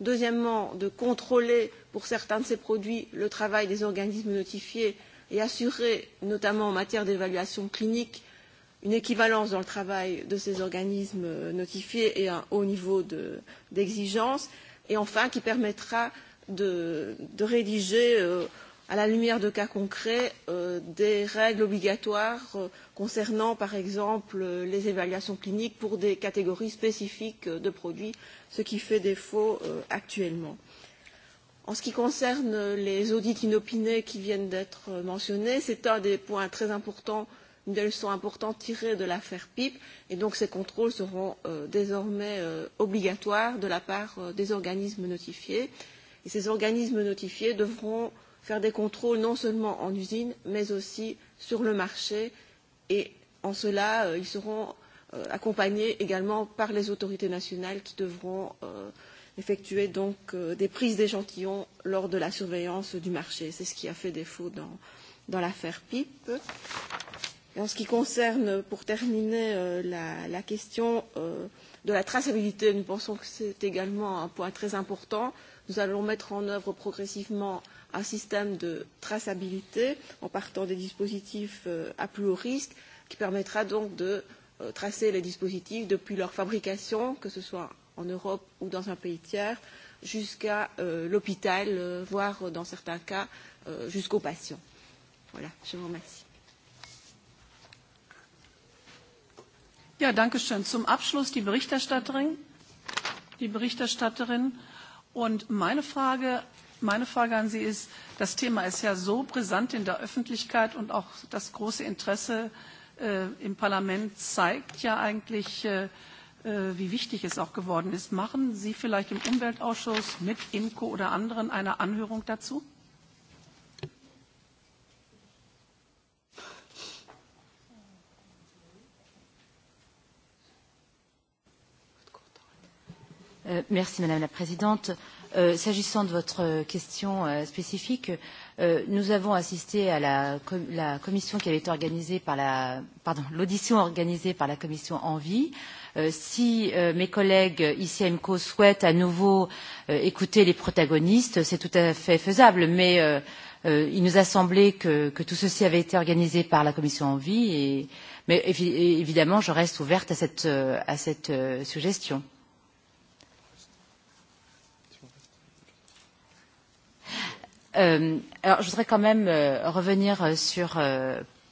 Speaker 11: deuxièmement de contrôler pour certains de ces produits le travail des organismes notifiés et assurer, notamment en matière d'évaluation clinique, une équivalence dans le travail de ces organismes euh, notifiés et un haut niveau d'exigence, de, et enfin qui permettra de, de rédiger euh, à la lumière de cas concrets euh, des règles obligatoires euh, concernant par exemple euh, les évaluations cliniques pour des catégories spécifiques euh, de produits, ce qui fait défaut euh, actuellement. En ce qui concerne les audits inopinés qui viennent d'être mentionnés, c'est un des points très importants euh, une des leçons importantes tirées de l'affaire PIP. Et donc ces contrôles seront euh, désormais euh, obligatoires de la part euh, des organismes notifiés. Et ces organismes notifiés devront faire des contrôles non seulement en usine, mais aussi sur le marché. Et en cela, euh, ils seront euh, accompagnés également par les autorités nationales qui devront euh, effectuer donc euh, des prises d'échantillons lors de la surveillance du marché. C'est ce qui a fait défaut dans, dans l'affaire PIP. Et en ce qui concerne, pour terminer, euh, la, la question euh, de la traçabilité, nous pensons que c'est également un point très important. Nous allons mettre en œuvre progressivement un système de traçabilité en partant des dispositifs euh, à plus haut risque qui permettra donc de euh, tracer les dispositifs depuis leur fabrication, que ce soit en Europe ou dans un pays tiers, jusqu'à euh, l'hôpital, euh, voire dans certains cas euh, jusqu'aux patients. Voilà, je vous remercie. Ja, danke
Speaker 4: schön. Zum Abschluss die Berichterstatterin. Die Berichterstatterin. Und meine Frage, meine Frage an Sie ist, das Thema ist ja so brisant in der Öffentlichkeit und auch das große Interesse äh, im Parlament zeigt ja eigentlich, äh, äh wie wichtig es auch geworden ist. Machen Sie vielleicht im Umweltausschuss mit IMCO oder anderen eine Anhörung dazu?
Speaker 12: Euh, merci Madame la Présidente. Euh, S'agissant de votre question euh, spécifique, euh, nous avons assisté à la, com la commission qui avait été organisée par la, pardon, (laughs) l'audition organisée par la commission Envie. Euh, si euh, mes collègues ici à IMCO souhaitent à nouveau euh, écouter les protagonistes, c'est tout à fait faisable, mais euh, euh, il nous a semblé que, que tout ceci avait été organisé par la commission Envie, et, mais évi évidemment je reste ouverte à cette, euh, à cette euh, suggestion. Euh, alors, je voudrais quand même euh, revenir euh, sur,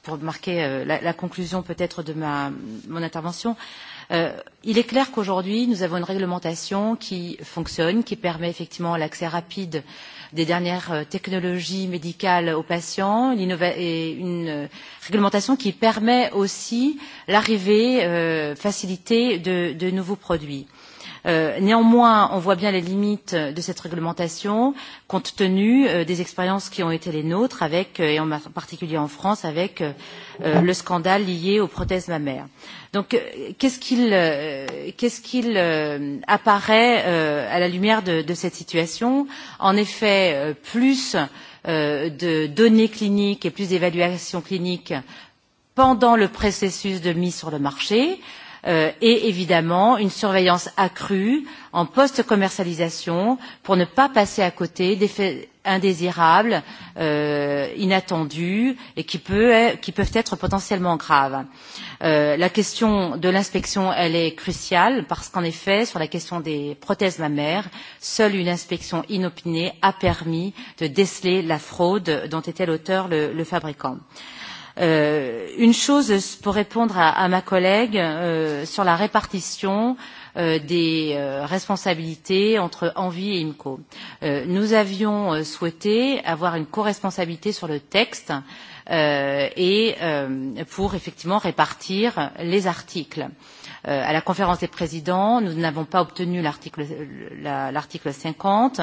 Speaker 12: pour marquer la, la conclusion peut-être de ma, mon intervention. Euh, il est clair qu'aujourd'hui, nous avons une réglementation qui fonctionne, qui permet effectivement l'accès rapide des dernières technologies médicales aux patients, et une réglementation qui permet aussi l'arrivée euh, facilitée de, de nouveaux produits. Euh, Euh, néanmoins, on voit bien les limites de cette réglementation compte tenu euh, des expériences qui ont été les nôtres avec, euh, et en particulier en France, avec le scandale lié aux prothèses mammaires. Donc, qu'est-ce qu'il euh, qu qu apparaît à la lumière de, de cette situation En effet, plus de données cliniques et plus d'évaluations cliniques pendant le processus de mise sur le marché, euh, Euh, et évidemment une surveillance accrue en post commercialisation pour ne pas passer à côté d'effets indésirables, euh, inattendus et qui, peut, qui peuvent être potentiellement graves. Euh, la question de l'inspection, elle est cruciale parce qu'en effet, sur la question des prothèses mammaires, seule une inspection inopinée a permis de déceler la fraude dont était l'auteur le, le fabricant. Euh, Euh, une chose pour répondre à, à ma collègue euh, sur la répartition euh, des euh, responsabilités entre Envie et IMCO. Euh, nous avions euh, souhaité avoir une co-responsabilité sur le texte euh, et euh, pour effectivement répartir les articles. Euh, Euh, à la conférence des présidents, nous n'avons pas obtenu l'article 50,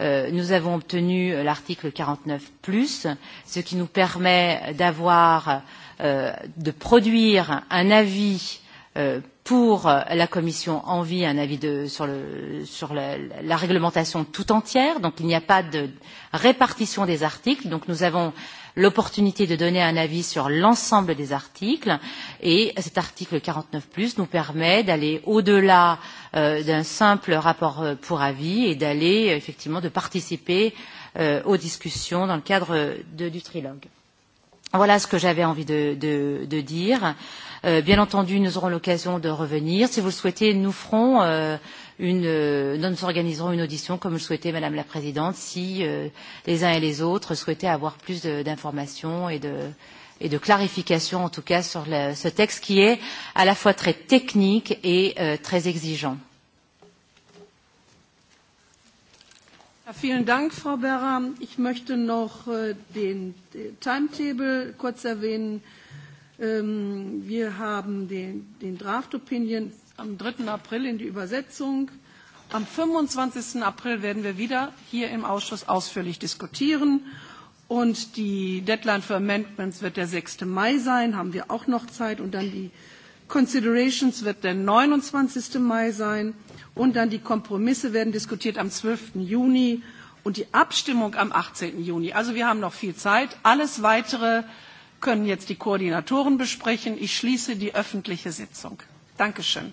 Speaker 12: euh, nous avons obtenu l'article 49 plus, ce qui nous permet d'avoir, euh, de produire un avis pour la commission envie un avis de, sur, le, sur la, la réglementation tout entière. Donc il n'y a pas de répartition des articles. Donc nous avons l'opportunité de donner un avis sur l'ensemble des articles et cet article 49 plus nous permet d'aller au-delà euh, d'un simple rapport euh, pour avis et d'aller euh, effectivement de participer euh, aux discussions dans le cadre de, du trilogue. Voilà ce que j'avais envie de, de, de dire. Euh, bien entendu, nous aurons l'occasion de revenir. Si vous le souhaitez, nous ferons euh, une, euh, nous organiserons une audition, comme le souhaitait Madame la Présidente, si euh, les uns et les autres souhaitaient avoir plus d'informations et de, et de clarifications, en tout cas, sur le, ce texte qui est à la fois très technique et euh, très exigeant.
Speaker 4: Ja, vielen Dank, Frau Berra. Ich möchte noch äh, den, den äh, Timetable kurz erwähnen. Ähm, wir haben den, den Draft Opinion am 3. April in die Übersetzung. Am 25. April werden wir wieder hier im Ausschuss ausführlich diskutieren. Und die Deadline für Amendments wird der 6. Mai sein, haben wir auch noch Zeit. Und dann die Considerations wird der 29. Mai sein. Und dann die Kompromisse werden diskutiert am 12. Juni und die Abstimmung am 18. Juni. Also wir haben noch viel Zeit. Alles Weitere können jetzt die Koordinatoren besprechen. Ich schließe die öffentliche Sitzung. Dankeschön.